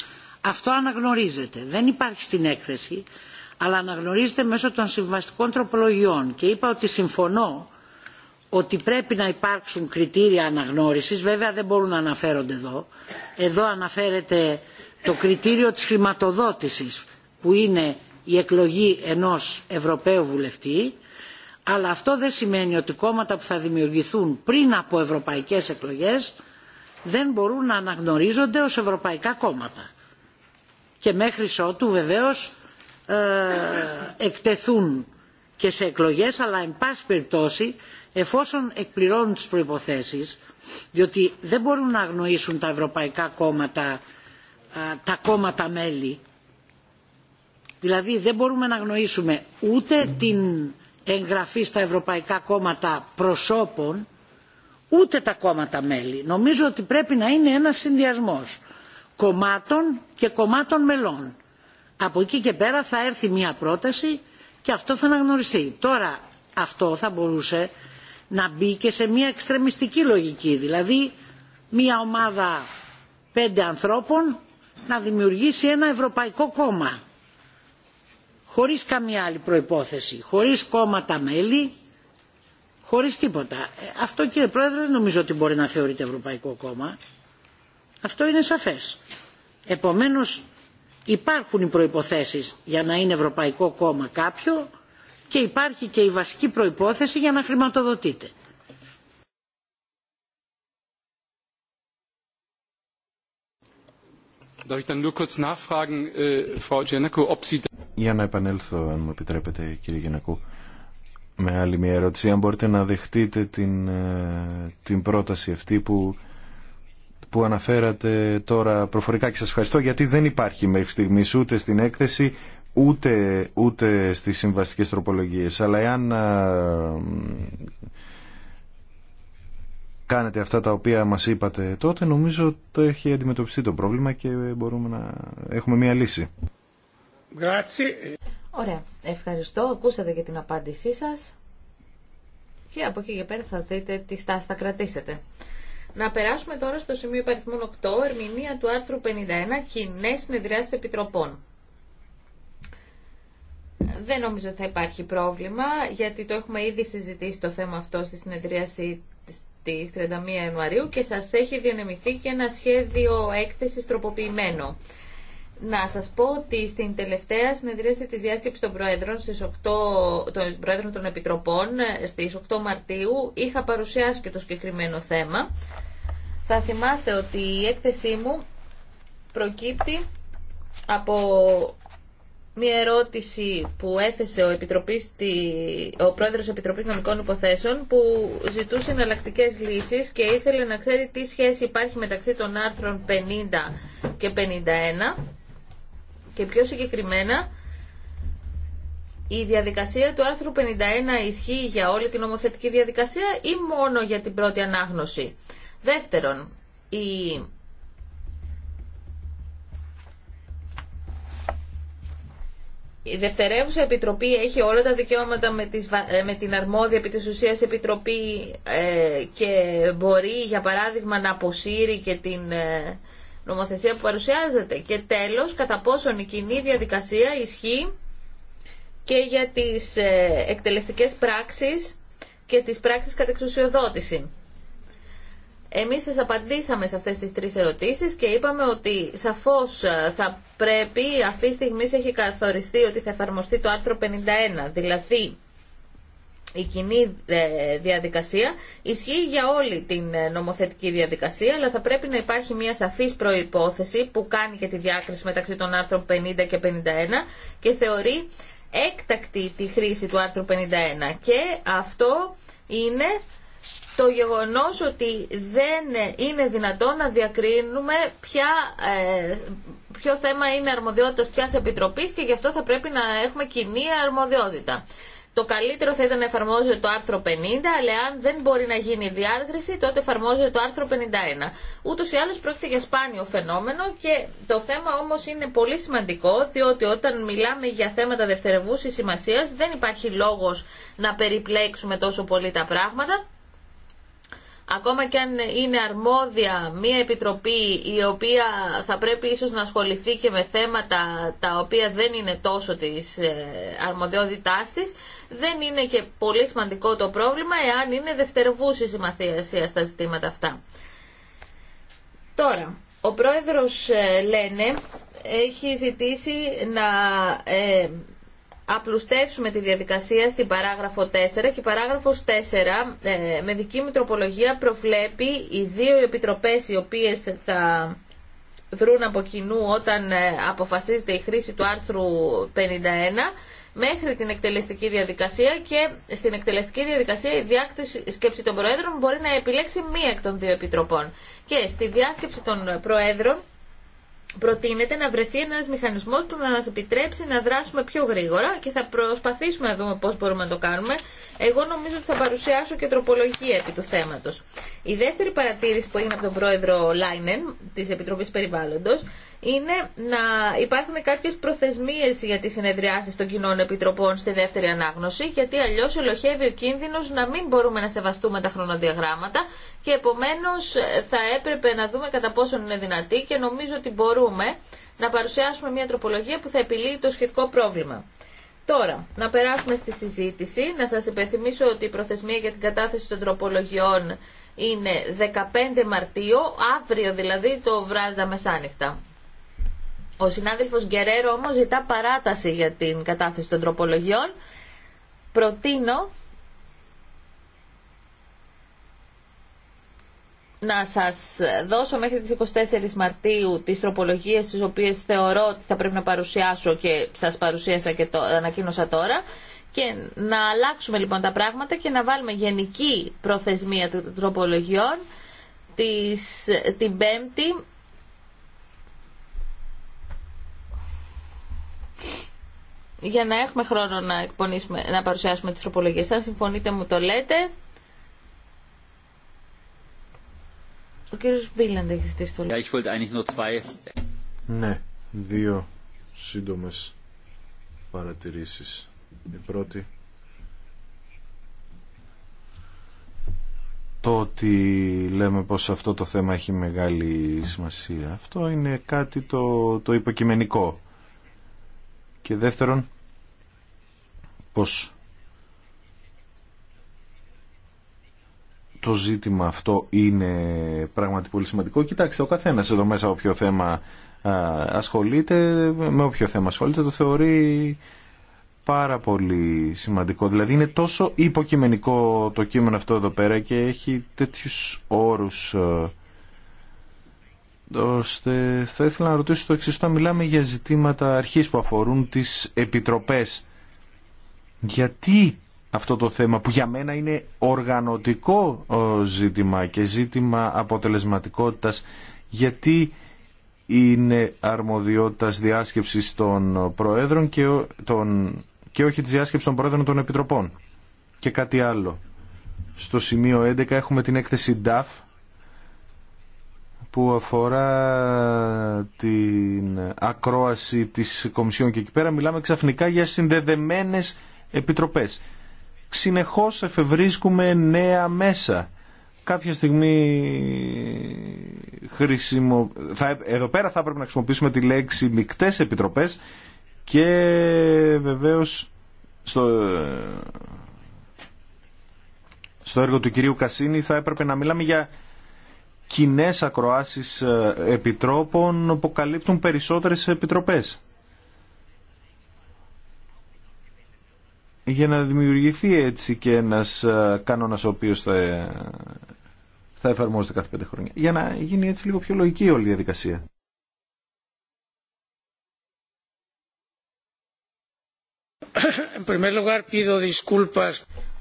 αυτό αναγνωρίζεται. Δεν υπάρχει στην έκθεση, αλλά αναγνωρίζεται μέσω των συμβαστικών τροπολογιών. Και είπα ότι συμφωνώ ότι πρέπει να υπάρξουν κριτήρια αναγνώρισης, βέβαια δεν μπορούν να αναφέρονται εδώ. Εδώ αναφέρεται το κριτήριο της χρηματοδότησης, που είναι η εκλογή ενός Ευρωπαίου βουλευτή, αλλά αυτό δεν σημαίνει ότι κόμματα που θα δημιουργηθούν πριν από ευρωπαϊκές εκλογές δεν μπορούν να αναγνωρίζονται ως ευρωπαϊκά κόμματα και μέχρι ότου βεβαίως ε, εκτεθούν και σε εκλογές αλλά εν πάση περιπτώσει εφόσον εκπληρώνουν τις προϋποθέσεις διότι δεν μπορούν να αγνοήσουν τα ευρωπαϊκά κόμματα ε, τα κόμματα μέλη δηλαδή δεν μπορούμε να αγνοήσουμε ούτε την εγγραφή στα ευρωπαϊκά κόμματα προσώπων ούτε τα κόμματα μέλη. Νομίζω ότι πρέπει να είναι ένας συνδυασμός κομμάτων και κομμάτων μελών. Από εκεί και πέρα θα έρθει μια πρόταση και αυτό θα αναγνωριστεί. Τώρα αυτό θα μπορούσε να μπει και σε μια εξτρεμιστική λογική, δηλαδή μια ομάδα πέντε ανθρώπων να δημιουργήσει ένα ευρωπαϊκό κόμμα χωρίς καμία άλλη προϋπόθεση, χωρίς κόμματα μέλη, χωρίς τίποτα. Ε, αυτό κύριε Πρόεδρε δεν νομίζω ότι μπορεί να θεωρείται ευρωπαϊκό κόμμα. Αυτό είναι σαφές. Επομένως υπάρχουν οι προϋποθέσεις για να είναι ευρωπαϊκό κόμμα κάποιο και υπάρχει και η βασική προϋπόθεση για να χρηματοδοτείτε. Äh, για να επανέλθω, αν μου επιτρέπετε, κύριε Γεννακού, με άλλη μια ερώτηση. Αν μπορείτε να δεχτείτε την, ε, την πρόταση αυτή που που αναφέρατε τώρα προφορικά και σας ευχαριστώ γιατί δεν υπάρχει μέχρι στιγμή ούτε στην έκθεση ούτε, ούτε στις συμβαστικές τροπολογίες. Αλλά εάν κάνετε αυτά τα οποία μας είπατε τότε νομίζω ότι έχει αντιμετωπιστεί το πρόβλημα και μπορούμε να έχουμε μια λύση. Ωραία. Ευχαριστώ. Ακούσατε και την απάντησή σας και από εκεί και πέρα θα δείτε τι στάση θα κρατήσετε. Να περάσουμε τώρα στο σημείο υπαριθμών 8, ερμηνεία του άρθρου 51, κοινέ συνεδριάσει επιτροπών. Δεν νομίζω ότι θα υπάρχει πρόβλημα, γιατί το έχουμε ήδη συζητήσει το θέμα αυτό στη συνεδρίαση της 31 Ιανουαρίου και σας έχει διανεμηθεί και ένα σχέδιο έκθεση τροποποιημένο να σας πω ότι στην τελευταία συνεδρίαση της διάσκεψης των Προέδρων, στις 8, των Προέδρων Επιτροπών, στις 8 Μαρτίου, είχα παρουσιάσει και το συγκεκριμένο θέμα. Θα θυμάστε ότι η έκθεσή μου προκύπτει από μια ερώτηση που έθεσε ο, Επιτροπής, ο Πρόεδρος Επιτροπής Νομικών Υποθέσεων που ζητούσε εναλλακτικέ λύσεις και ήθελε να ξέρει τι σχέση υπάρχει μεταξύ των άρθρων 50 και 51 και πιο συγκεκριμένα η διαδικασία του άρθρου 51 ισχύει για όλη την νομοθετική διαδικασία ή μόνο για την πρώτη ανάγνωση. Δεύτερον, η Η Δευτερεύουσα Επιτροπή έχει όλα τα δικαιώματα με ε, την αρμόδια επί της ουσίας Επιτροπή ε, και μπορεί για παράδειγμα να αποσύρει και την ε, νομοθεσία που παρουσιάζεται. Και τέλος, κατά πόσον η κοινή διαδικασία ισχύει και για τις ε, εκτελεστικές πράξεις και τις πράξεις εξουσιοδότηση. Εμείς σας απαντήσαμε σε αυτές τις τρεις ερωτήσεις και είπαμε ότι σαφώς ε, θα πρέπει, αυτή τη έχει καθοριστεί ότι θα εφαρμοστεί το άρθρο 51, δηλαδή η κοινή ε, διαδικασία ισχύει για όλη την ε, νομοθετική διαδικασία, αλλά θα πρέπει να υπάρχει μια σαφής προϋπόθεση που κάνει και τη διάκριση μεταξύ των άρθρων 50 και 51 και θεωρεί έκτακτη τη χρήση του άρθρου 51. Και αυτό είναι το γεγονός ότι δεν είναι δυνατό να διακρίνουμε ποια, ε, ποιο θέμα είναι αρμοδιότητας ποιας επιτροπής και γι' αυτό θα πρέπει να έχουμε κοινή αρμοδιότητα. Το καλύτερο θα ήταν να εφαρμόζεται το άρθρο 50, αλλά αν δεν μπορεί να γίνει η διάκριση, τότε εφαρμόζεται το άρθρο 51. Ούτω ή άλλω πρόκειται για σπάνιο φαινόμενο και το θέμα όμω είναι πολύ σημαντικό, διότι όταν μιλάμε για θέματα δευτερευούση σημασία, δεν υπάρχει λόγο να περιπλέξουμε τόσο πολύ τα πράγματα. Ακόμα και αν είναι αρμόδια μία επιτροπή η οποία θα πρέπει ίσως να ασχοληθεί και με θέματα τα οποία δεν είναι τόσο της ε, αρμοδιότητάς της, δεν είναι και πολύ σημαντικό το πρόβλημα εάν είναι δευτερευούση η στα ζητήματα αυτά. Τώρα, ο πρόεδρος ε, Λένε έχει ζητήσει να ε, απλουστεύσουμε τη διαδικασία στην παράγραφο 4 και η παράγραφος 4 ε, με δική μου τροπολογία προβλέπει οι δύο επιτροπές οι οποίες θα δρούν από κοινού όταν ε, αποφασίζεται η χρήση του άρθρου 51 μέχρι την εκτελεστική διαδικασία και στην εκτελεστική διαδικασία η διάκτηση σκέψη των Προέδρων μπορεί να επιλέξει μία εκ των δύο επιτροπών. Και στη διάσκεψη των Προέδρων προτείνεται να βρεθεί ένα μηχανισμό που να μα επιτρέψει να δράσουμε πιο γρήγορα και θα προσπαθήσουμε να δούμε πώ μπορούμε να το κάνουμε. Εγώ νομίζω ότι θα παρουσιάσω και τροπολογία επί του θέματο. Η δεύτερη παρατήρηση που έγινε από τον πρόεδρο Λάινεν τη Επιτροπή περιβάλλοντο, είναι να υπάρχουν κάποιε προθεσμίε για τι συνεδριάσει των κοινών επιτροπών στη δεύτερη ανάγνωση, γιατί αλλιώ ελοχεύει ο κίνδυνο να μην μπορούμε να σεβαστούμε τα χρονοδιαγράμματα και επομένω θα έπρεπε να δούμε κατά πόσον είναι δυνατή και νομίζω ότι μπορούμε να παρουσιάσουμε μια τροπολογία που θα επιλύει το σχετικό πρόβλημα. Τώρα, να περάσουμε στη συζήτηση. Να σας υπενθυμίσω ότι η προθεσμία για την κατάθεση των τροπολογιών είναι 15 Μαρτίου, αύριο δηλαδή το βράδυ τα μεσάνυχτα. Ο συνάδελφος Γκερέρο όμως ζητά παράταση για την κατάθεση των τροπολογιών. Προτείνω να σας δώσω μέχρι τις 24 Μαρτίου τις τροπολογίες τις οποίες θεωρώ ότι θα πρέπει να παρουσιάσω και σας παρουσίασα και το ανακοίνωσα τώρα και να αλλάξουμε λοιπόν τα πράγματα και να βάλουμε γενική προθεσμία των τροπολογιών της, την Πέμπτη για να έχουμε χρόνο να, να παρουσιάσουμε τις τροπολογίες. Αν συμφωνείτε μου το λέτε. Ο κύριος Βίλαντ έχει ζητήσει το λόγο. Ναι, δύο σύντομες παρατηρήσεις. Η πρώτη το ότι λέμε πως αυτό το θέμα έχει μεγάλη σημασία. Αυτό είναι κάτι το, το υποκειμενικό. Και δεύτερον, πως το ζήτημα αυτό είναι πραγματικά πολύ σημαντικό. Κοιτάξτε, ο καθένα εδώ μέσα όποιο θέμα ασχολείται, με όποιο θέμα ασχολείται, το θεωρεί πάρα πολύ σημαντικό. Δηλαδή είναι τόσο υποκειμενικό το κείμενο αυτό εδώ πέρα και έχει τέτοιους όρους ώστε θα ήθελα να ρωτήσω το εξής, όταν μιλάμε για ζητήματα αρχής που αφορούν τις επιτροπές, γιατί αυτό το θέμα που για μένα είναι οργανωτικό ε, ζήτημα και ζήτημα αποτελεσματικότητας γιατί είναι αρμοδιότητας διάσκεψης των προέδρων και, των, και όχι της διάσκεψης των προέδρων των επιτροπών. Και κάτι άλλο. Στο σημείο 11 έχουμε την έκθεση DAF που αφορά την ακρόαση της Κομισιόν και εκεί πέρα μιλάμε ξαφνικά για συνδεδεμένες επιτροπές συνεχώς εφευρίσκουμε νέα μέσα. Κάποια στιγμή χρησιμο... θα... εδώ πέρα θα έπρεπε να χρησιμοποιήσουμε τη λέξη μικτές επιτροπές και βεβαίως στο, στο έργο του κυρίου Κασίνη θα έπρεπε να μιλάμε για κοινέ ακροάσεις ε, επιτρόπων που καλύπτουν περισσότερες επιτροπές. για να δημιουργηθεί έτσι και ένας ε, κανόνας ο οποίος ε, θα, εφαρμόζεται κάθε πέντε χρόνια. Για να γίνει έτσι λίγο πιο λογική όλη η διαδικασία.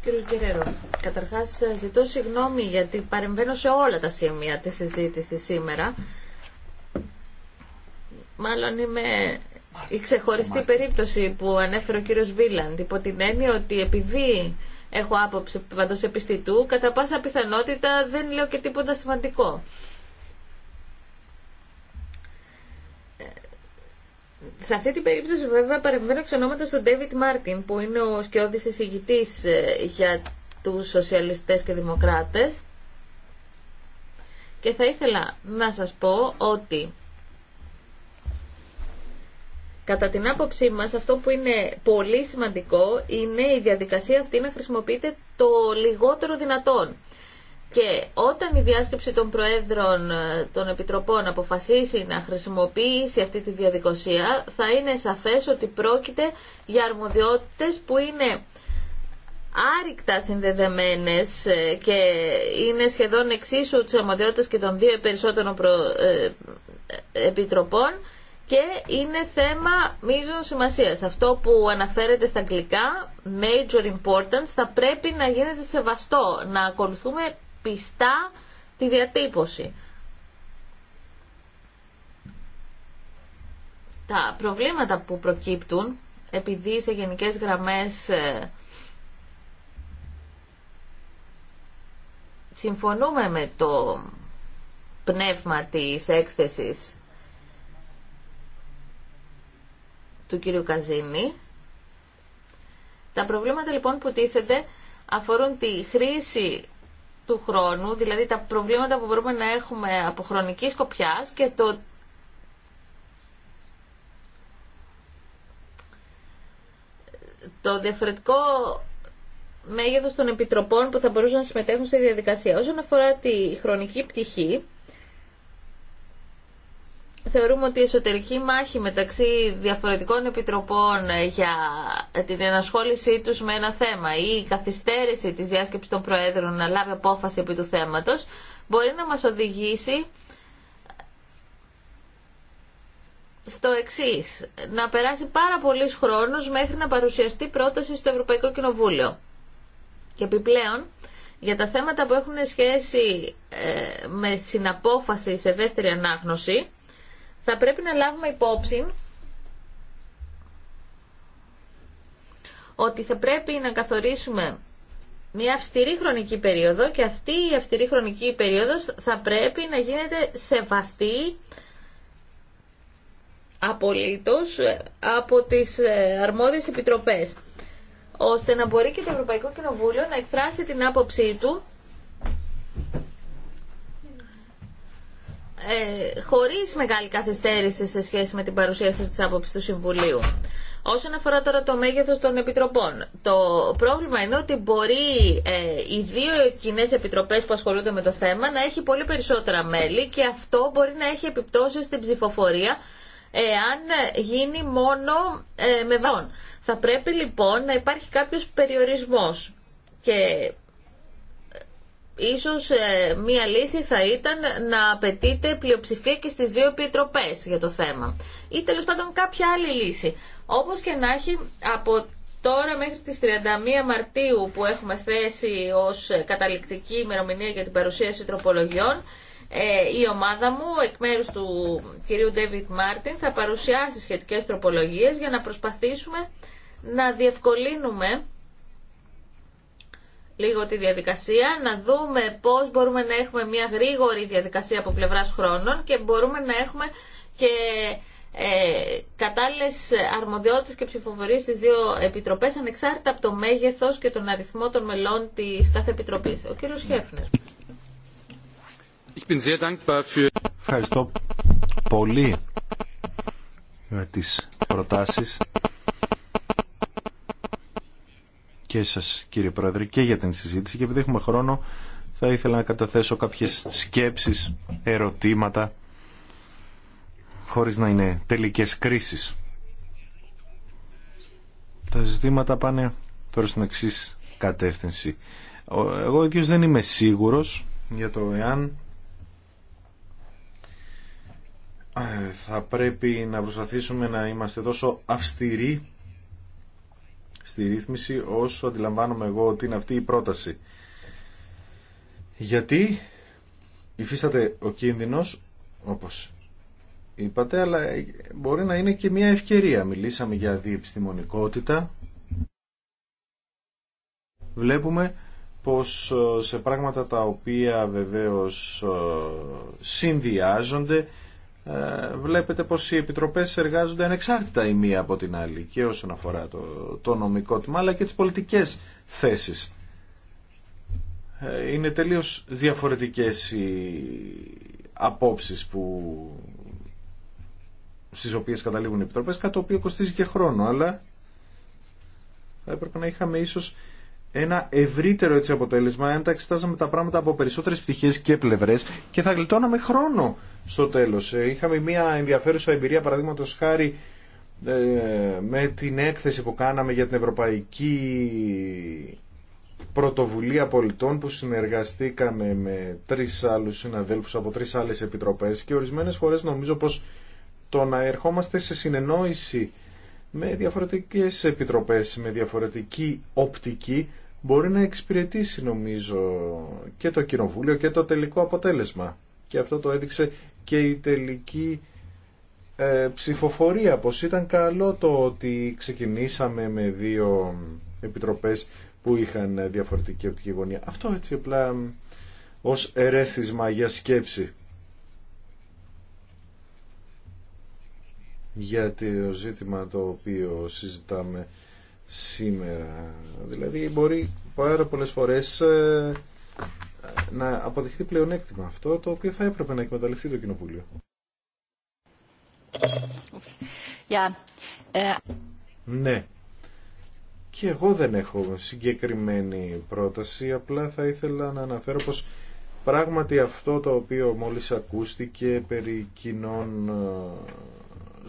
Κύριε Κυρέρο, καταρχάς ε, ζητώ συγγνώμη γιατί παρεμβαίνω σε όλα τα σημεία της συζήτησης σήμερα. Μάλλον είμαι η ξεχωριστή περίπτωση που ανέφερε ο κύριο Βίλαντ υπό την έννοια ότι επειδή έχω άποψη παντό επιστητού κατά πάσα πιθανότητα δεν λέω και τίποτα σημαντικό. Σε αυτή την περίπτωση βέβαια παρεμβαίνω εξ ονόματο στον Ντέιβιτ Μάρτιν που είναι ο σκιώδης εισηγητής ε, για τους σοσιαλιστές και δημοκράτες και θα ήθελα να σας πω ότι Κατά την άποψή μας αυτό που είναι πολύ σημαντικό είναι η διαδικασία αυτή να χρησιμοποιείται το λιγότερο δυνατόν. Και όταν η διάσκεψη των Προέδρων ε, των Επιτροπών αποφασίσει να χρησιμοποιήσει αυτή τη διαδικασία, θα είναι σαφές ότι πρόκειται για αρμοδιότητες που είναι άρρηκτα συνδεδεμένες ε, και είναι σχεδόν εξίσου τις αρμοδιότητες και των δύο περισσότερων ε, επιτροπών και είναι θέμα μείζων σημασία. Αυτό που αναφέρεται στα αγγλικά, major importance, θα πρέπει να γίνεται σεβαστό, να ακολουθούμε πιστά τη διατύπωση. Τα προβλήματα που προκύπτουν, επειδή σε γενικές γραμμές ε, συμφωνούμε με το πνεύμα της έκθεσης του κύριου Καζίνη. Τα προβλήματα λοιπόν που τίθενται αφορούν τη χρήση του χρόνου, δηλαδή τα προβλήματα που μπορούμε να έχουμε από χρονική σκοπιά και το το διαφορετικό μέγεθος των επιτροπών που θα μπορούσαν να συμμετέχουν στη διαδικασία. Όσον αφορά τη χρονική πτυχή, θεωρούμε ότι η εσωτερική μάχη μεταξύ διαφορετικών επιτροπών για την ενασχόλησή τους με ένα θέμα ή η καθυστέρηση της διάσκεψης των Προέδρων να λάβει απόφαση επί του θέματος μπορεί να μας οδηγήσει στο εξή. Να περάσει πάρα πολλής χρόνος μέχρι να παρουσιαστεί πρόταση στο Ευρωπαϊκό Κοινοβούλιο. Και επιπλέον, για τα θέματα που έχουν σχέση ε, με συναπόφαση σε δεύτερη ανάγνωση, θα πρέπει να λάβουμε υπόψη ότι θα πρέπει να καθορίσουμε μια αυστηρή χρονική περίοδο και αυτή η αυστηρή χρονική περίοδος θα πρέπει να γίνεται σεβαστή απολύτως από τις ε, αρμόδιες επιτροπές ώστε να μπορεί και το Ευρωπαϊκό Κοινοβούλιο να εκφράσει την άποψή του ε, χωρίς μεγάλη καθυστέρηση σε σχέση με την παρουσίαση της άποψη του Συμβουλίου. Όσον αφορά τώρα το μέγεθος των επιτροπών, το πρόβλημα είναι ότι μπορεί ε, οι δύο κοινέ επιτροπές που ασχολούνται με το θέμα να έχει πολύ περισσότερα μέλη και αυτό μπορεί να έχει επιπτώσεις στην ψηφοφορία εάν γίνει μόνο ε, με δόν. Θα πρέπει λοιπόν να υπάρχει κάποιος περιορισμός και ίσως ε, μία λύση θα ήταν να απαιτείται πλειοψηφία και στις δύο επιτροπές για το θέμα. Ή τέλος πάντων κάποια άλλη λύση. Όπως και να έχει από τώρα μέχρι τις 31 Μαρτίου που έχουμε θέσει ως καταληκτική ημερομηνία για την παρουσίαση τροπολογιών, ε, η ομάδα μου εκ μέρους του κυρίου Ντέβιτ Μάρτιν θα παρουσιάσει σχετικές τροπολογίες για να προσπαθήσουμε να διευκολύνουμε λίγο τη διαδικασία, να δούμε πώς μπορούμε να έχουμε μια γρήγορη διαδικασία από πλευράς χρόνων και μπορούμε να έχουμε και ε, κατάλληλες αρμοδιότητες και ψηφοφορίες στις δύο επιτροπές ανεξάρτητα από το μέγεθος και τον αριθμό των μελών της κάθε επιτροπής. Ο κύριος Χέφνερ. Ευχαριστώ πολύ για τις προτάσεις και σας κύριε Πρόεδρε και για την συζήτηση και επειδή έχουμε χρόνο θα ήθελα να καταθέσω κάποιες σκέψεις, ερωτήματα χωρίς να είναι τελικές κρίσεις. Τα ζητήματα πάνε τώρα στην εξή κατεύθυνση. Εγώ ίδιος δεν είμαι σίγουρος για το εάν ε, θα πρέπει να προσπαθήσουμε να είμαστε τόσο αυστηροί στη ρύθμιση όσο αντιλαμβάνομαι εγώ ότι είναι αυτή η πρόταση. Γιατί υφίσταται ο κίνδυνος, όπως είπατε, αλλά μπορεί να είναι και μια ευκαιρία. Μιλήσαμε για διεπιστημονικότητα. Βλέπουμε πως ε, σε πράγματα τα οποία βεβαίως ε, συνδυάζονται ε, βλέπετε πως οι επιτροπές εργάζονται ανεξάρτητα η μία από την άλλη και όσον αφορά το, το νομικό τμήμα αλλά και τις πολιτικές θέσεις. Ε, είναι τελείως διαφορετικές οι απόψεις που, στις οποίες καταλήγουν οι επιτροπές, κάτι το οποίο κοστίζει και χρόνο, αλλά θα έπρεπε να είχαμε ίσως ένα ευρύτερο έτσι αποτέλεσμα αν τα εξετάζαμε τα πράγματα από περισσότερες πτυχές και πλευρές και θα γλιτώναμε χρόνο στο τέλος. Ε, είχαμε μια ενδιαφέρουσα εμπειρία παραδείγματο χάρη ε, με την έκθεση που κάναμε για την Ευρωπαϊκή Πρωτοβουλία Πολιτών που συνεργαστήκαμε με τρεις άλλους συναδέλφους από τρεις άλλες επιτροπές και ορισμένες φορές νομίζω πως το να ερχόμαστε σε συνεννόηση με διαφορετικές επιτροπές, με διαφορετική οπτική μπορεί να εξυπηρετήσει νομίζω και το κοινοβούλιο και το τελικό αποτέλεσμα. Και αυτό το έδειξε και η τελική ε, ψηφοφορία, πως ήταν καλό το ότι ξεκινήσαμε με δύο επιτροπές που είχαν διαφορετική οπτική γωνία. Αυτό έτσι απλά ως ερέθισμα για σκέψη. για το ζήτημα το οποίο συζητάμε σήμερα. Δηλαδή μπορεί πάρα πολλές φορές ε, να αποδειχθεί πλεονέκτημα αυτό το οποίο θα έπρεπε να εκμεταλλευτεί το Κοινοβούλιο. Yeah. Ε, ναι. Και εγώ δεν έχω συγκεκριμένη πρόταση, απλά θα ήθελα να αναφέρω πως πράγματι αυτό το οποίο μόλις ακούστηκε περί κοινών ε,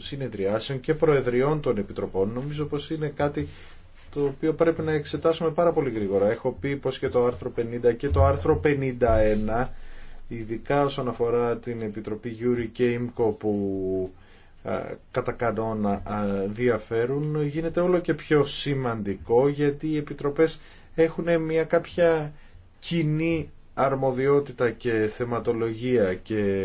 συνεδριάσεων και προεδριών των επιτροπών. Νομίζω πως είναι κάτι το οποίο πρέπει να εξετάσουμε πάρα πολύ γρήγορα. Έχω πει πως και το άρθρο 50 και το άρθρο 51, ειδικά όσον αφορά την Επιτροπή Γιούρι και Ίμκο που κατά κανόνα διαφέρουν, γίνεται όλο και πιο σημαντικό γιατί οι επιτροπές έχουν μια κάποια κοινή αρμοδιότητα και θεματολογία και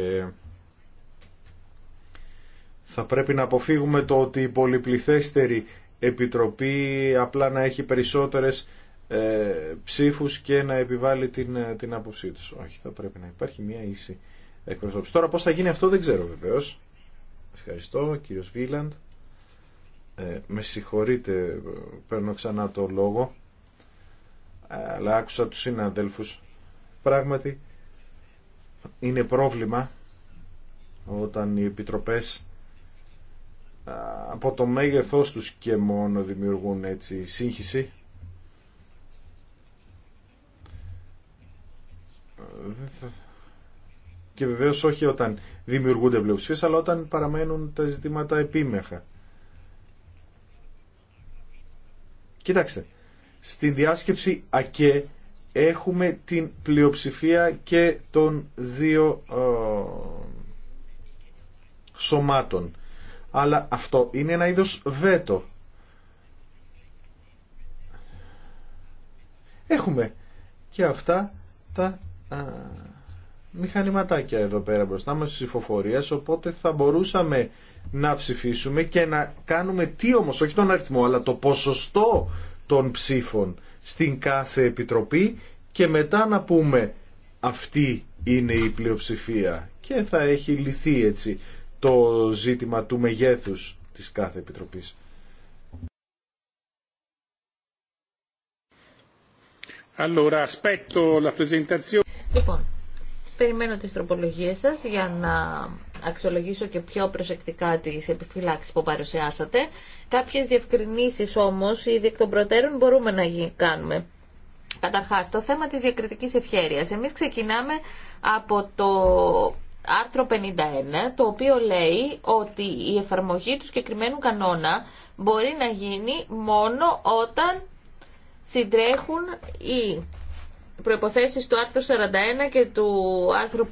θα πρέπει να αποφύγουμε το ότι η πολυπληθέστερη επιτροπή απλά να έχει περισσότερες ε, ψήφους και να επιβάλλει την, ε, την άποψή τους. Όχι, θα πρέπει να υπάρχει μια ίση εκπροσώπηση. Τώρα πώς θα γίνει αυτό δεν ξέρω βεβαίως. Ευχαριστώ, κύριος Βίλαντ. Ε, με συγχωρείτε, παίρνω ξανά το λόγο, αλλά άκουσα τους συναδέλφους. Πράγματι, είναι πρόβλημα όταν οι επιτροπές από το μέγεθός τους και μόνο δημιουργούν έτσι σύγχυση. Και βεβαίως όχι όταν δημιουργούνται πλειοψηφίες, αλλά όταν παραμένουν τα ζητήματα επίμεχα. Κοιτάξτε, στην διάσκεψη ΑΚΕ έχουμε την πλειοψηφία και των δύο ε, σωμάτων αλλά αυτό είναι ένα είδος βέτο. Έχουμε και αυτά τα μηχανηματάκια εδώ πέρα μπροστά μας ψηφοφορία, οπότε θα μπορούσαμε να ψηφίσουμε και να κάνουμε τι όμως, όχι τον αριθμό, αλλά το ποσοστό των ψήφων στην κάθε επιτροπή και μετά να πούμε αυτή είναι η πλειοψηφία και θα έχει λυθεί έτσι το ζήτημα του μεγέθους της κάθε επιτροπής. Λοιπόν, περιμένω τις τροπολογίες σας για να αξιολογήσω και πιο προσεκτικά τις επιφυλάξεις που παρουσιάσατε. Κάποιες διευκρινήσεις όμως ήδη εκ των προτέρων μπορούμε να κάνουμε. Καταρχάς, το θέμα της διακριτικής ευχέρειας. Εμείς ξεκινάμε από το άρθρο 51, το οποίο λέει ότι η εφαρμογή του συγκεκριμένου κανόνα μπορεί να γίνει μόνο όταν συντρέχουν οι προϋποθέσεις του άρθρου 41 και του άρθρου 50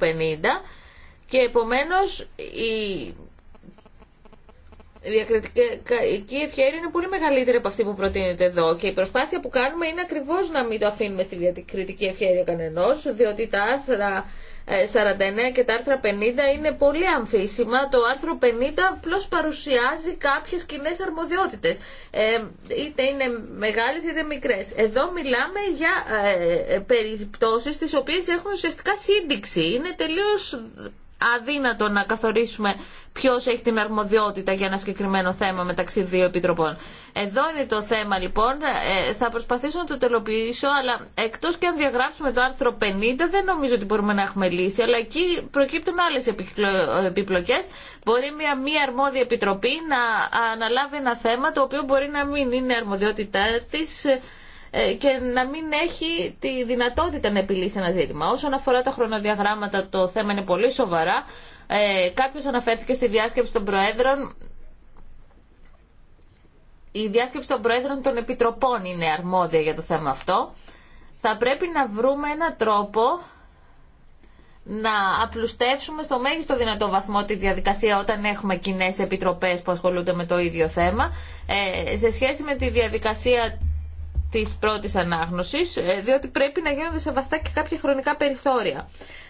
και επομένως η διακριτική ευχαίρεια είναι πολύ μεγαλύτερη από αυτή που προτείνεται εδώ και η προσπάθεια που κάνουμε είναι ακριβώς να μην το αφήνουμε στη διακριτική ευχαίρεια κανενός διότι τα άρθρα 49 και τα άρθρα 50 είναι πολύ αμφίσιμα. Το άρθρο 50 απλώ παρουσιάζει κάποιε κοινέ αρμοδιότητε. Ε, είτε είναι μεγάλε είτε μικρέ. Εδώ μιλάμε για ε, περιπτώσει τι οποίε έχουν ουσιαστικά σύνδεξη. Είναι τελείω αδύνατο να καθορίσουμε ποιο έχει την αρμοδιότητα για ένα συγκεκριμένο θέμα μεταξύ δύο επιτροπών. Εδώ είναι το θέμα λοιπόν. Ε, θα προσπαθήσω να το τελοποιήσω, αλλά εκτό και αν διαγράψουμε το άρθρο 50, δεν νομίζω ότι μπορούμε να έχουμε λύση. Αλλά εκεί προκύπτουν άλλε επιπλοκέ. Μπορεί μια μη αρμόδια επιτροπή να αναλάβει ένα θέμα το οποίο μπορεί να μην είναι αρμοδιότητά τη ε, και να μην έχει τη δυνατότητα να επιλύσει ένα ζήτημα. Όσον αφορά τα χρονοδιαγράμματα, το θέμα είναι πολύ σοβαρά. Ε, κάποιος αναφέρθηκε στη διάσκεψη των Προέδρων. Η διάσκεψη των Προέδρων των Επιτροπών είναι αρμόδια για το θέμα αυτό. Θα πρέπει να βρούμε έναν τρόπο να απλουστεύσουμε στο μέγιστο δυνατό βαθμό τη διαδικασία όταν έχουμε κοινέ επιτροπέ που ασχολούνται με το ίδιο θέμα ε, σε σχέση με τη διαδικασία της πρώτης ανάγνωσης ε, διότι πρέπει να γίνονται σεβαστά και κάποια χρονικά περιθώρια.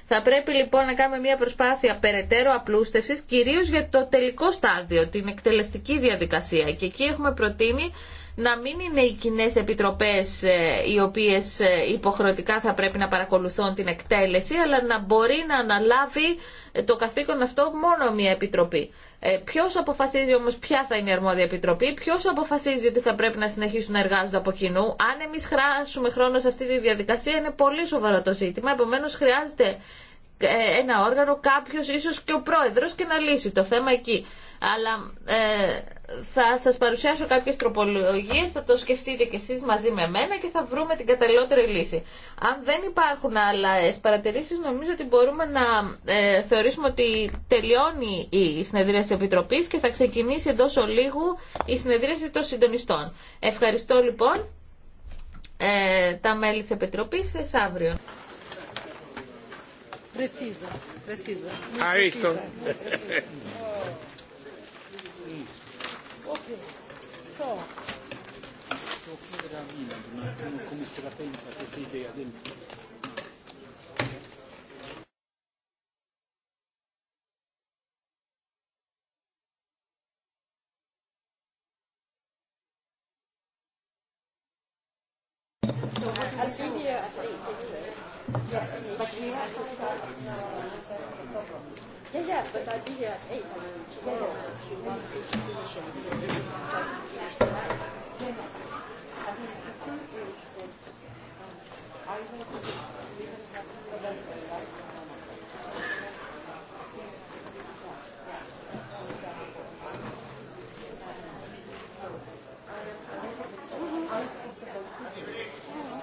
Θα πρέπει λοιπόν να κάνουμε μια προσπάθεια περαιτέρω απλούστευσης, κυρίως για το τελικό στάδιο, την εκτελεστική διαδικασία. Και εκεί έχουμε προτείνει να μην είναι οι κοινέ επιτροπές ε, οι οποίες ε, υποχρεωτικά θα πρέπει να παρακολουθούν την εκτέλεση, αλλά να μπορεί να αναλάβει το καθήκον αυτό μόνο μια επιτροπή. Ε, ποιο αποφασίζει όμω ποια θα είναι η αρμόδια επιτροπή, ποιο αποφασίζει ότι θα πρέπει να συνεχίσουν να εργάζονται από κοινού. Αν εμεί χάσουμε χρόνο σε αυτή τη διαδικασία, είναι πολύ σοβαρό το ζήτημα. Επομένω, χρειάζεται ε, ένα όργανο, κάποιο, ίσω και ο πρόεδρο, και να λύσει το θέμα εκεί. Αλλά ε, θα σας παρουσιάσω κάποιες τροπολογίες, θα το σκεφτείτε κι εσεί μαζί με μένα και θα βρούμε την καταλληλότερη λύση. Αν δεν υπάρχουν άλλες παρατηρήσει, νομίζω ότι μπορούμε να ε, θεωρήσουμε ότι τελειώνει η συνεδρία τη Επιτροπή και θα ξεκινήσει εντό ολίγου η συνεδρία των συντονιστών. Ευχαριστώ λοιπόν ε, τα μέλη τη Επιτροπή σε αύριο. so. Devo chiedere a Wieland come se la pensa questa idea del